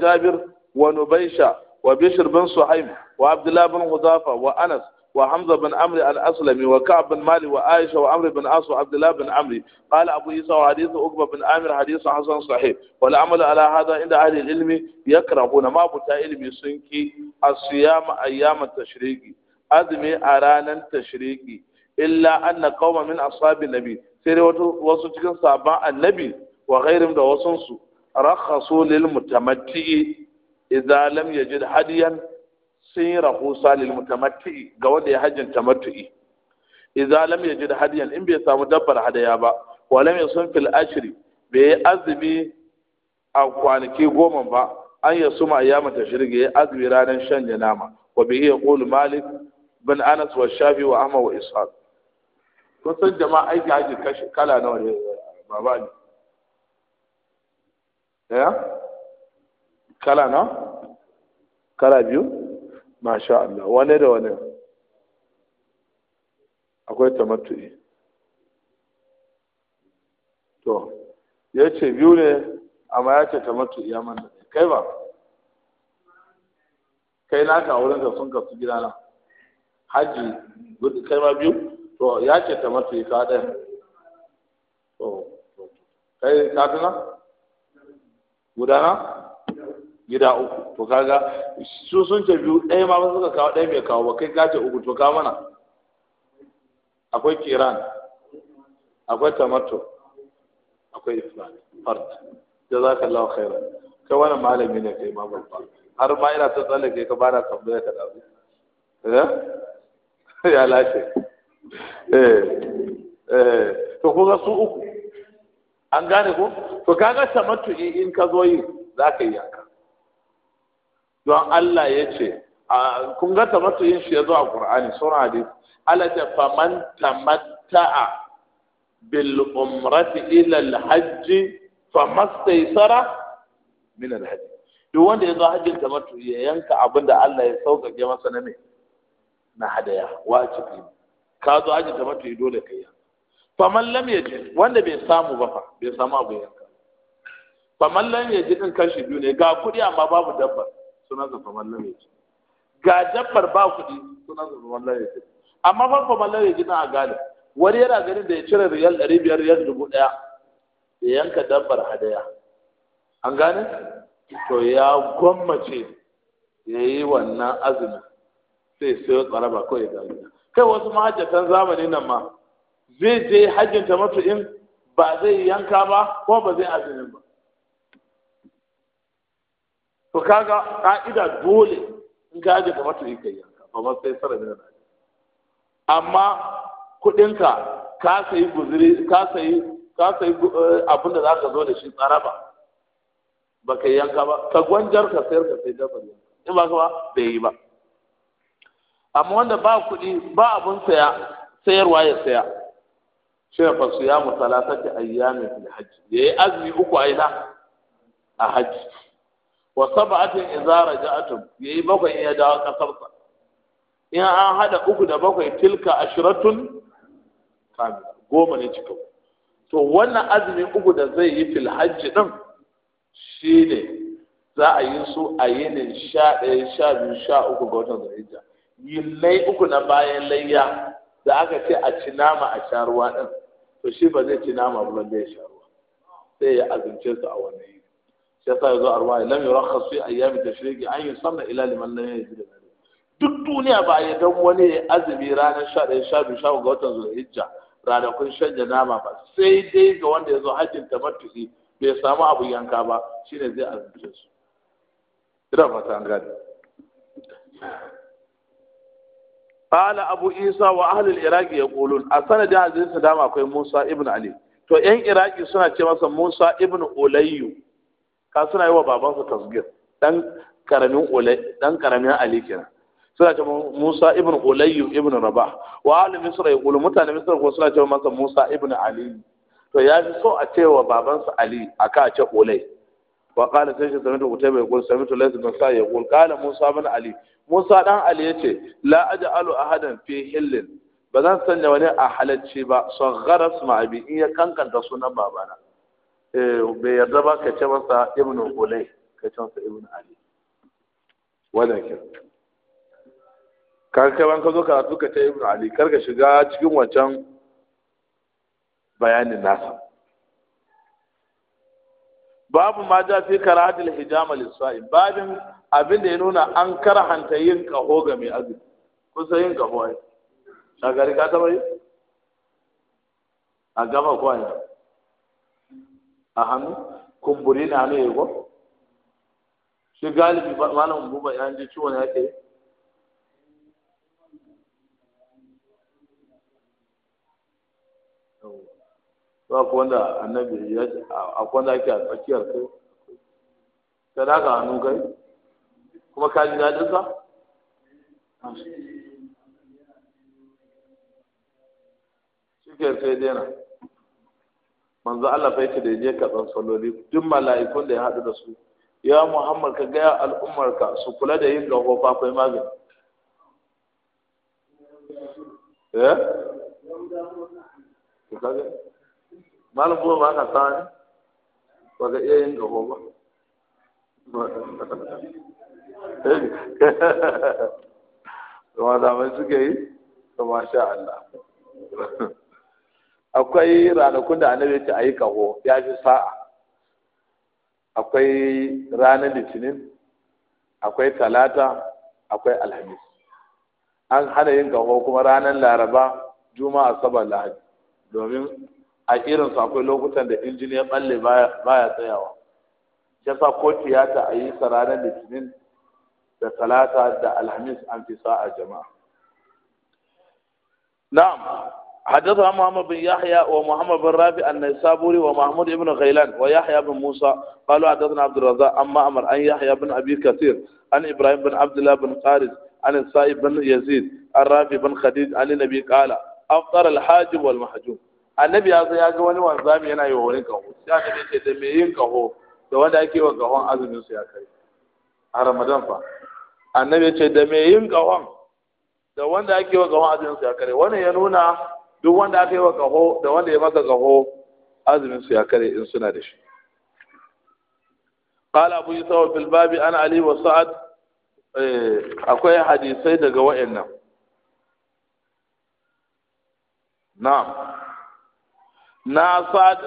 jabir wa ونبيشه wa Bishir bin suhaib wa abdullah bin hudafa wa anas wa hamza bin amr al-aslami wa ka'b bin mali wa aisha wa amr bin as wa abdullah bin amr qala abu isa wa hadith ukba bin amir hadith hasan sahih wal amal ala hadha inda ahli al-ilm yakrahuna ma buta ilmi sun ki asiyama ayyam at-tashriqi azmi a ranan tashriqi illa anna min ashabin nabi sai wasu cikin sahabban annabi wa da wasunsu rakhasu lil mutamatti idza lam yajid hadiyan sirahu salil mutamatti ga wanda ya hajjin tamattu'i idza lam yajid hadiyan in bai samu dabbar hadaya ba wa lam yusun fil ashri bai azumi a kwanaki goma ba an ya suma ayyama tashriqi ya azumi ranar shan nama wa bihi qulu malik bin anas wa shafi wa ahmad wa ishaq kun san jama'a aiki haji kala nawa ne baba ne ya kala nawa kala biyu masha Allah wane da wane akwai tamattu'i to ya ce biyu ne amma ya ce tamattu'i ya manna kai ba kai naka a wurin da sun kasu na. Hajji, kai ma biyu to ya ce tamattu'i ka ɗaya to kai ka tuna gudana gida uku to kaga su sun ce biyu ɗaya ma suka kawo ɗaya mai kawo ba kai ka ce uku to ka mana akwai kiran akwai tamato akwai za fart jazakallahu khairan kai wani malami ne kai ma babba har ma ina ta tsalle kai ka bada tambaya ka dawo eh? [laughs] ya lashe eh, eh. to kuma su uku an gane ko to kaga tamato in ka zo yi za ka yi yanka don Allah ya ce kun ga tamattu yin shi ya zo a Qur'ani sura hadisi Allah ta faman tamatta'a bil umrati ila al hajj famastaysara min al hajj duk wanda ya zo hajjin tamattu ya yanka abinda Allah ya sauƙaƙe masa na me na hadaya wajibi ka zo hajjin tamattu dole kai yi. faman lam yajid wanda bai samu ba fa bai samu abu yanka faman lam yajid in kashi biyu ne ga kuɗi amma babu dabba suna zafa famallare ce ga jabbar ba kuɗi suna zafa famallare ce amma fa famallare gina a gane wani yana ganin da ya cire riyal ɗari biyar riyal dubu ɗaya ya yanka dabbar hadaya an gane to ya gwammace ya yi wannan azumin sai sai tsaraba kawai ga gida kai wasu mahajjatan zamani nan ma zai je hajjinta mafi in ba zai yanka ba ko ba zai azumin ba to kaga ka'ida dole in ka ajiye kamar ta yi kai yanka ba ba sai sara da amma kuɗinka ka sayi guzuri ka sayi ka sayi eh, abin da zaka zo da shi tsara ba ba kai yanka ba ka gwanjar ka sayar ka sai dabar yanka in ba ka ba bai yi ba amma wanda ba kuɗi ba abin saya sayarwa ya saya shi fa su ya musalatati ayyamin fil hajj yayi azumi uku aina a hajji wa sab'atin idza raja'atum yayi bakwai ya dawo kasarsa in an hada uku da bakwai tilka ashratun kamila goma ne cikin to wannan azumin uku da zai yi fil hajji din shine za a yi su a yinin sha ɗaya sha biyu sha uku ga watan yin lai uku na bayan layya da aka ce a ci nama a sha ruwa din to shi ba zai ci nama ba zai sha ruwa sai ya azumce su a wannan shi yasa yazo arwa lam yurakhas fi ayyam tashriqi an yusanna ila liman lam yajid duk duniya ba ya dan wani azumi ranar 11 12 ga watan zulhijja ranakun shanya nama ba sai dai ga wanda yazo hajjin tamattu'i bai samu abu yanka ba shine zai azumce su ina fata an gane قال أبو إيسى وأهل العراق يقولون أسنى جاء زين سدام أكوي موسى ابن علي تو ‘yan iraki suna ce masa musa ibn ulayyu ka suna yi wa babansa tasgir dan karamin ulai dan karamin ali kenan suna ce Musa ibn Ulayy ibn Rabah wa ahli Misra yaqulu mutane Misra ko suna ce masa Musa ibn Ali to ya fi so a cewa babansa Ali aka ce Ulay wa qala sai shi samitu kutaiba yaqul samitu laysa bin sa yaqul qala Musa ibn Ali Musa dan Ali yace la aj'alu ahadan fi hillin ba zan sanya wani a halacci ba saghara isma abi in ya kankanta sunan babana Eh, bai yarda ba ka ce masa ibn ulay ka ce masa ibn ali wannan ke kar kai ka zo karatu ka ce ibn ali kar ka shiga cikin wancan bayanin nasa babu ma ja fi karatul hijama lisai babin abin da ya nuna an karhanta yin kaho ga mai azumi kusa yin kaho ai shagari ka taba yi a gama ko a hannu kumburi na ne ya shi galibi malam buba ya ji ciwon ya ke ba ku wanda annabi ya ji a wanda ake a tsakiyar kai ka hannu kai kuma ka ji daɗin sa shi ke sai daina manzo Allah fa yace da je ka san salloli duk mala'ikun da ya hadu da su ya Muhammad ka ga al'ummar ka su kula da yin gaho fa kai magani eh ka ga malum ko ba ka san ba ga yin gaho ba Kuma [laughs] da mai suke yi, kuma masha Allah. [laughs] akwai ranakun da annabi ya a yi kaho ya fi sa'a akwai ranar litinin akwai talata akwai alhamis an hana yin kaho kuma ranar laraba juma'a sabar lahadi domin a irinsu akwai lokutan da injiniya balle baya tsayawa sa ko tiyata a yi sa ranar litinin da talata da alhamis an fi sa'a jama'a na'am حدثنا محمد بن يحيى ومحمد بن رافع النيسابوري ومحمود بن غيلان ويحيى بن موسى قالوا حدثنا عبد الرزاق أما أمر أن يحيى بن أبي كثير أن إبراهيم بن عبد الله بن قارس عن السائب بن يزيد الرافي بن خديج عن النبي قال افطر الحاجب والمحجوب النبي ya zo ya ga wani wanzami كهو yi wa wani كهو دوان داكي وقهوان عزم da me yin kaho da wanda ake wa kahon azumin su ya kai a da wanda ake wa kahon azumin su ya wannan ya nuna duk wanda aka yi wa kaho da wanda ya masa kaho azumin su ya kare in suna da shi qala abu yusuf fil babi an ali wa sa'ad eh, akwai hadisai daga wayannan na'am na sa'ad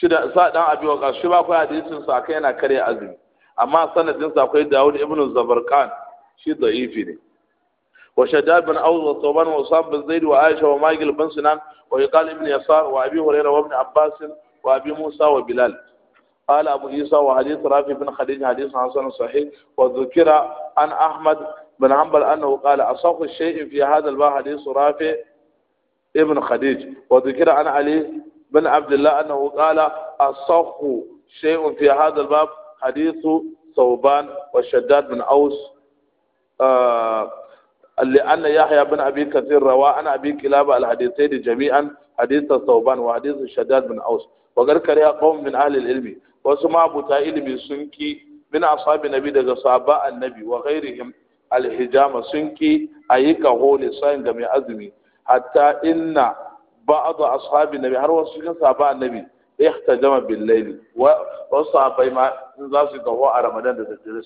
shida sa'ad dan abi wa shi ba akwai hadisin sa kai yana kare azumi amma sanadin sa akwai Dawud ibn Zabarkan shi da'ifi ne وشداد بن أوز وثوبان وصاب بن زيد وعائشة ومايكل بن سنان ويقال ابن يسار وأبي هريرة وابن عباس وأبي موسى وبلال قال أبو عيسى وحديث رافي بن خديج حديث حسن صحيح وذكر عن أحمد بن حنبل أنه قال أصح الشيء في هذا الباب حديث رافي ابن خديج وذكر عن علي بن عبد الله أنه قال أصح شيء في هذا الباب حديث ثوبان وشداد بن أوس آه لأن يحيى بن أبي كثير روى عن أبي كلاب الحديثين جميعا حديث الثوبان وحديث الشداد بن أوس وقد كره قوم من أهل العلم وسمع بتاع علم سنكي من أصحاب النبي دغ صحابة النبي وغيرهم الحجامة سنكي أيك هو لسان جميع أزمي حتى إن بعض أصحاب النبي هر وسنك صحابة النبي احتجم بالليل وصحابة ما نزاسي هو رمضان دغ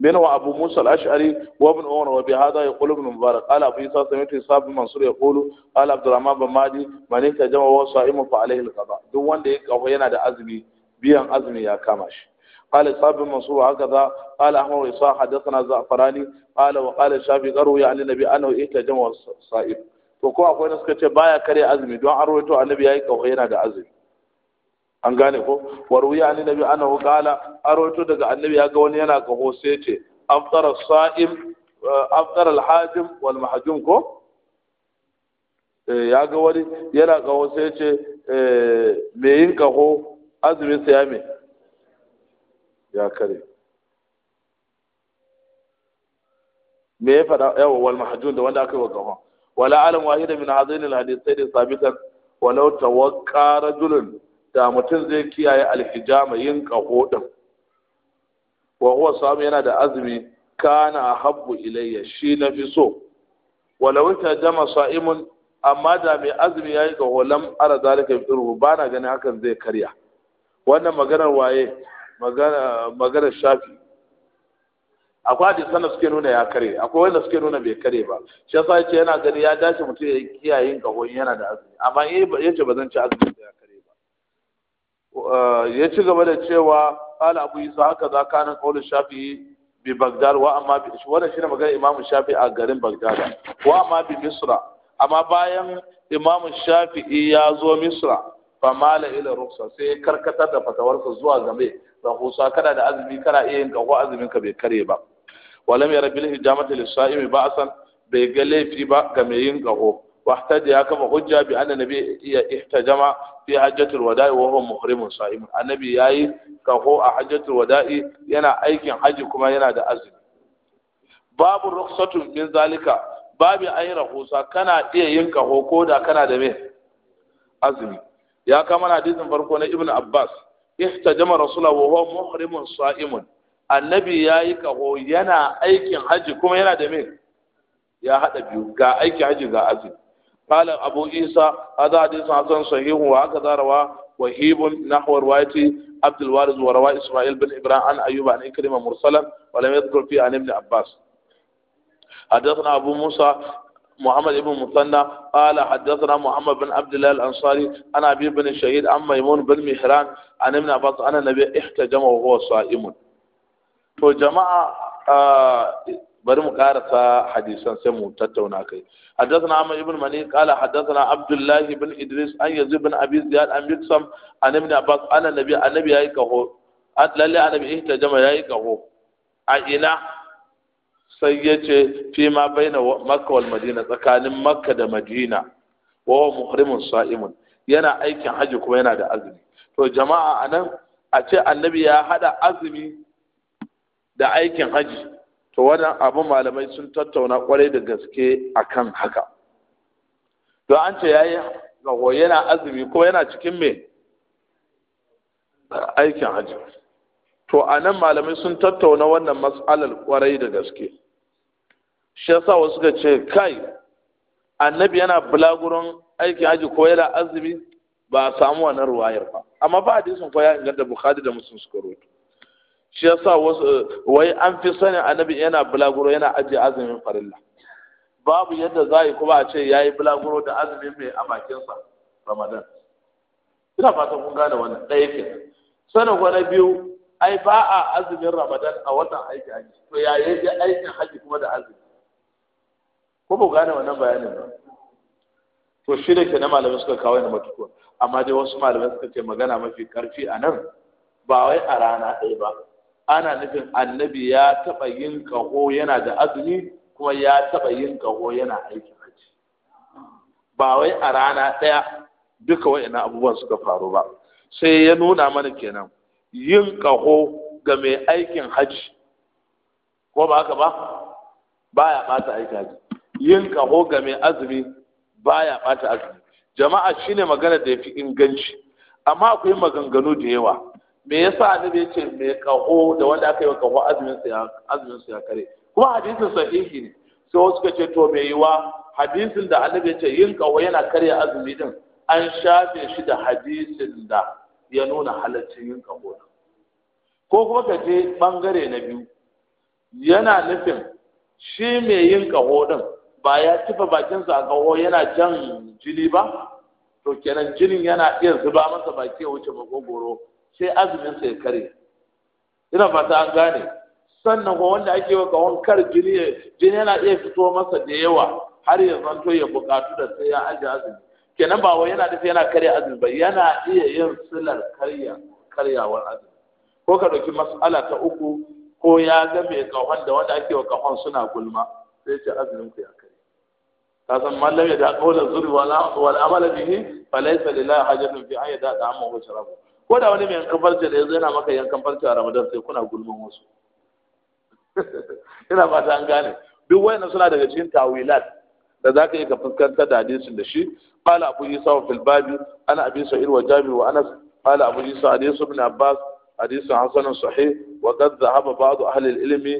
منه أبو موسى الأشعري وابن عمر وبهذا يقول ابن مبارك قال أبو يسا سمعت إسحاق بن منصور يقول قال عبد الرحمن بن مهدي من انتجم وهو صائم فعليه القضاء دون وان ده هو yana da azumi biyan azumi ya kama shi قال إسحاق بن منصور هكذا قال أحمد وإسحاق حدثنا زعفراني قال وقال الشافعي قروا يعني النبي أنه انتجم وهو صائم to ko akwai da suka ce baya kare azumi don an rawaito annabi yayi kauye yana da azumi an gane ko wa ruwiya an nabi annahu qala aroto daga annabi ya ga wani yana kaho sai ce sa'im eh, afṭara alhajim hajim wal mahjum ko eh, ya ga wani yana kaho sai ce eh, me yin kaho azumin sa ya me ya kare me ya faɗa yawa wal mahjum da wanda aka yi wa kaho wala alam wahida min hadhihi al-hadithain sabitan walau tawaqqa rajulun da mutum zai kiyaye alhijama yin ƙaho ɗin wa huwa samu yana da azumi kana habbu ilayya shi na fi so walau ta dama sa'imun amma da mai azumi ya yi ƙaho lam ara zalika ba na ganin hakan zai karya wannan maganar waye maganar shafi akwai hadisan da suke nuna ya kare akwai wanda suke nuna bai kare ba shi yasa yace yana gani ya dace mutum ya kiyaye yin kaho yana da azumi amma yace ba zan ci azumi da Eh, ya ci gaba da cewa qala abu isa haka za nan qaulu shafi bi bagdad wa amma bi wannan shine magana imamu shafi a garin bagdad wa amma bi misra amma bayan imamu shafi ya zo misra fa mala ila ruksa sai ya karkatar da fatawarsa zuwa game da husa kada da azumi kana iya yin kawo azumin ka bai kare ba walam ya bil hijamati lis-sa'imi ba'san bai ga laifi ba ga mai yin kaho Waɗanda ya kama hujjabi ana na biya iya aiki ta jama'a su ya hajjatun wada'i a wajen muhurimun su a a yana aikin aji kuma yana da azumi. Babu Ruksatu Buzalika babu Ayra, kama yana yin kaho ko da yana da min azumi? Ya kama naharitin barkonai Ibn Abbas aiki ta jama'a su lafiyar a Annabi ya yi kaho yana aikin aji kuma yana da min ya haɗa biyu ga aikin aji ga azumi. قال أبو عيسى هذا حديث حسن صحيح وهكذا رواه وهيب نحو روايتي عبد الوارث وروى إسماعيل بن إبراهيم عن أيوب عن إكرمة مرسلا ولم يذكر فيه عن ابن عباس حدثنا أبو موسى محمد بن مثنى قال حدثنا محمد بن عبد الله الأنصاري عن أبي بن الشهيد عن ميمون بن مهران عن ابن عباس عن النبي احتجم وهو صائم تو جماعة آه bari mu karasa hadisan sai mu tattauna kai حدثنا عمرو بن مني قال حدثنا عبد الله بن ادريس عن يزيد بن ابي زياد عن مقسم عن ابن عباس عن annabi النبي ياي كهو lalle annabi in ta ihtajam yayi kaho a ina sai yace fi ma baina makka wal madina tsakanin makka da madina wa huwa muhrimun sa'imun yana aikin haji kuma yana da azumi to jama'a anan a ce annabi ya hada azumi da aikin haji to wannan abu malamai sun tattauna kwarai da gaske akan haka to an ce yayi gaho yana azumi ko yana cikin me aikin hajji to anan malamai sun tattauna wannan mas'alar kwarai da gaske shi yasa wasu ga ce kai annabi yana bulaguron aikin hajji ko yana azumi ba a samu wannan ruwayar ba amma ba hadisin ko ya inganta bukhari da muslim suka rawaito shi yasa wasu wai an fi sanin annabi yana bulaguro yana ajiye azumin farilla babu yadda za a yi kuma a ce ya yi bulaguro da azumin mai a bakinsa ramadan ina fatan kun gane wannan ɗaya ke sanin wani biyu ai ba a azumin ramadan a wannan aiki haji to ya yi aikin haji kuma da azumi ko ba gane wannan bayanin ba to shi da ke na malamai suka kawo yana matukuwa amma dai wasu malamai suka ce magana mafi karfi a nan ba wai a rana ɗaya ba ana nufin annabi ya taɓa yin kaho yana da azumi kuma ya taɓa yin kaho yana aikin haji ba wai a rana ɗaya duka wa'ina abubuwan suka faru ba sai ya nuna mana kenan yin kaho ga mai aikin haji ko ba haka ba ba ya ɓata aikin haji yin kaho ga mai azumi baya ɓata azumi jama'a shine magana da ya fi inganci amma akwai maganganu da yawa me yasa annabi ya ce me kaho da wanda aka yi wa kaho azumin sa azumin sa ya kare kuma hadisin sahihi ne sai wasu ka ce to me yiwa hadisin da annabi ce yin kaho yana kare azumi din an shafe shi da hadisin da ya nuna halaccin yin kaho ko kuma ka je bangare na biyu yana nufin shi mai yin kaho din ba ya kifa bakinsa a kaho yana jan jini ba to kenan jinin yana iya zuba masa baki ya wuce goro. sai azumin sai ya kare ina fata an gane sannan ko wanda ake wa kawon kar jini jini yana iya fito masa da yawa har ya zanto ya bukatu da sai ya aje azumi kenan ba wai yana tafiya yana karya azumi ba yana iya yin silar karya karyawar azumi ko ka dauki mas'ala ta uku ko ya ga mai kahon da wanda ake wa kahon suna gulma sai ce azumin ku ya kare ka san mallam ya da kaula zuri wala wal amala bihi falaysa lillahi hajatun fi ayyada da amma ko sharabu ko da wani mai yankan farce da yanzu yana maka yankan farce a ramadan sai kuna gulman wasu [laughs] ina fata an gane duk wayannan suna daga cikin tawilat da za ka yi ka fuskantar da hadisin da shi qala abu isa wa fil babi ana abi sa'id wa jami wa anas qala abu isa hadith ibn abbas hadith hasan sahih wa qad dhahaba ba'd ahli al-ilmi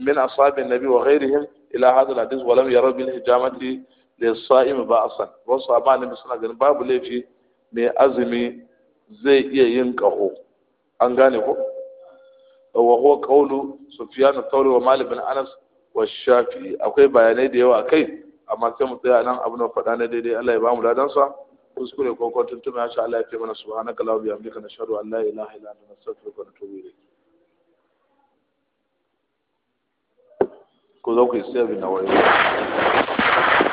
min ashab an-nabi wa ghayrihim ila hadha al hadis wa lam yara bil hijamati lis-sa'im ba'san wa sahaba annabi suna ganin babu laifi mai azumi zai iya yin ƙaho an gane ko wa huwa qawlu sufyan al-thawri wa malik bin anas wa shafi'i akwai bayanai da yawa kai amma sai mu tsaya nan abin da faɗa na daidai Allah ya bamu dadan sa kuskure ko ko tuntuna insha Allah ya fi mana subhanaka illa anta ashhadu an la ilaha illa anta astaghfiruka wa atubu ilayk ko zo ku sai na nawai